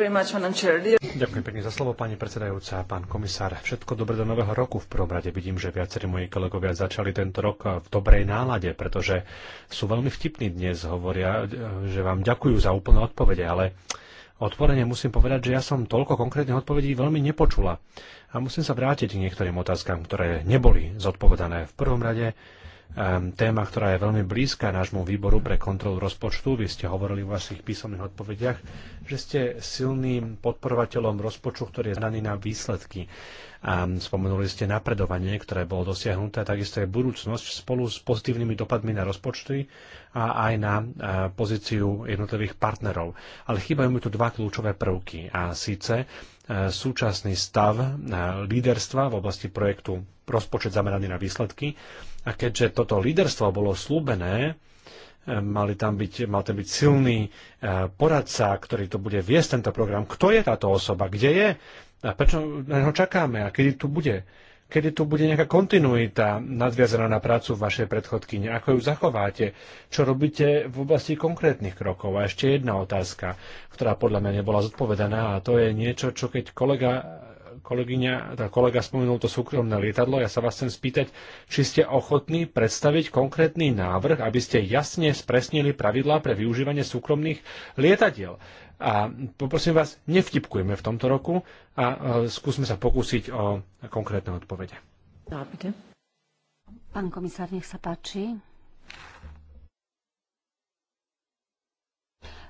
Much, Ďakujem pekne za slovo, pani predsedajúca, pán komisár. Všetko dobre do nového roku v prvom rade. Vidím, že viacerí moji kolegovia začali tento rok v dobrej nálade, pretože sú veľmi vtipní dnes, hovoria, e, že vám ďakujú za úplné odpovede, ale Otvorene musím povedať, že ja som toľko konkrétnych odpovedí veľmi nepočula. A musím sa vrátiť k niektorým otázkam, ktoré neboli zodpovedané. V prvom rade téma, ktorá je veľmi blízka nášmu výboru pre kontrolu rozpočtu. Vy ste hovorili v vašich písomných odpovediach, že ste silným podporovateľom rozpočtu, ktorý je znaný na výsledky. A spomenuli ste napredovanie, ktoré bolo dosiahnuté, takisto je budúcnosť spolu s pozitívnymi dopadmi na rozpočty a aj na e, pozíciu jednotlivých partnerov. Ale chýbajú mi tu dva kľúčové prvky. A síce e, súčasný stav e, líderstva v oblasti projektu rozpočet zameraný na výsledky a keďže toto líderstvo bolo slúbené, eh, mali tam byť, mal tam byť silný eh, poradca, ktorý to bude viesť tento program. Kto je táto osoba? Kde je? A prečo na neho čakáme? A kedy tu bude? Kedy tu bude nejaká kontinuita nadviazaná na prácu vašej predchodkyne? Ako ju zachováte? Čo robíte v oblasti konkrétnych krokov? A ešte jedna otázka, ktorá podľa mňa nebola zodpovedaná a to je niečo, čo keď kolega kolegyňa, tá kolega spomenul to súkromné lietadlo. Ja sa vás chcem spýtať, či ste ochotní predstaviť konkrétny návrh, aby ste jasne spresnili pravidlá pre využívanie súkromných lietadiel. A poprosím vás, nevtipkujeme v tomto roku a e, skúsme sa pokúsiť o konkrétne odpovede. Pán komisár, nech sa páči.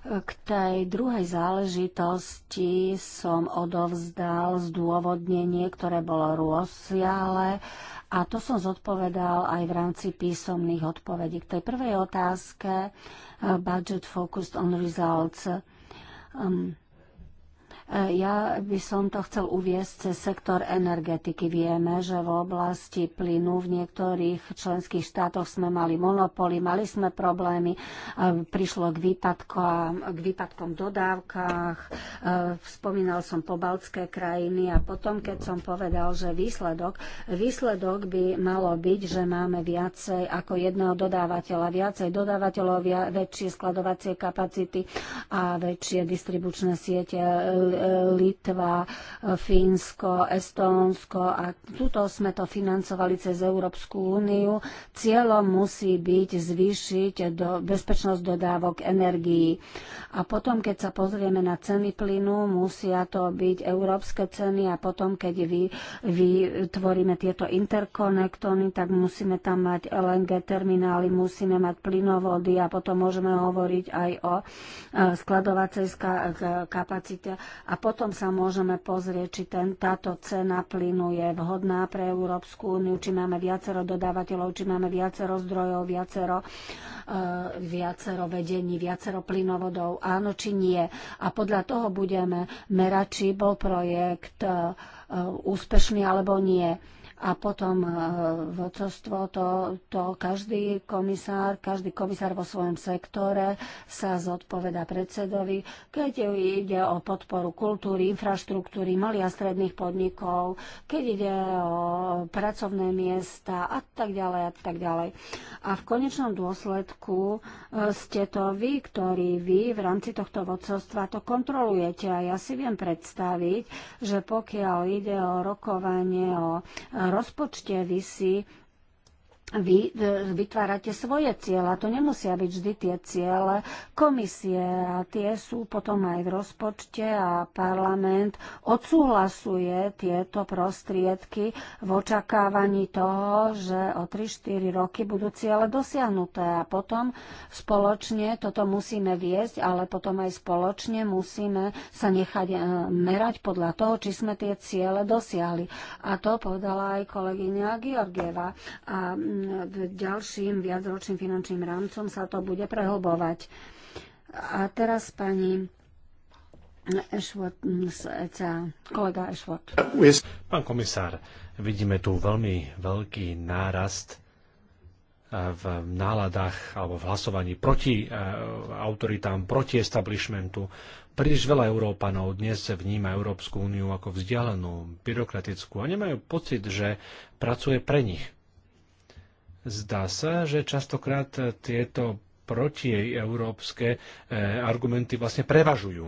K tej druhej záležitosti som odovzdal zdôvodnenie, ktoré bolo rôsiale a to som zodpovedal aj v rámci písomných odpovedí. K tej prvej otázke eh, Budget Focused on Results. Um, E, ja by som to chcel uviesť cez sektor energetiky. Vieme, že v oblasti plynu v niektorých členských štátoch sme mali monopoly, mali sme problémy, e, prišlo k výpadkom, k výpadkom dodávkach, e, spomínal som pobaltské krajiny a potom, keď som povedal, že výsledok, výsledok by malo byť, že máme viacej ako jedného dodávateľa, viacej dodávateľov, väčšie skladovacie kapacity a väčšie distribučné siete Litva, Fínsko, Estónsko a tuto sme to financovali cez Európsku úniu. Cieľom musí byť zvýšiť do, bezpečnosť dodávok energií. A potom, keď sa pozrieme na ceny plynu, musia to byť európske ceny a potom, keď vy, vytvoríme tieto interkonektóny, tak musíme tam mať LNG terminály, musíme mať plynovody a potom môžeme hovoriť aj o e, skladovacej kapacite a potom sa môžeme pozrieť, či ten, táto cena plynu je vhodná pre Európsku úniu, či máme viacero dodávateľov, či máme viacero zdrojov, viacero, e, viacero vedení, viacero plynovodov, áno či nie. A podľa toho budeme merať, či bol projekt e, úspešný alebo nie a potom e, vodcovstvo, to, to každý komisár, každý komisár vo svojom sektore sa zodpoveda predsedovi, keď ide o podporu kultúry, infraštruktúry, malých a stredných podnikov, keď ide o pracovné miesta a tak ďalej a tak ďalej. A v konečnom dôsledku e, ste to vy, ktorí vy v rámci tohto vodcovstva to kontrolujete a ja si viem predstaviť, že pokiaľ ide o rokovanie o rozpočte visí vy e, vytvárate svoje cieľa. To nemusia byť vždy tie ciele komisie a tie sú potom aj v rozpočte a parlament odsúhlasuje tieto prostriedky v očakávaní toho, že o 3-4 roky budú ciele dosiahnuté a potom spoločne toto musíme viesť, ale potom aj spoločne musíme sa nechať e, merať podľa toho, či sme tie ciele dosiahli. A to povedala aj kolegyňa Georgieva. A ďalším viacročným finančným rámcom sa to bude prehlbovať. A teraz pani mm, Ešvot, kolega Ešvot. Pán komisár, vidíme tu veľmi veľký nárast e, v náladách alebo v hlasovaní proti e, autoritám, proti establishmentu. Príliš veľa Európanov dnes vníma Európsku úniu ako vzdialenú, byrokratickú a nemajú pocit, že pracuje pre nich Zdá sa, že častokrát tieto európske e, argumenty vlastne prevažujú.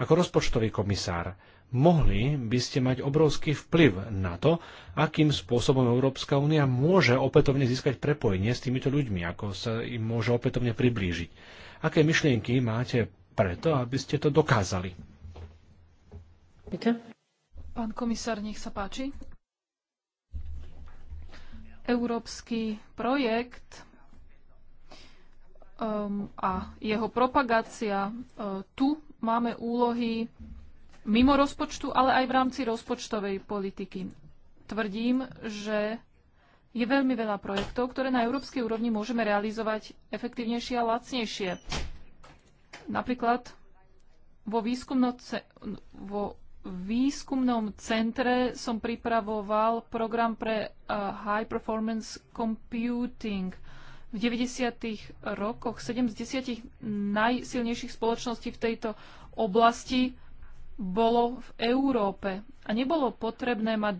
Ako rozpočtový komisár, mohli by ste mať obrovský vplyv na to, akým spôsobom Európska únia môže opätovne získať prepojenie s týmito ľuďmi, ako sa im môže opätovne priblížiť. Aké myšlienky máte preto, aby ste to dokázali? Pán komisár, nech sa páči európsky projekt um, a jeho propagácia. Uh, tu máme úlohy mimo rozpočtu, ale aj v rámci rozpočtovej politiky. Tvrdím, že je veľmi veľa projektov, ktoré na európskej úrovni môžeme realizovať efektívnejšie a lacnejšie. Napríklad vo, výskumno, vo výskumnom centre som pripravoval program pre uh, High Performance Computing. V 90. rokoch 7 z 10 najsilnejších spoločností v tejto oblasti bolo v Európe. A nebolo potrebné mať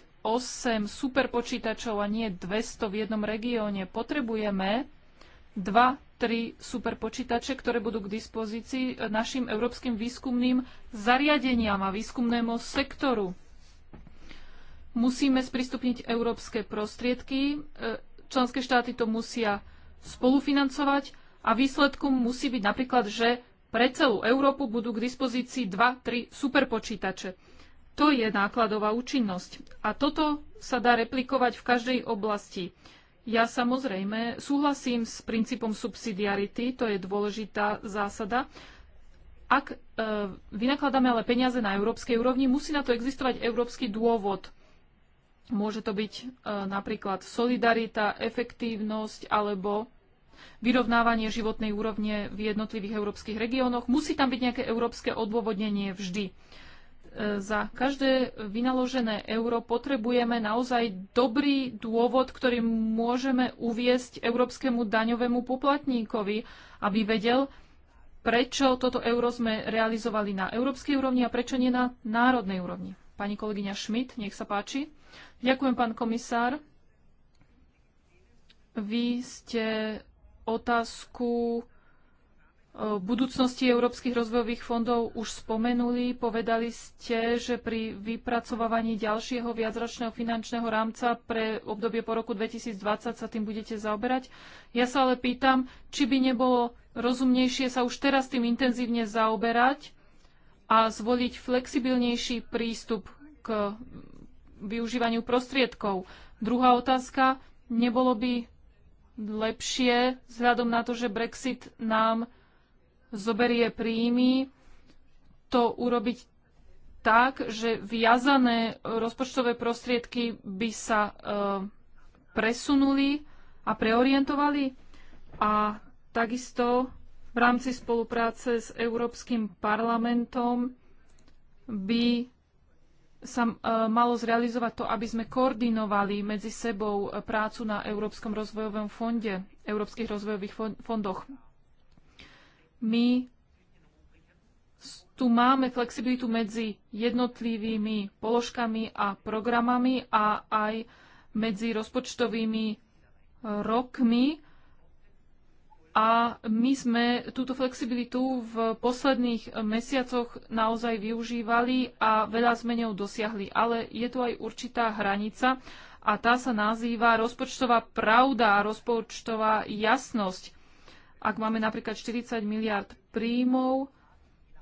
28 superpočítačov a nie 200 v jednom regióne. Potrebujeme dva, tri superpočítače, ktoré budú k dispozícii našim európskym výskumným zariadeniam a výskumnému sektoru. Musíme sprístupniť európske prostriedky, e, členské štáty to musia spolufinancovať a výsledkom musí byť napríklad, že pre celú Európu budú k dispozícii 2-3 superpočítače. To je nákladová účinnosť. A toto sa dá replikovať v každej oblasti. Ja samozrejme súhlasím s princípom subsidiarity, to je dôležitá zásada. Ak e, vynakladáme ale peniaze na európskej úrovni, musí na to existovať európsky dôvod. Môže to byť e, napríklad solidarita, efektívnosť alebo vyrovnávanie životnej úrovne v jednotlivých európskych regiónoch. Musí tam byť nejaké európske odôvodnenie vždy. E, E, za každé vynaložené euro potrebujeme naozaj dobrý dôvod, ktorý môžeme uviesť európskemu daňovému poplatníkovi, aby vedel, prečo toto euro sme realizovali na európskej úrovni a prečo nie na národnej úrovni. Pani kolegyňa Schmidt, nech sa páči. Ďakujem, pán komisár. Vy ste otázku v budúcnosti európskych rozvojových fondov už spomenuli. Povedali ste, že pri vypracovávaní ďalšieho viacročného finančného rámca pre obdobie po roku 2020 sa tým budete zaoberať. Ja sa ale pýtam, či by nebolo rozumnejšie sa už teraz tým intenzívne zaoberať a zvoliť flexibilnejší prístup k využívaniu prostriedkov. Druhá otázka, nebolo by lepšie, vzhľadom na to, že Brexit nám zoberie príjmy, to urobiť tak, že viazané rozpočtové prostriedky by sa e, presunuli a preorientovali. A takisto v rámci spolupráce s Európskym parlamentom by sa e, malo zrealizovať to, aby sme koordinovali medzi sebou prácu na Európskom rozvojovom fonde, Európskych rozvojových fondoch. My tu máme flexibilitu medzi jednotlivými položkami a programami a aj medzi rozpočtovými e, rokmi. A my sme túto flexibilitu v posledných mesiacoch naozaj využívali a veľa sme ňou dosiahli. Ale je tu aj určitá hranica a tá sa nazýva rozpočtová pravda a rozpočtová jasnosť. Ak máme napríklad 40 miliard príjmov,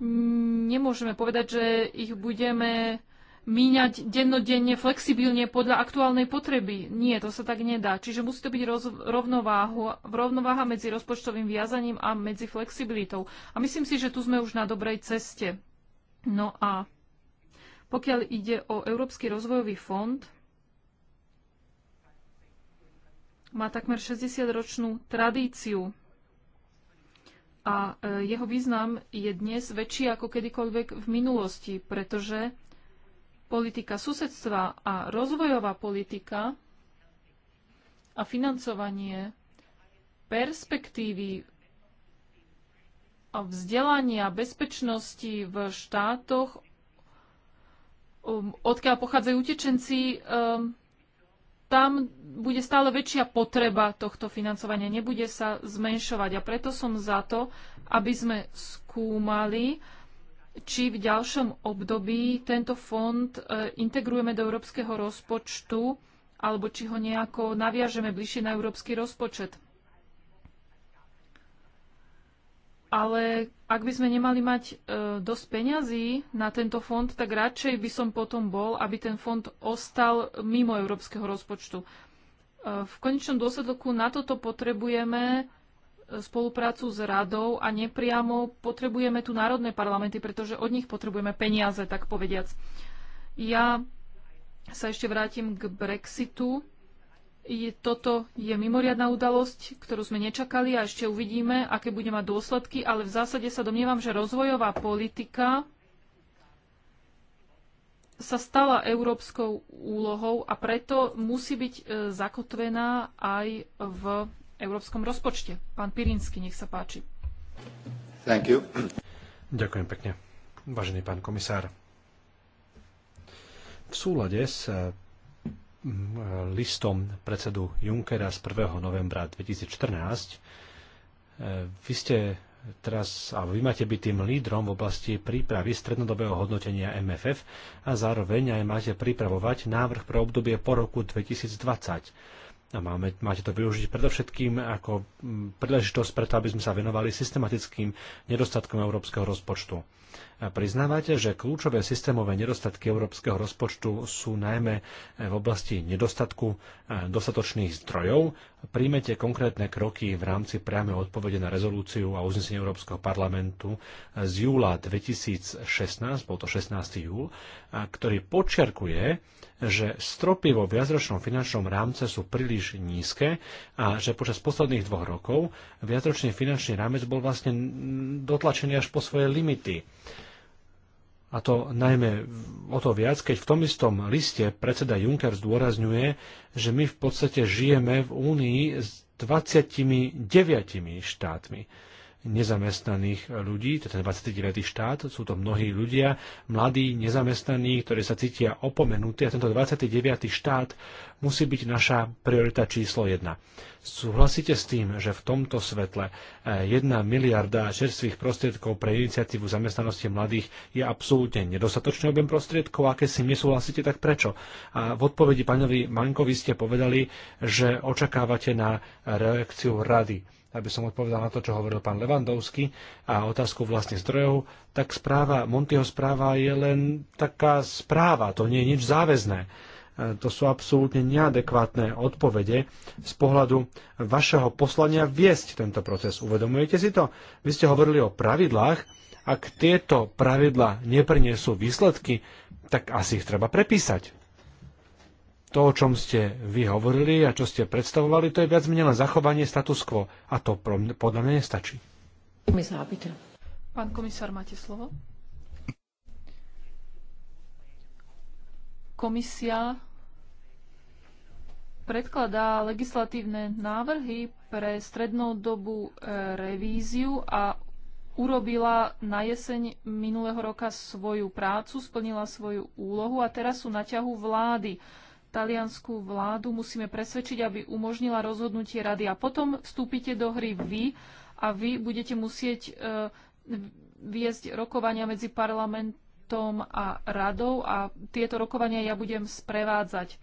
mm, nemôžeme povedať, že ich budeme míňať dennodenne flexibilne podľa aktuálnej potreby. Nie, to sa tak nedá. Čiže musí to byť roz, rovnováhu, rovnováha medzi rozpočtovým viazaním a medzi flexibilitou. A myslím si, že tu sme už na dobrej ceste. No a pokiaľ ide o Európsky rozvojový fond, má takmer 60-ročnú tradíciu a e, jeho význam je dnes väčší ako kedykoľvek v minulosti, pretože politika susedstva a rozvojová politika a financovanie perspektívy a vzdelania bezpečnosti v štátoch, um, odkiaľ pochádzajú utečenci, um, tam bude stále väčšia potreba tohto financovania, nebude sa zmenšovať. A preto som za to, aby sme skúmali, či v ďalšom období tento fond e, integrujeme do európskeho rozpočtu alebo či ho nejako naviažeme bližšie na európsky rozpočet. Ale ak by sme nemali mať e, dosť peňazí na tento fond, tak radšej by som potom bol, aby ten fond ostal mimo európskeho rozpočtu. E, v konečnom dôsledku na toto potrebujeme e, spoluprácu s radou a nepriamo potrebujeme tu národné parlamenty, pretože od nich potrebujeme peniaze, tak povediac. Ja sa ešte vrátim k Brexitu je, toto je mimoriadná udalosť, ktorú sme nečakali a ešte uvidíme, aké bude mať dôsledky, ale v zásade sa domnievam, že rozvojová politika sa stala európskou úlohou a preto musí byť e, zakotvená aj v európskom rozpočte. Pán Pirinsky, nech sa páči. Thank you. Ďakujem pekne. Vážený pán komisár, v súlade s Mm, listom predsedu Junckera z 1. novembra 2014. E, vy ste teraz, a vy máte byť tým lídrom v oblasti prípravy strednodobého hodnotenia MFF a zároveň aj máte pripravovať návrh pre obdobie po roku 2020. A máme, máte to využiť predovšetkým ako mm, príležitosť preto, aby sme sa venovali systematickým nedostatkom európskeho rozpočtu priznávate, že kľúčové systémové nedostatky európskeho rozpočtu sú najmä v oblasti nedostatku e, dostatočných zdrojov. Príjmete konkrétne kroky v rámci priamej odpovede na rezolúciu a uznesenie Európskeho parlamentu z júla 2016, bol to 16. júl, e, ktorý počiarkuje, že stropy vo viacročnom finančnom rámce sú príliš nízke a že počas posledných dvoch rokov viacročný finančný rámec bol vlastne dotlačený až po svoje limity. A to najmä o to viac, keď v tom istom liste predseda Juncker zdôrazňuje, že my v podstate žijeme v Únii s 29 štátmi nezamestnaných ľudí, to je 29. štát, sú to mnohí ľudia, mladí, nezamestnaní, ktorí sa cítia opomenutí a tento 29. štát musí byť naša priorita číslo 1. Súhlasíte s tým, že v tomto svetle 1 eh, miliarda čerstvých prostriedkov pre iniciatívu zamestnanosti mladých je absolútne nedostatočný objem prostriedkov a keď si nesúhlasíte, tak prečo? A v odpovedi pánovi Mankovi ste povedali, že očakávate na reakciu rady aby som odpovedal na to, čo hovoril pán Levandovský a otázku vlastne zdrojov, tak správa, Montyho správa je len taká správa, to nie je nič záväzné. E, to sú absolútne neadekvátne odpovede z pohľadu vašeho poslania viesť tento proces. Uvedomujete si to? Vy ste hovorili o pravidlách. Ak tieto pravidla neprinesú výsledky, tak asi ich treba prepísať to, o čom ste vy hovorili a čo ste predstavovali, to je viac menej len zachovanie status quo. A to podľa mňa nestačí. Pán komisár, máte slovo. Komisia predkladá legislatívne návrhy pre dobu e, revíziu a urobila na jeseň minulého roka svoju prácu, splnila svoju úlohu a teraz sú na ťahu vlády talianskú vládu musíme presvedčiť, aby umožnila rozhodnutie rady. A potom vstúpite do hry vy a vy budete musieť e, viesť rokovania medzi parlamentom a radou a tieto rokovania ja budem sprevádzať.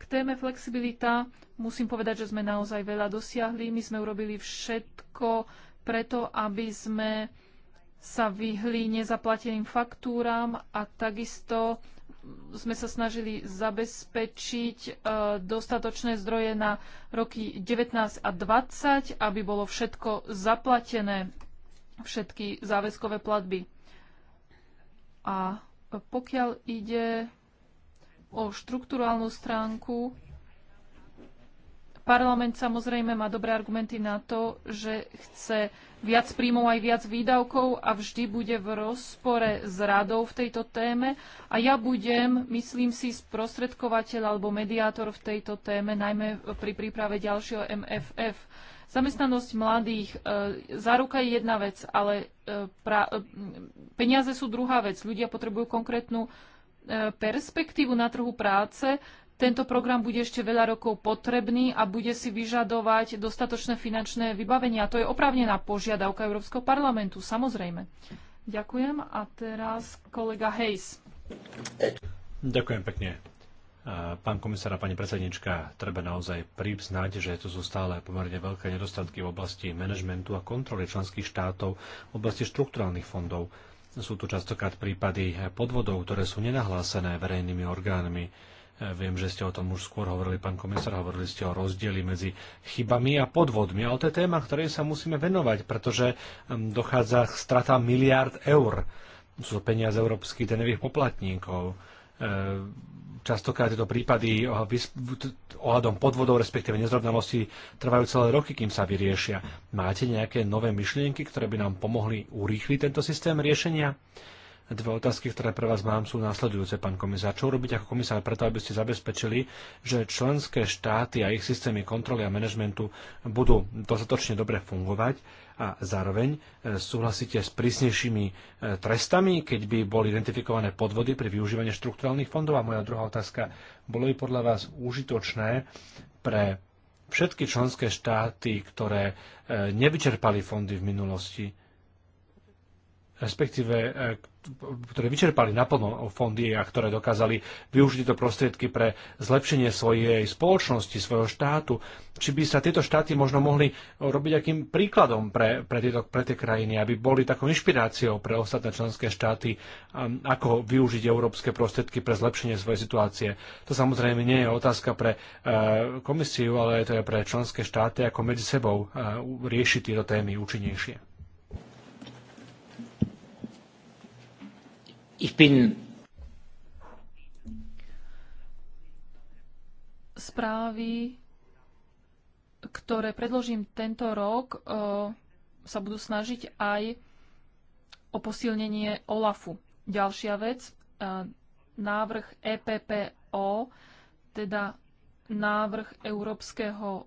K téme flexibilita musím povedať, že sme naozaj veľa dosiahli. My sme urobili všetko preto, aby sme sa vyhli nezaplateným faktúram a takisto sme sa snažili zabezpečiť e, dostatočné zdroje na roky 19 a 20, aby bolo všetko zaplatené, všetky záväzkové platby. A pokiaľ ide o štruktúrálnu stránku, Parlament samozrejme má dobré argumenty na to, že chce viac príjmov aj viac výdavkov a vždy bude v rozpore s radou v tejto téme. A ja budem, myslím si, sprostredkovateľ alebo mediátor v tejto téme, najmä pri príprave ďalšieho MFF. Zamestnanosť mladých, e, záruka je jedna vec, ale e, pra, e, peniaze sú druhá vec. Ľudia potrebujú konkrétnu e, perspektívu na trhu práce, tento program bude ešte veľa rokov potrebný a bude si vyžadovať dostatočné finančné vybavenie. A to je oprávnená požiadavka Európskeho parlamentu, samozrejme. Ďakujem. A teraz kolega Hayes. Ďakujem pekne. Pán komisár a pani predsednička, treba naozaj priznať, že tu sú stále pomerne veľké nedostatky v oblasti manažmentu a kontroly členských štátov v oblasti štrukturálnych fondov. Sú tu častokrát prípady podvodov, ktoré sú nenahlásené verejnými orgánmi Viem, že ste o tom už skôr hovorili, pán komisár, hovorili ste o rozdieli medzi chybami a podvodmi. Ale to je téma, ktorej sa musíme venovať, pretože mm, dochádza k strata miliárd eur. Sú to peniaze európskych denových poplatníkov e, častokrát tieto prípady ohľadom podvodov, respektíve nezrovnalosti trvajú celé roky, kým sa vyriešia. Máte nejaké nové myšlienky, ktoré by nám pomohli urýchliť tento systém riešenia? Dve otázky, ktoré pre vás mám, sú následujúce, pán komisár. Čo urobiť ako komisár preto, aby ste zabezpečili, že členské štáty a ich systémy kontroly a manažmentu budú dostatočne dobre fungovať a zároveň e, súhlasíte s prísnejšími e, trestami, keď by boli identifikované podvody pri využívaní štrukturálnych fondov? A moja druhá otázka, bolo by podľa vás užitočné pre všetky členské štáty, ktoré e, nevyčerpali fondy v minulosti, respektíve e, ktoré vyčerpali naplno fondy a ktoré dokázali využiť tieto prostriedky pre zlepšenie svojej spoločnosti, svojho štátu. Či by sa tieto štáty možno mohli robiť akým príkladom pre, pre, tieto, pre tie krajiny, aby boli takou inšpiráciou pre ostatné členské štáty, um, ako využiť európske prostriedky pre zlepšenie svojej situácie. To samozrejme nie je otázka pre e, komisiu, ale to je pre členské štáty, ako medzi sebou e, riešiť tieto témy účinnejšie. Ich bin správy, ktoré predložím tento rok, eh, sa budú snažiť aj o posilnenie OLAFu. Ďalšia vec, eh, návrh EPPO, teda návrh Európskeho eh,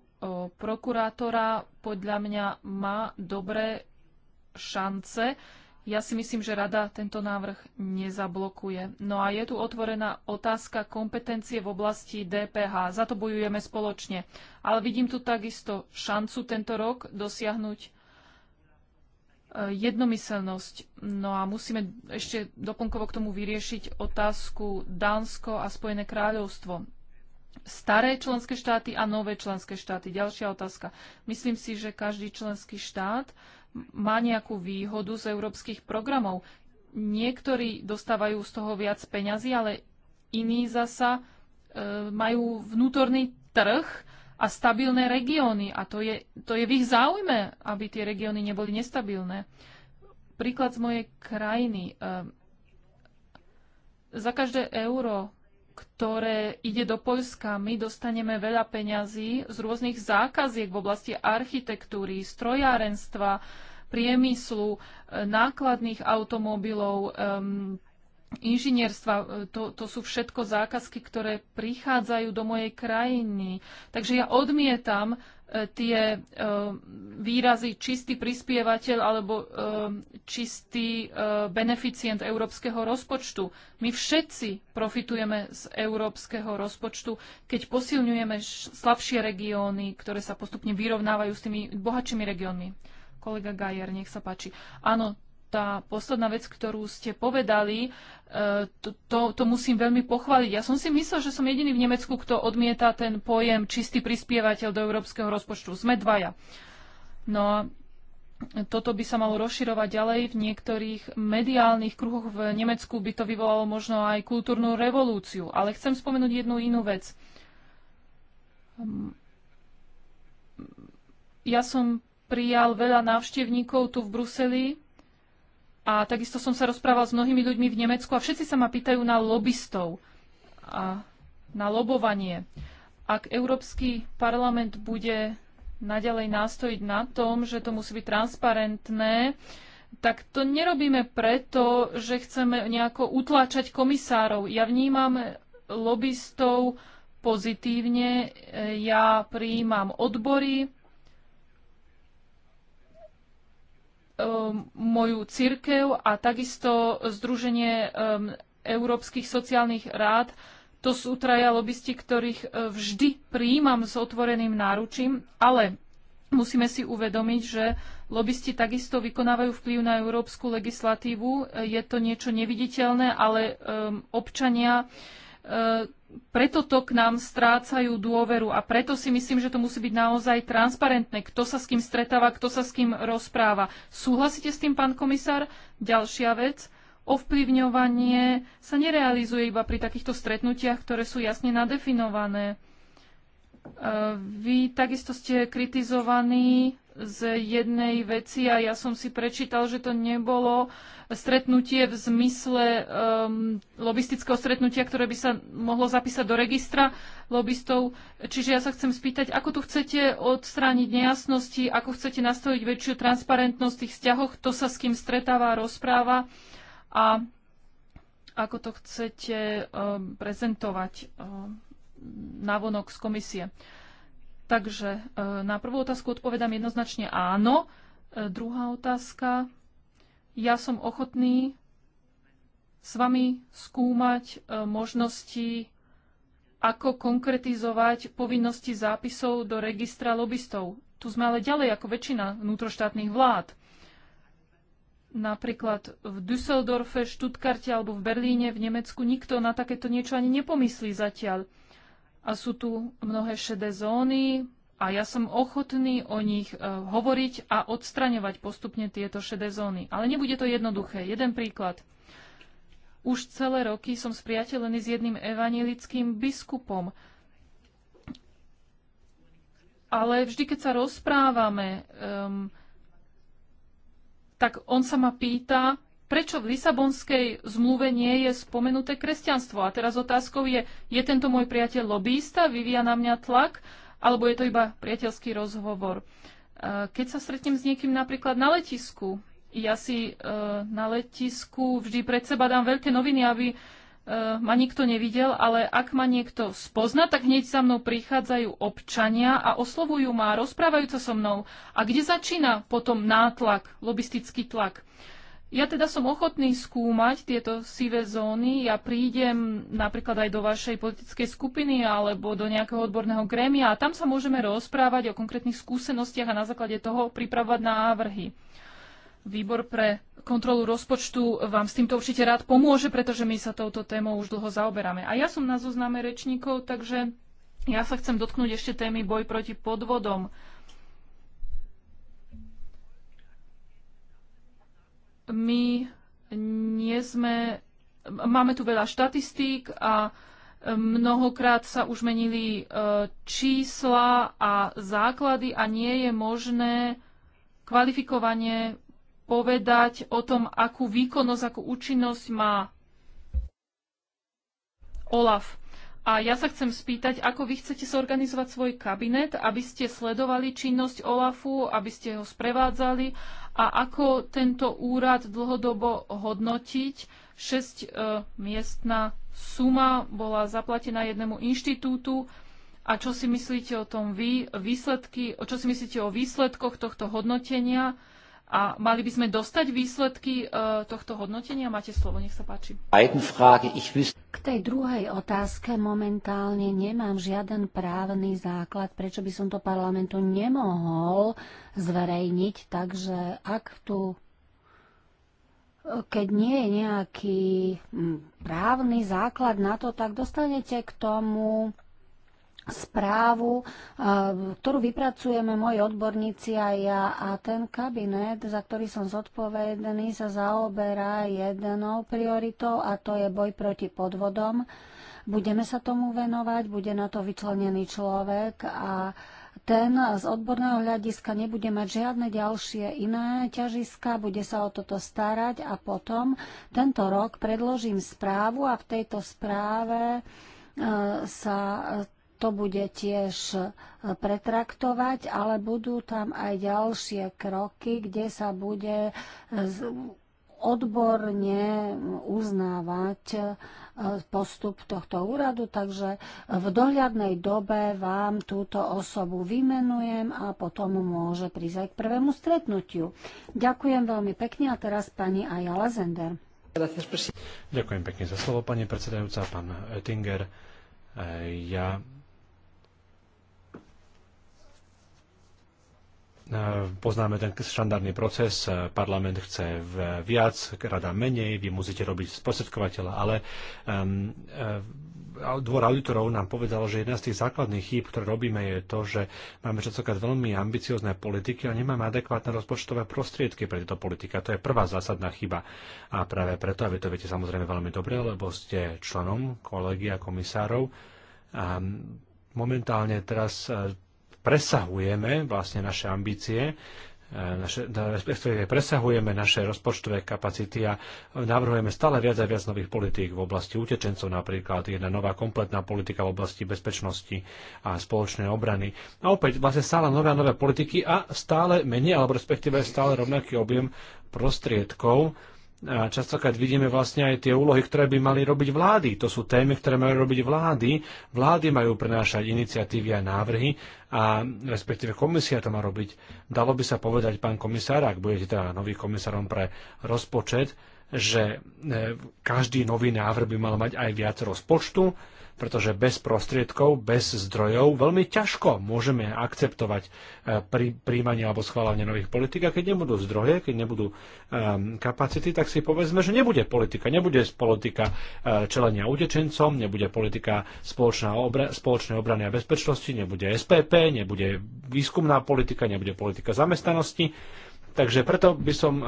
prokurátora, podľa mňa má dobré šance ja si myslím, že rada tento návrh nezablokuje. No a je tu otvorená otázka kompetencie v oblasti DPH. Za to bojujeme spoločne. Ale vidím tu takisto šancu tento rok dosiahnuť e, jednomyselnosť. No a musíme ešte doplnkovo k tomu vyriešiť otázku Dánsko a Spojené kráľovstvo. Staré členské štáty a nové členské štáty. Ďalšia otázka. Myslím si, že každý členský štát má nejakú výhodu z európskych programov. Niektorí dostávajú z toho viac peňazí, ale iní zasa e, majú vnútorný trh a stabilné regióny. A to je, to je v ich záujme, aby tie regióny neboli nestabilné. Príklad z mojej krajiny. E, za každé euro ktoré ide do Poľska. My dostaneme veľa peňazí z rôznych zákaziek v oblasti architektúry, strojárenstva, priemyslu, eh, nákladných automobilov, inžinierstva, e, to, to sú všetko zákazky, ktoré prichádzajú do mojej krajiny. Takže ja odmietam e, tie e, výrazy čistý prispievateľ alebo čistý beneficient európskeho rozpočtu. My všetci profitujeme z európskeho rozpočtu, keď posilňujeme slabšie regióny, ktoré sa postupne vyrovnávajú s tými bohatšími regiónmi. Kolega Gajer, nech sa páči. Áno, tá posledná vec, ktorú ste povedali, e, to, to, to musím veľmi pochváliť. Ja som si myslel, že som jediný v Nemecku, kto odmieta ten pojem čistý prispievateľ do európskeho rozpočtu. Sme dvaja. No a toto by sa malo rozširovať ďalej. V niektorých mediálnych kruhoch v Nemecku by to vyvolalo možno aj kultúrnu revolúciu. Ale chcem spomenúť jednu inú vec. Ja som prijal veľa návštevníkov tu v Bruseli a takisto som sa rozprával s mnohými ľuďmi v Nemecku a všetci sa ma pýtajú na lobbystov a na lobovanie. Ak Európsky parlament bude naďalej nástojiť na tom, že to musí byť transparentné, tak to nerobíme preto, že chceme nejako utláčať komisárov. Ja vnímam lobbystov pozitívne, ja prijímam odbory, Um, moju církev a takisto Združenie um, Európskych sociálnych rád. To sú traja lobbysti, ktorých uh, vždy prijímam s otvoreným náručím, ale musíme si uvedomiť, že lobbysti takisto vykonávajú vplyv na európsku legislatívu. Je to niečo neviditeľné, ale um, občania uh, preto to k nám strácajú dôveru a preto si myslím, že to musí byť naozaj transparentné, kto sa s kým stretáva, kto sa s kým rozpráva. Súhlasíte s tým, pán komisár? Ďalšia vec. Ovplyvňovanie sa nerealizuje iba pri takýchto stretnutiach, ktoré sú jasne nadefinované. E, vy takisto ste kritizovaní z jednej veci a ja som si prečítal, že to nebolo stretnutie v zmysle um, lobistického stretnutia, ktoré by sa mohlo zapísať do registra lobistov. Čiže ja sa chcem spýtať, ako tu chcete odstrániť nejasnosti, ako chcete nastaviť väčšiu transparentnosť v tých vzťahoch, kto sa s kým stretáva, rozpráva a ako to chcete um, prezentovať um, navonok z komisie. Uh, Takže e, na prvú otázku odpovedám jednoznačne áno. E, druhá otázka. Ja som ochotný s vami skúmať e, možnosti, ako konkretizovať povinnosti zápisov do registra lobbystov. Tu sme ale ďalej ako väčšina vnútroštátnych vlád. Napríklad v Düsseldorfe, Stuttgarte alebo v Berlíne v Nemecku nikto na takéto niečo ani nepomyslí zatiaľ. A sú tu mnohé šedé zóny a ja som ochotný o nich e, hovoriť a odstraňovať postupne tieto šedé zóny. Ale nebude to jednoduché. Jeden príklad. Už celé roky som spriateľený s jedným evanielickým biskupom. Ale vždy, keď sa rozprávame, um, tak on sa ma pýta, prečo v Lisabonskej zmluve nie je spomenuté kresťanstvo. A teraz otázkou je, je tento môj priateľ lobbyista, vyvíja na mňa tlak, alebo je to iba priateľský rozhovor. E, keď sa stretnem s niekým napríklad na letisku, ja si e, na letisku vždy pred seba dám veľké noviny, aby e, ma nikto nevidel, ale ak ma niekto spozna, tak hneď za mnou prichádzajú občania a oslovujú ma, rozprávajú sa so mnou. A kde začína potom nátlak, lobistický tlak? Ja teda som ochotný skúmať tieto sivé zóny. Ja prídem napríklad aj do vašej politickej skupiny alebo do nejakého odborného grémia a tam sa môžeme rozprávať o konkrétnych skúsenostiach a na základe toho pripravovať návrhy. Výbor pre kontrolu rozpočtu vám s týmto určite rád pomôže, pretože my sa touto témou už dlho zaoberáme. A ja som na zozname rečníkov, takže ja sa chcem dotknúť ešte témy boj proti podvodom. my nie sme, máme tu veľa štatistík a e, mnohokrát sa už menili e, čísla a základy a nie je možné kvalifikovanie povedať o tom, akú výkonnosť, akú účinnosť má OLAF. A ja sa chcem spýtať, ako vy chcete zorganizovať svoj kabinet, aby ste sledovali činnosť OLAFu, aby ste ho sprevádzali a ako tento úrad dlhodobo hodnotiť. 6 e, miestna suma bola zaplatená jednému inštitútu. A čo si myslíte o tom vy, výsledky, čo si myslíte o výsledkoch tohto hodnotenia? A mali by sme dostať výsledky e, tohto hodnotenia? Máte slovo, nech sa páči. K tej druhej otázke momentálne nemám žiaden právny základ, prečo by som to parlamentu nemohol zverejniť, takže ak tu keď nie je nejaký právny základ na to, tak dostanete k tomu správu, eh, ktorú vypracujeme moji odborníci a ja. A ten kabinet, za ktorý som zodpovedný, sa zaoberá jednou prioritou a to je boj proti podvodom. Budeme sa tomu venovať, bude na to vyčlenený človek a ten z odborného hľadiska nebude mať žiadne ďalšie iné ťažiska, bude sa o toto starať a potom tento rok predložím správu a v tejto správe eh, sa to bude tiež e, pretraktovať, ale budú tam aj ďalšie kroky, kde sa bude e, odborne uznávať e, postup tohto úradu, takže v dohľadnej dobe vám túto osobu vymenujem a potom môže prísť aj k prvému stretnutiu. Ďakujem veľmi pekne a teraz pani Aja Lazender. Ďakujem pekne za slovo, pani predsedajúca, pán Oettinger. Ja Eh, poznáme ten štandardný proces, eh, parlament chce viac, rada menej, vy musíte robiť sprostredkovateľa, ale um, dvor auditorov nám povedal, že jedna z tých základných chýb, ktoré robíme, je to, že máme častokrát veľmi ambiciozne politiky a nemáme adekvátne rozpočtové prostriedky pre tieto politika. To je prvá zásadná chyba. A práve preto, a vy to viete samozrejme veľmi dobre, lebo ste členom kolegia komisárov, a momentálne teraz presahujeme vlastne naše ambície, e, naše, respektíve presahujeme naše rozpočtové kapacity a navrhujeme stále viac a viac nových politík v oblasti utečencov napríklad, jedna nová kompletná politika v oblasti bezpečnosti a spoločnej obrany. A opäť vlastne stále nové a nové politiky a stále menej, alebo respektíve stále rovnaký objem prostriedkov, a častokrát vidíme vlastne aj tie úlohy, ktoré by mali robiť vlády. To sú témy, ktoré majú robiť vlády. Vlády majú prenášať iniciatívy a návrhy a respektíve komisia to má robiť. Dalo by sa povedať, pán komisár, ak budete teda nový komisárom pre rozpočet, že e, každý nový návrh by mal mať aj viac rozpočtu, pretože bez prostriedkov, bez zdrojov veľmi ťažko môžeme akceptovať e, pri, príjmanie alebo schválenie nových politik a keď nebudú zdroje, keď nebudú um, kapacity, tak si povedzme, že nebude politika. Nebude politika e, čelenia utečencom, nebude politika spoločná obra, spoločnej obrany a bezpečnosti, nebude SPP, nebude výskumná politika, nebude politika zamestnanosti Takže preto by som e,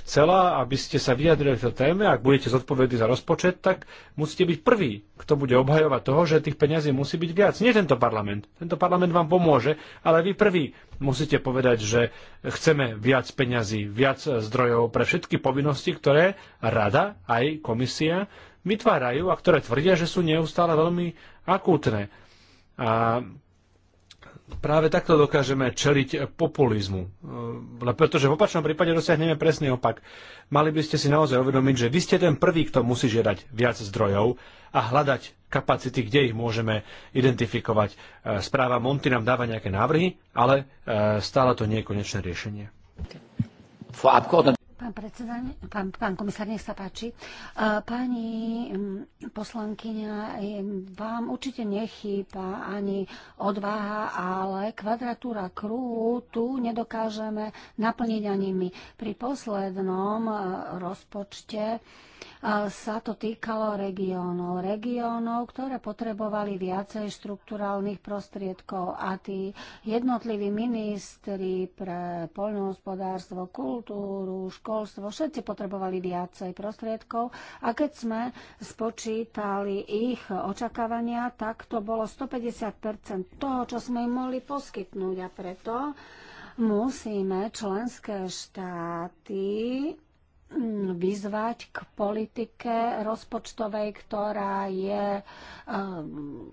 chcela, aby ste sa vyjadrili k téme, ak budete zodpovední za rozpočet, tak musíte byť prvý, kto bude obhajovať toho, že tých peňazí musí byť viac. Nie tento parlament. Tento parlament vám pomôže, ale vy prvý musíte povedať, že chceme viac peňazí, viac zdrojov pre všetky povinnosti, ktoré rada aj komisia vytvárajú a ktoré tvrdia, že sú neustále veľmi akútne. A práve takto dokážeme čeliť populizmu. E, pretože v opačnom prípade dosiahneme presný opak. Mali by ste si naozaj uvedomiť, že vy ste ten prvý, kto musí žiadať viac zdrojov a hľadať kapacity, kde ich môžeme identifikovať. E, správa Monty nám dáva nejaké návrhy, ale e, stále to nie je konečné riešenie. Pán, predseda, pán, pán komisár, nech sa páči. Pani poslankyňa, vám určite nechýba ani odvaha, ale kvadratúra kruhu tu nedokážeme naplniť ani my. Pri poslednom e, rozpočte sa to týkalo regiónov. Regiónov, ktoré potrebovali viacej štrukturálnych prostriedkov a tí jednotliví ministri pre poľnohospodárstvo, kultúru, školstvo, všetci potrebovali viacej prostriedkov a keď sme spočítali ich očakávania, tak to bolo 150 toho, čo sme im mohli poskytnúť a preto musíme členské štáty Mm, vyzvať k politike rozpočtovej, ktorá je ehm,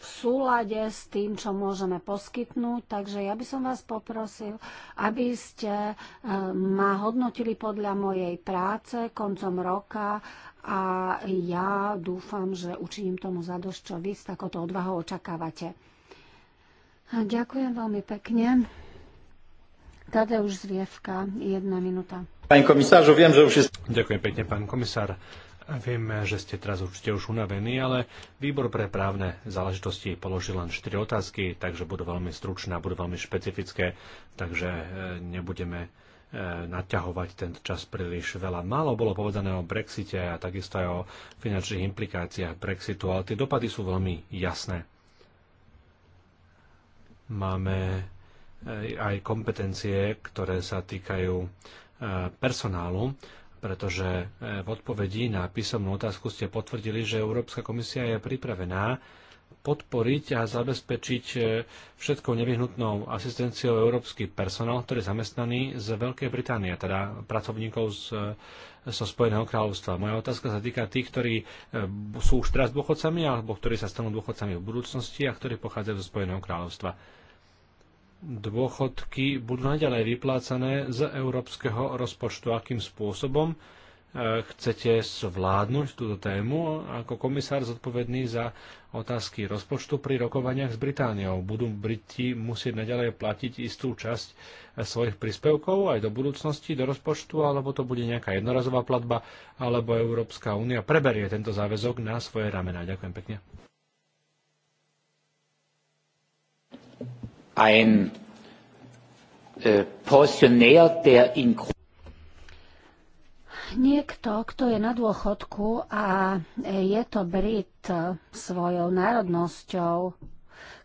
v súlade s tým, čo môžeme poskytnúť. Takže ja by som vás poprosil, aby ste ehm, ma hodnotili podľa mojej práce koncom roka a ja dúfam, že učiním tomu zadosť, čo vy s takouto odvahou očakávate. A ďakujem veľmi pekne. Tadeusz Zvievka, jedna minúta viem, že už je... Ďakujem pekne, pán komisár. Viem, že ste teraz určite už unavení, ale výbor pre právne záležitosti položil len 4 otázky, takže budú veľmi stručné a budú veľmi špecifické, takže e, nebudeme e, naťahovať ten čas príliš veľa. Málo bolo povedané o Brexite a takisto aj o finančných implikáciách Brexitu, ale tie dopady sú veľmi jasné. Máme e, aj kompetencie, ktoré sa týkajú personálu, pretože e, v odpovedi na písomnú otázku ste potvrdili, že Európska komisia je pripravená podporiť a zabezpečiť e, všetkou nevyhnutnou asistenciou európsky personál, ktorý je zamestnaný z Veľkej Británie, teda pracovníkov z, e, zo Spojeného kráľovstva. Moja otázka sa týka tých, ktorí sú už teraz dôchodcami alebo ktorí sa stanú dôchodcami v budúcnosti a ktorí pochádzajú zo Spojeného kráľovstva dôchodky budú naďalej vyplácané z európskeho rozpočtu. Akým spôsobom e, chcete zvládnuť túto tému ako komisár zodpovedný za otázky rozpočtu pri rokovaniach s Britániou? Budú Briti musieť naďalej platiť istú časť e, svojich príspevkov aj do budúcnosti, do rozpočtu, alebo to bude nejaká jednorazová platba, alebo Európska únia preberie tento záväzok na svoje ramena? Ďakujem pekne. ein äh, Pensionär, der in Niekto, kto je na dôchodku a e, je to Brit e, svojou národnosťou,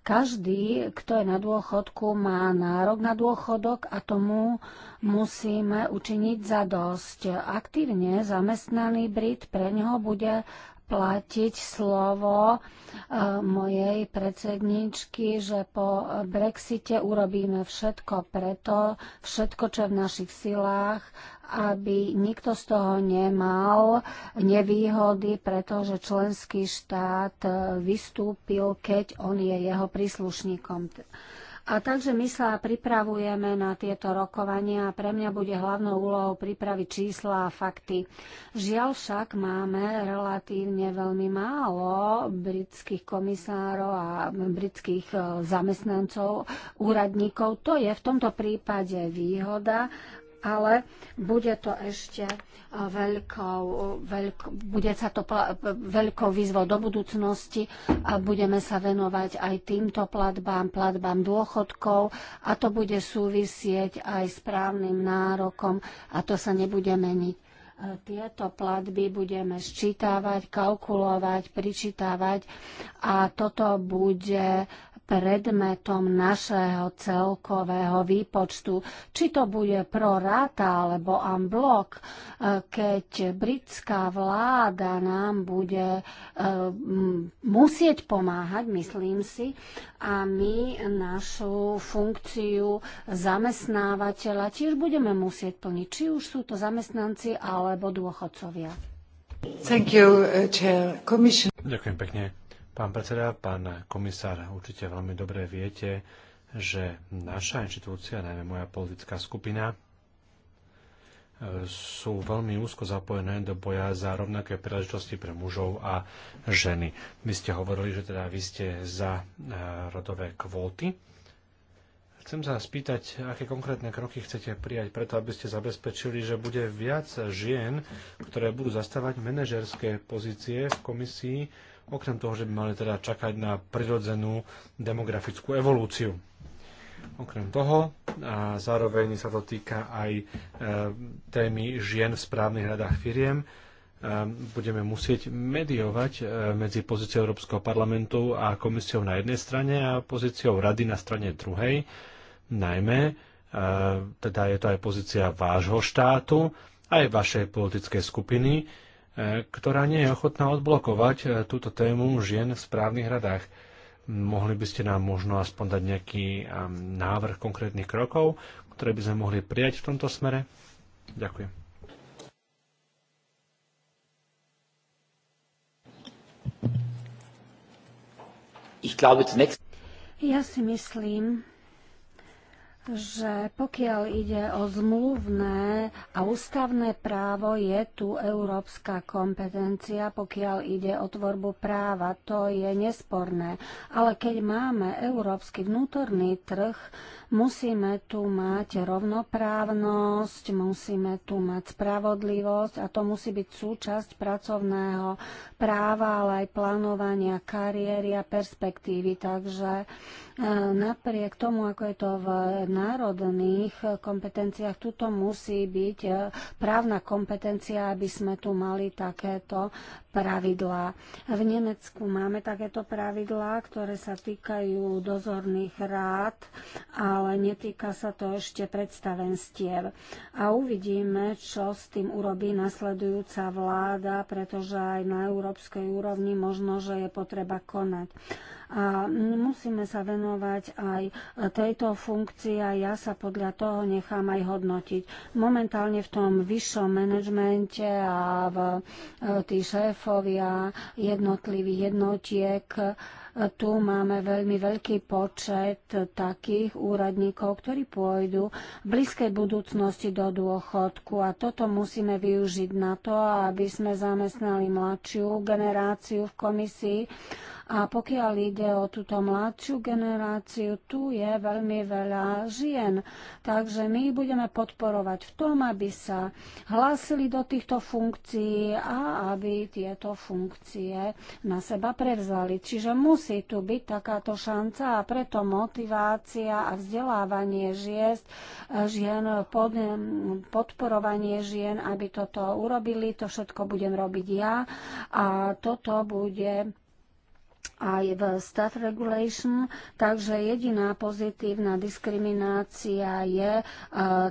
každý, kto je na dôchodku, má nárok na dôchodok a tomu musíme učiniť za dosť. Aktívne zamestnaný Brit pre neho bude platiť slovo eh, mojej predsedničky, že po Brexite urobíme všetko preto, všetko, čo je v našich silách, aby nikto z toho nemal nevýhody, pretože členský štát eh, vystúpil, keď on je jeho príslušníkom. A takže my sa pripravujeme na tieto rokovania a pre mňa bude hlavnou úlohou pripraviť čísla a fakty. Žiaľ však máme relatívne veľmi málo britských komisárov a britských eh, zamestnancov, úradníkov. To je v tomto prípade výhoda, ale bude to ešte e, veľkou, veľk, bude sa to e, veľkou výzvou do budúcnosti a budeme sa venovať aj týmto platbám, platbám dôchodkov a to bude súvisieť aj s právnym nárokom a to sa nebude meniť. E, tieto platby budeme sčítavať, kalkulovať, pričítavať a toto bude predmetom našeho celkového výpočtu. Či to bude pro rata alebo amblok, e, keď britská vláda nám bude e, musieť pomáhať, myslím si, a my našu funkciu zamestnávateľa tiež budeme musieť plniť, či už sú to zamestnanci alebo dôchodcovia. You, uh, Ďakujem pekne, Pán predseda, pán komisár, určite veľmi dobre viete, že naša inštitúcia, najmä moja politická skupina, sú veľmi úzko zapojené do boja za rovnaké príležitosti pre mužov a ženy. Vy ste hovorili, že teda vy ste za e, rodové kvóty. Chcem sa spýtať, aké konkrétne kroky chcete prijať preto, aby ste zabezpečili, že bude viac žien, ktoré budú zastávať manažerské pozície v komisii, okrem toho, že by mali teda čakať na prirodzenú demografickú evolúciu. Okrem toho, a zároveň sa to týka aj e, témy žien v správnych radách firiem, e, budeme musieť mediovať e, medzi pozíciou Európskeho parlamentu a komisiou na jednej strane a pozíciou rady na strane druhej, najmä, e, teda je to aj pozícia vášho štátu, aj vašej politickej skupiny, ktorá nie je ochotná odblokovať e, túto tému žien v správnych radách. Mohli by ste nám možno aspoň dať nejaký návrh konkrétnych krokov, ktoré by sme mohli prijať v tomto smere? Ďakujem. Ja si myslím, že pokiaľ ide o zmluvné a ústavné právo, je tu európska kompetencia, pokiaľ ide o tvorbu práva, to je nesporné. Ale keď máme európsky vnútorný trh, Musíme tu mať rovnoprávnosť, musíme tu mať spravodlivosť a to musí byť súčasť pracovného práva, ale aj plánovania kariéry a perspektívy. Takže e, napriek tomu, ako je to v národných kompetenciách, tuto musí byť e, právna kompetencia, aby sme tu mali takéto pravidlá. V Nemecku máme takéto pravidlá, ktoré sa týkajú dozorných rád, ale netýka sa to ešte predstavenstiev. A uvidíme, čo s tým urobí nasledujúca vláda, pretože aj na európskej úrovni možno, že je potreba konať a musíme sa venovať aj tejto funkcii a ja sa podľa toho nechám aj hodnotiť. Momentálne v tom vyššom manažmente a v e, tí šéfovia jednotlivých jednotiek e, tu máme veľmi veľký počet takých úradníkov, ktorí pôjdu v blízkej budúcnosti do dôchodku a toto musíme využiť na to, aby sme zamestnali mladšiu generáciu v komisii a pokiaľ ide o túto mladšiu generáciu, tu je veľmi veľa žien. Takže my budeme podporovať v tom, aby sa hlásili do týchto funkcií a aby tieto funkcie na seba prevzali. Čiže musí tu byť takáto šanca a preto motivácia a vzdelávanie žiest, e, žien, pod, e, podporovanie žien, aby toto urobili, to všetko budem robiť ja a toto bude aj v staff regulation, takže jediná pozitívna diskriminácia je uh,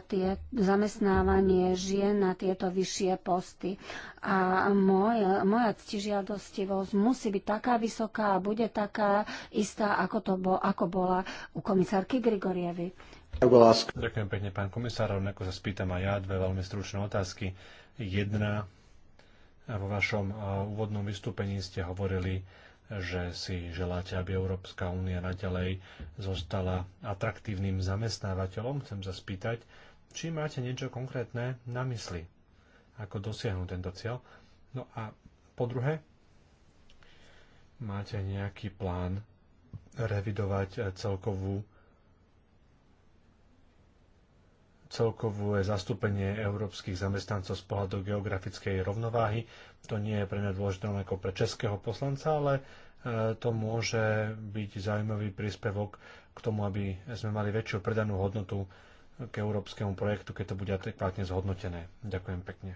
tie zamestnávanie žien na tieto vyššie posty. A moja, moja ctižiadostivosť musí byť taká vysoká a bude taká istá, ako, to bo, ako bola u komisárky Grigorievy. Ďakujem pekne, pán komisár. Rovnako sa spýtam aj ja dve veľmi stručné otázky. Jedna, vo vašom e, úvodnom vystúpení ste hovorili že si želáte, aby Európska únia naďalej zostala atraktívnym zamestnávateľom. Chcem sa spýtať, či máte niečo konkrétne na mysli, ako dosiahnuť tento cieľ. No a po druhé, máte nejaký plán revidovať eh, celkovú celkové eh, zastúpenie európskych zamestnancov z pohľadu geografickej rovnováhy to nie je pre mňa dôležité len ako pre českého poslanca, ale e, to môže byť zaujímavý príspevok k tomu, aby sme mali väčšiu predanú hodnotu k európskemu projektu, keď to bude adekvátne zhodnotené. Ďakujem pekne.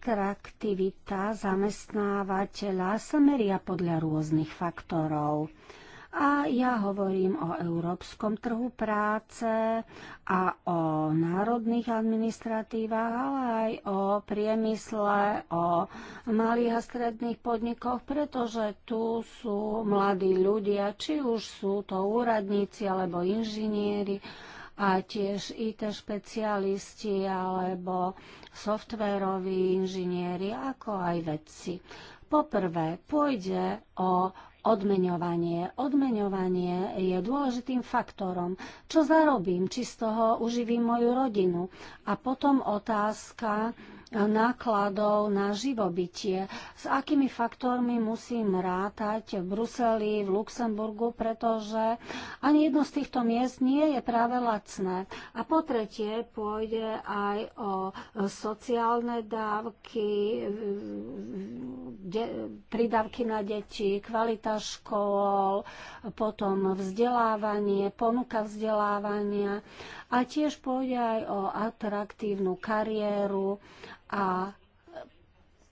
Atraktivita zamestnávateľa sa meria podľa rôznych faktorov. A ja hovorím o európskom trhu práce a o národných administratívach, ale aj o priemysle, o malých a stredných podnikoch, pretože tu sú mladí ľudia, či už sú to úradníci alebo inžinieri, a tiež IT špecialisti alebo softvéroví inžinieri, ako aj vedci. Poprvé, pôjde o Odmeňovanie. Odmeňovanie je dôležitým faktorom. Čo zarobím? Či z toho uživím moju rodinu? A potom otázka, nákladov na živobytie. S akými faktormi musím rátať v Bruseli, v Luxemburgu, pretože ani jedno z týchto miest nie je práve lacné. A po tretie pôjde aj o sociálne dávky, de- pridávky na deti, kvalita škôl, potom vzdelávanie, ponuka vzdelávania a tiež pôjde aj o atraktívnu kariéru a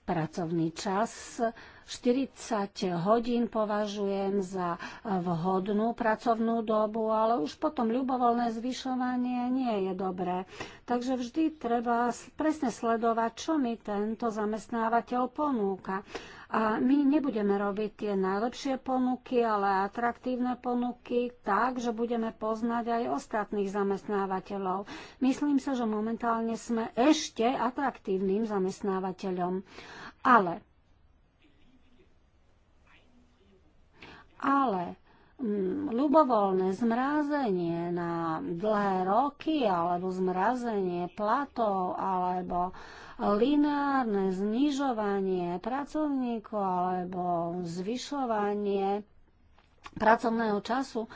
pracovný čas 40 hodín považujem za eh, vhodnú pracovnú dobu, ale už potom ľubovoľné zvyšovanie nie je dobré. Takže vždy treba presne sledovať, čo mi tento zamestnávateľ ponúka. A my nebudeme robiť tie najlepšie ponuky, ale atraktívne ponuky tak, že budeme poznať aj ostatných zamestnávateľov. Myslím sa, že momentálne sme ešte atraktívnym zamestnávateľom. Ale Ale mm, ľubovoľné zmrazenie na dlhé roky alebo zmrazenie platov alebo lineárne znižovanie pracovníkov alebo zvyšovanie pracovného času,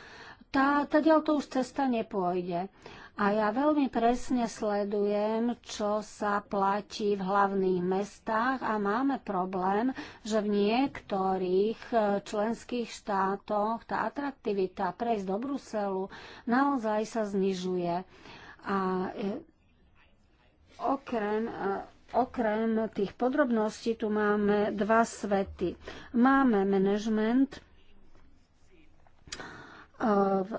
tá, tá to už cesta nepôjde. A ja veľmi presne sledujem, čo sa platí v hlavných mestách a máme problém, že v niektorých e, členských štátoch tá atraktivita prejsť do Bruselu naozaj sa znižuje. A e, okrem e, Okrem tých podrobností tu máme dva svety. Máme management, v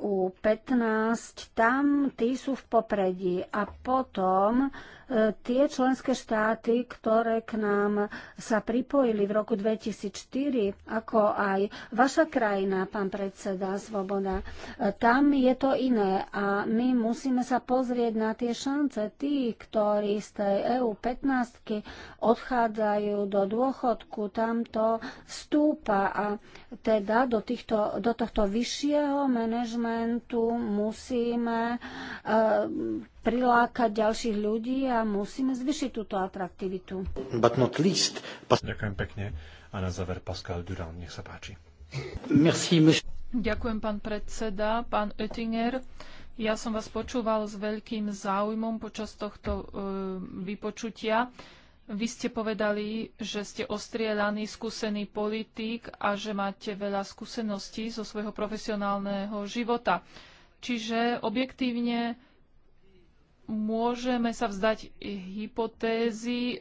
EU 15, tam tí sú v popredí. A potom tie členské štáty, ktoré k nám sa pripojili v roku 2004, ako aj vaša krajina, pán predseda Svoboda, tam je to iné a my musíme sa pozrieť na tie šance tých, ktorí z tej EU 15 odchádzajú do dôchodku, tam to stúpa a teda do, týchto, do tohto vyššieho manažmentu musíme uh, prilákať ďalších ľudí a musíme zvyšiť túto atraktivitu. But not least. Pas- Ďakujem pekne. A na záver Pascal Durand, nech sa páči. Merci, Ďakujem, pán predseda, pán Oettinger. Ja som vás počúval s veľkým záujmom počas tohto e, vypočutia. Vy ste povedali, že ste ostrielaný, skúsený politik a že máte veľa skúseností zo svojho profesionálneho života. Čiže objektívne môžeme sa vzdať hypotézy, e,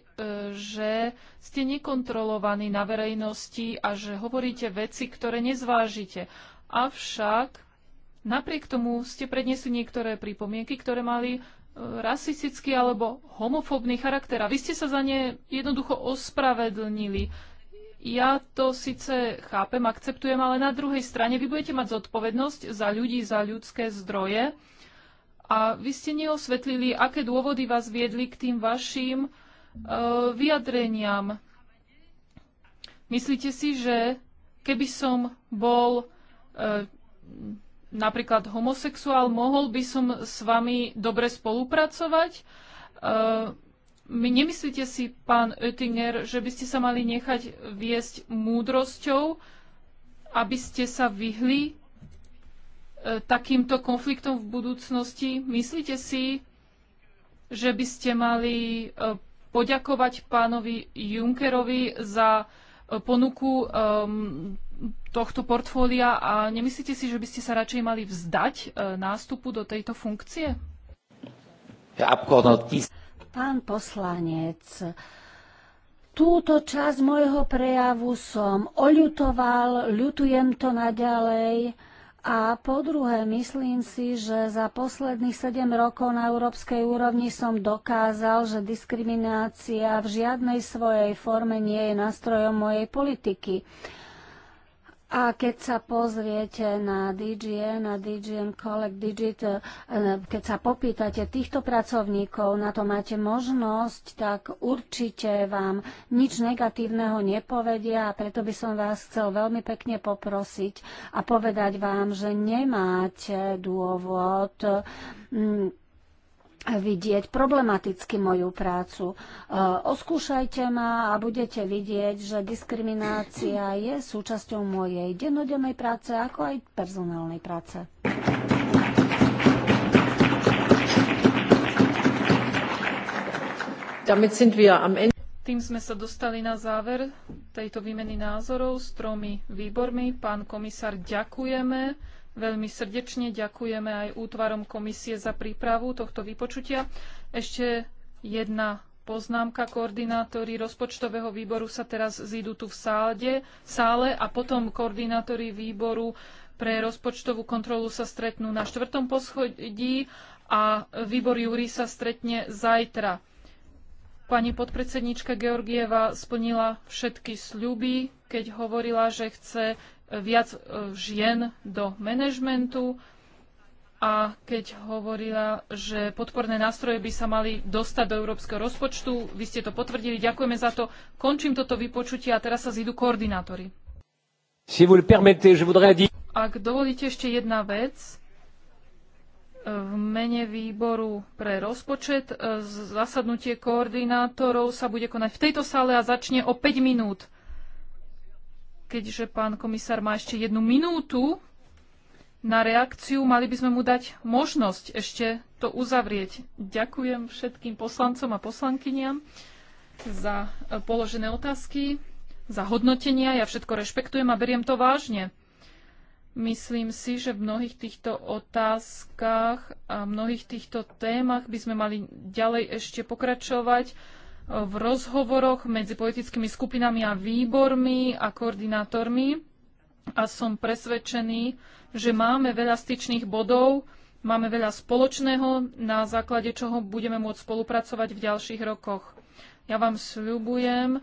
že ste nekontrolovaní na verejnosti a že hovoríte veci, ktoré nezvážite. Avšak napriek tomu ste predniesli niektoré pripomienky, ktoré mali e, rasistický alebo homofóbny charakter a vy ste sa za ne jednoducho ospravedlnili. Ja to síce chápem, akceptujem, ale na druhej strane vy budete mať zodpovednosť za ľudí, za ľudské zdroje, a vy ste neosvetlili, aké dôvody vás viedli k tým vašim uh, vyjadreniam. Myslíte si, že keby som bol uh, napríklad homosexuál, mohol by som s vami dobre spolupracovať? Uh, nemyslíte si, pán Oettinger, že by ste sa mali nechať viesť múdrosťou, aby ste sa vyhli E, takýmto konfliktom v budúcnosti? Myslíte si, že by ste mali e, poďakovať pánovi Junckerovi za e, ponuku tohto portfólia a nemyslíte si, že by ste sa radšej mali vzdať nástupu do tejto funkcie? Pán poslanec, túto časť môjho prejavu som oľutoval, ľutujem to naďalej a po druhé, myslím si, že za posledných 7 rokov na európskej úrovni som dokázal, že diskriminácia v žiadnej svojej forme nie je nástrojom mojej politiky. A keď sa pozriete na DGN, na DGN Collect Digit, eh, keď sa popýtate týchto pracovníkov, na to máte možnosť, tak určite vám nič negatívneho nepovedia a preto by som vás chcel veľmi pekne poprosiť a povedať vám, že nemáte dôvod mm, vidieť problematicky moju prácu. E, oskúšajte ma a budete vidieť, že diskriminácia je súčasťou mojej dennodennej práce, ako aj personálnej práce. Tým sme sa dostali na záver tejto výmeny názorov s tromi výbormi. Pán komisár, ďakujeme Veľmi srdečne ďakujeme aj útvarom komisie za prípravu tohto vypočutia. Ešte jedna poznámka. Koordinátori rozpočtového výboru sa teraz zídu tu v sále, sále a potom koordinátori výboru pre rozpočtovú kontrolu sa stretnú na štvrtom poschodí a výbor Júri sa stretne zajtra. Pani podpredsednička Georgieva splnila všetky sľuby, keď hovorila, že chce viac e, žien do manažmentu a keď hovorila, že podporné nástroje by sa mali dostať do európskeho rozpočtu, vy ste to potvrdili, ďakujeme za to. Končím toto vypočutie a teraz sa zídu koordinátori. Ak dovolíte ešte jedna vec, e, v mene výboru pre rozpočet e, zasadnutie koordinátorov sa bude konať v tejto sále a začne o 5 minút keďže pán komisár má ešte jednu minútu na reakciu, mali by sme mu dať možnosť ešte to uzavrieť. Ďakujem všetkým poslancom a poslankyniam za e, položené otázky, za hodnotenia. Ja všetko rešpektujem a beriem to vážne. Myslím si, že v mnohých týchto otázkach a mnohých týchto témach by sme mali ďalej ešte pokračovať v rozhovoroch medzi politickými skupinami a výbormi a koordinátormi a som presvedčený, že máme veľa styčných bodov, máme veľa spoločného, na základe čoho budeme môcť spolupracovať v ďalších rokoch. Ja vám sľubujem, e,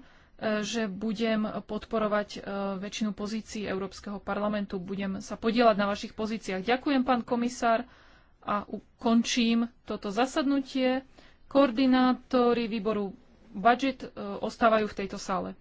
že budem podporovať e, väčšinu pozícií Európskeho parlamentu, budem sa podielať na vašich pozíciách. Ďakujem, pán komisár, a ukončím toto zasadnutie. Koordinátori výboru budget e, ostávajú v tejto sále.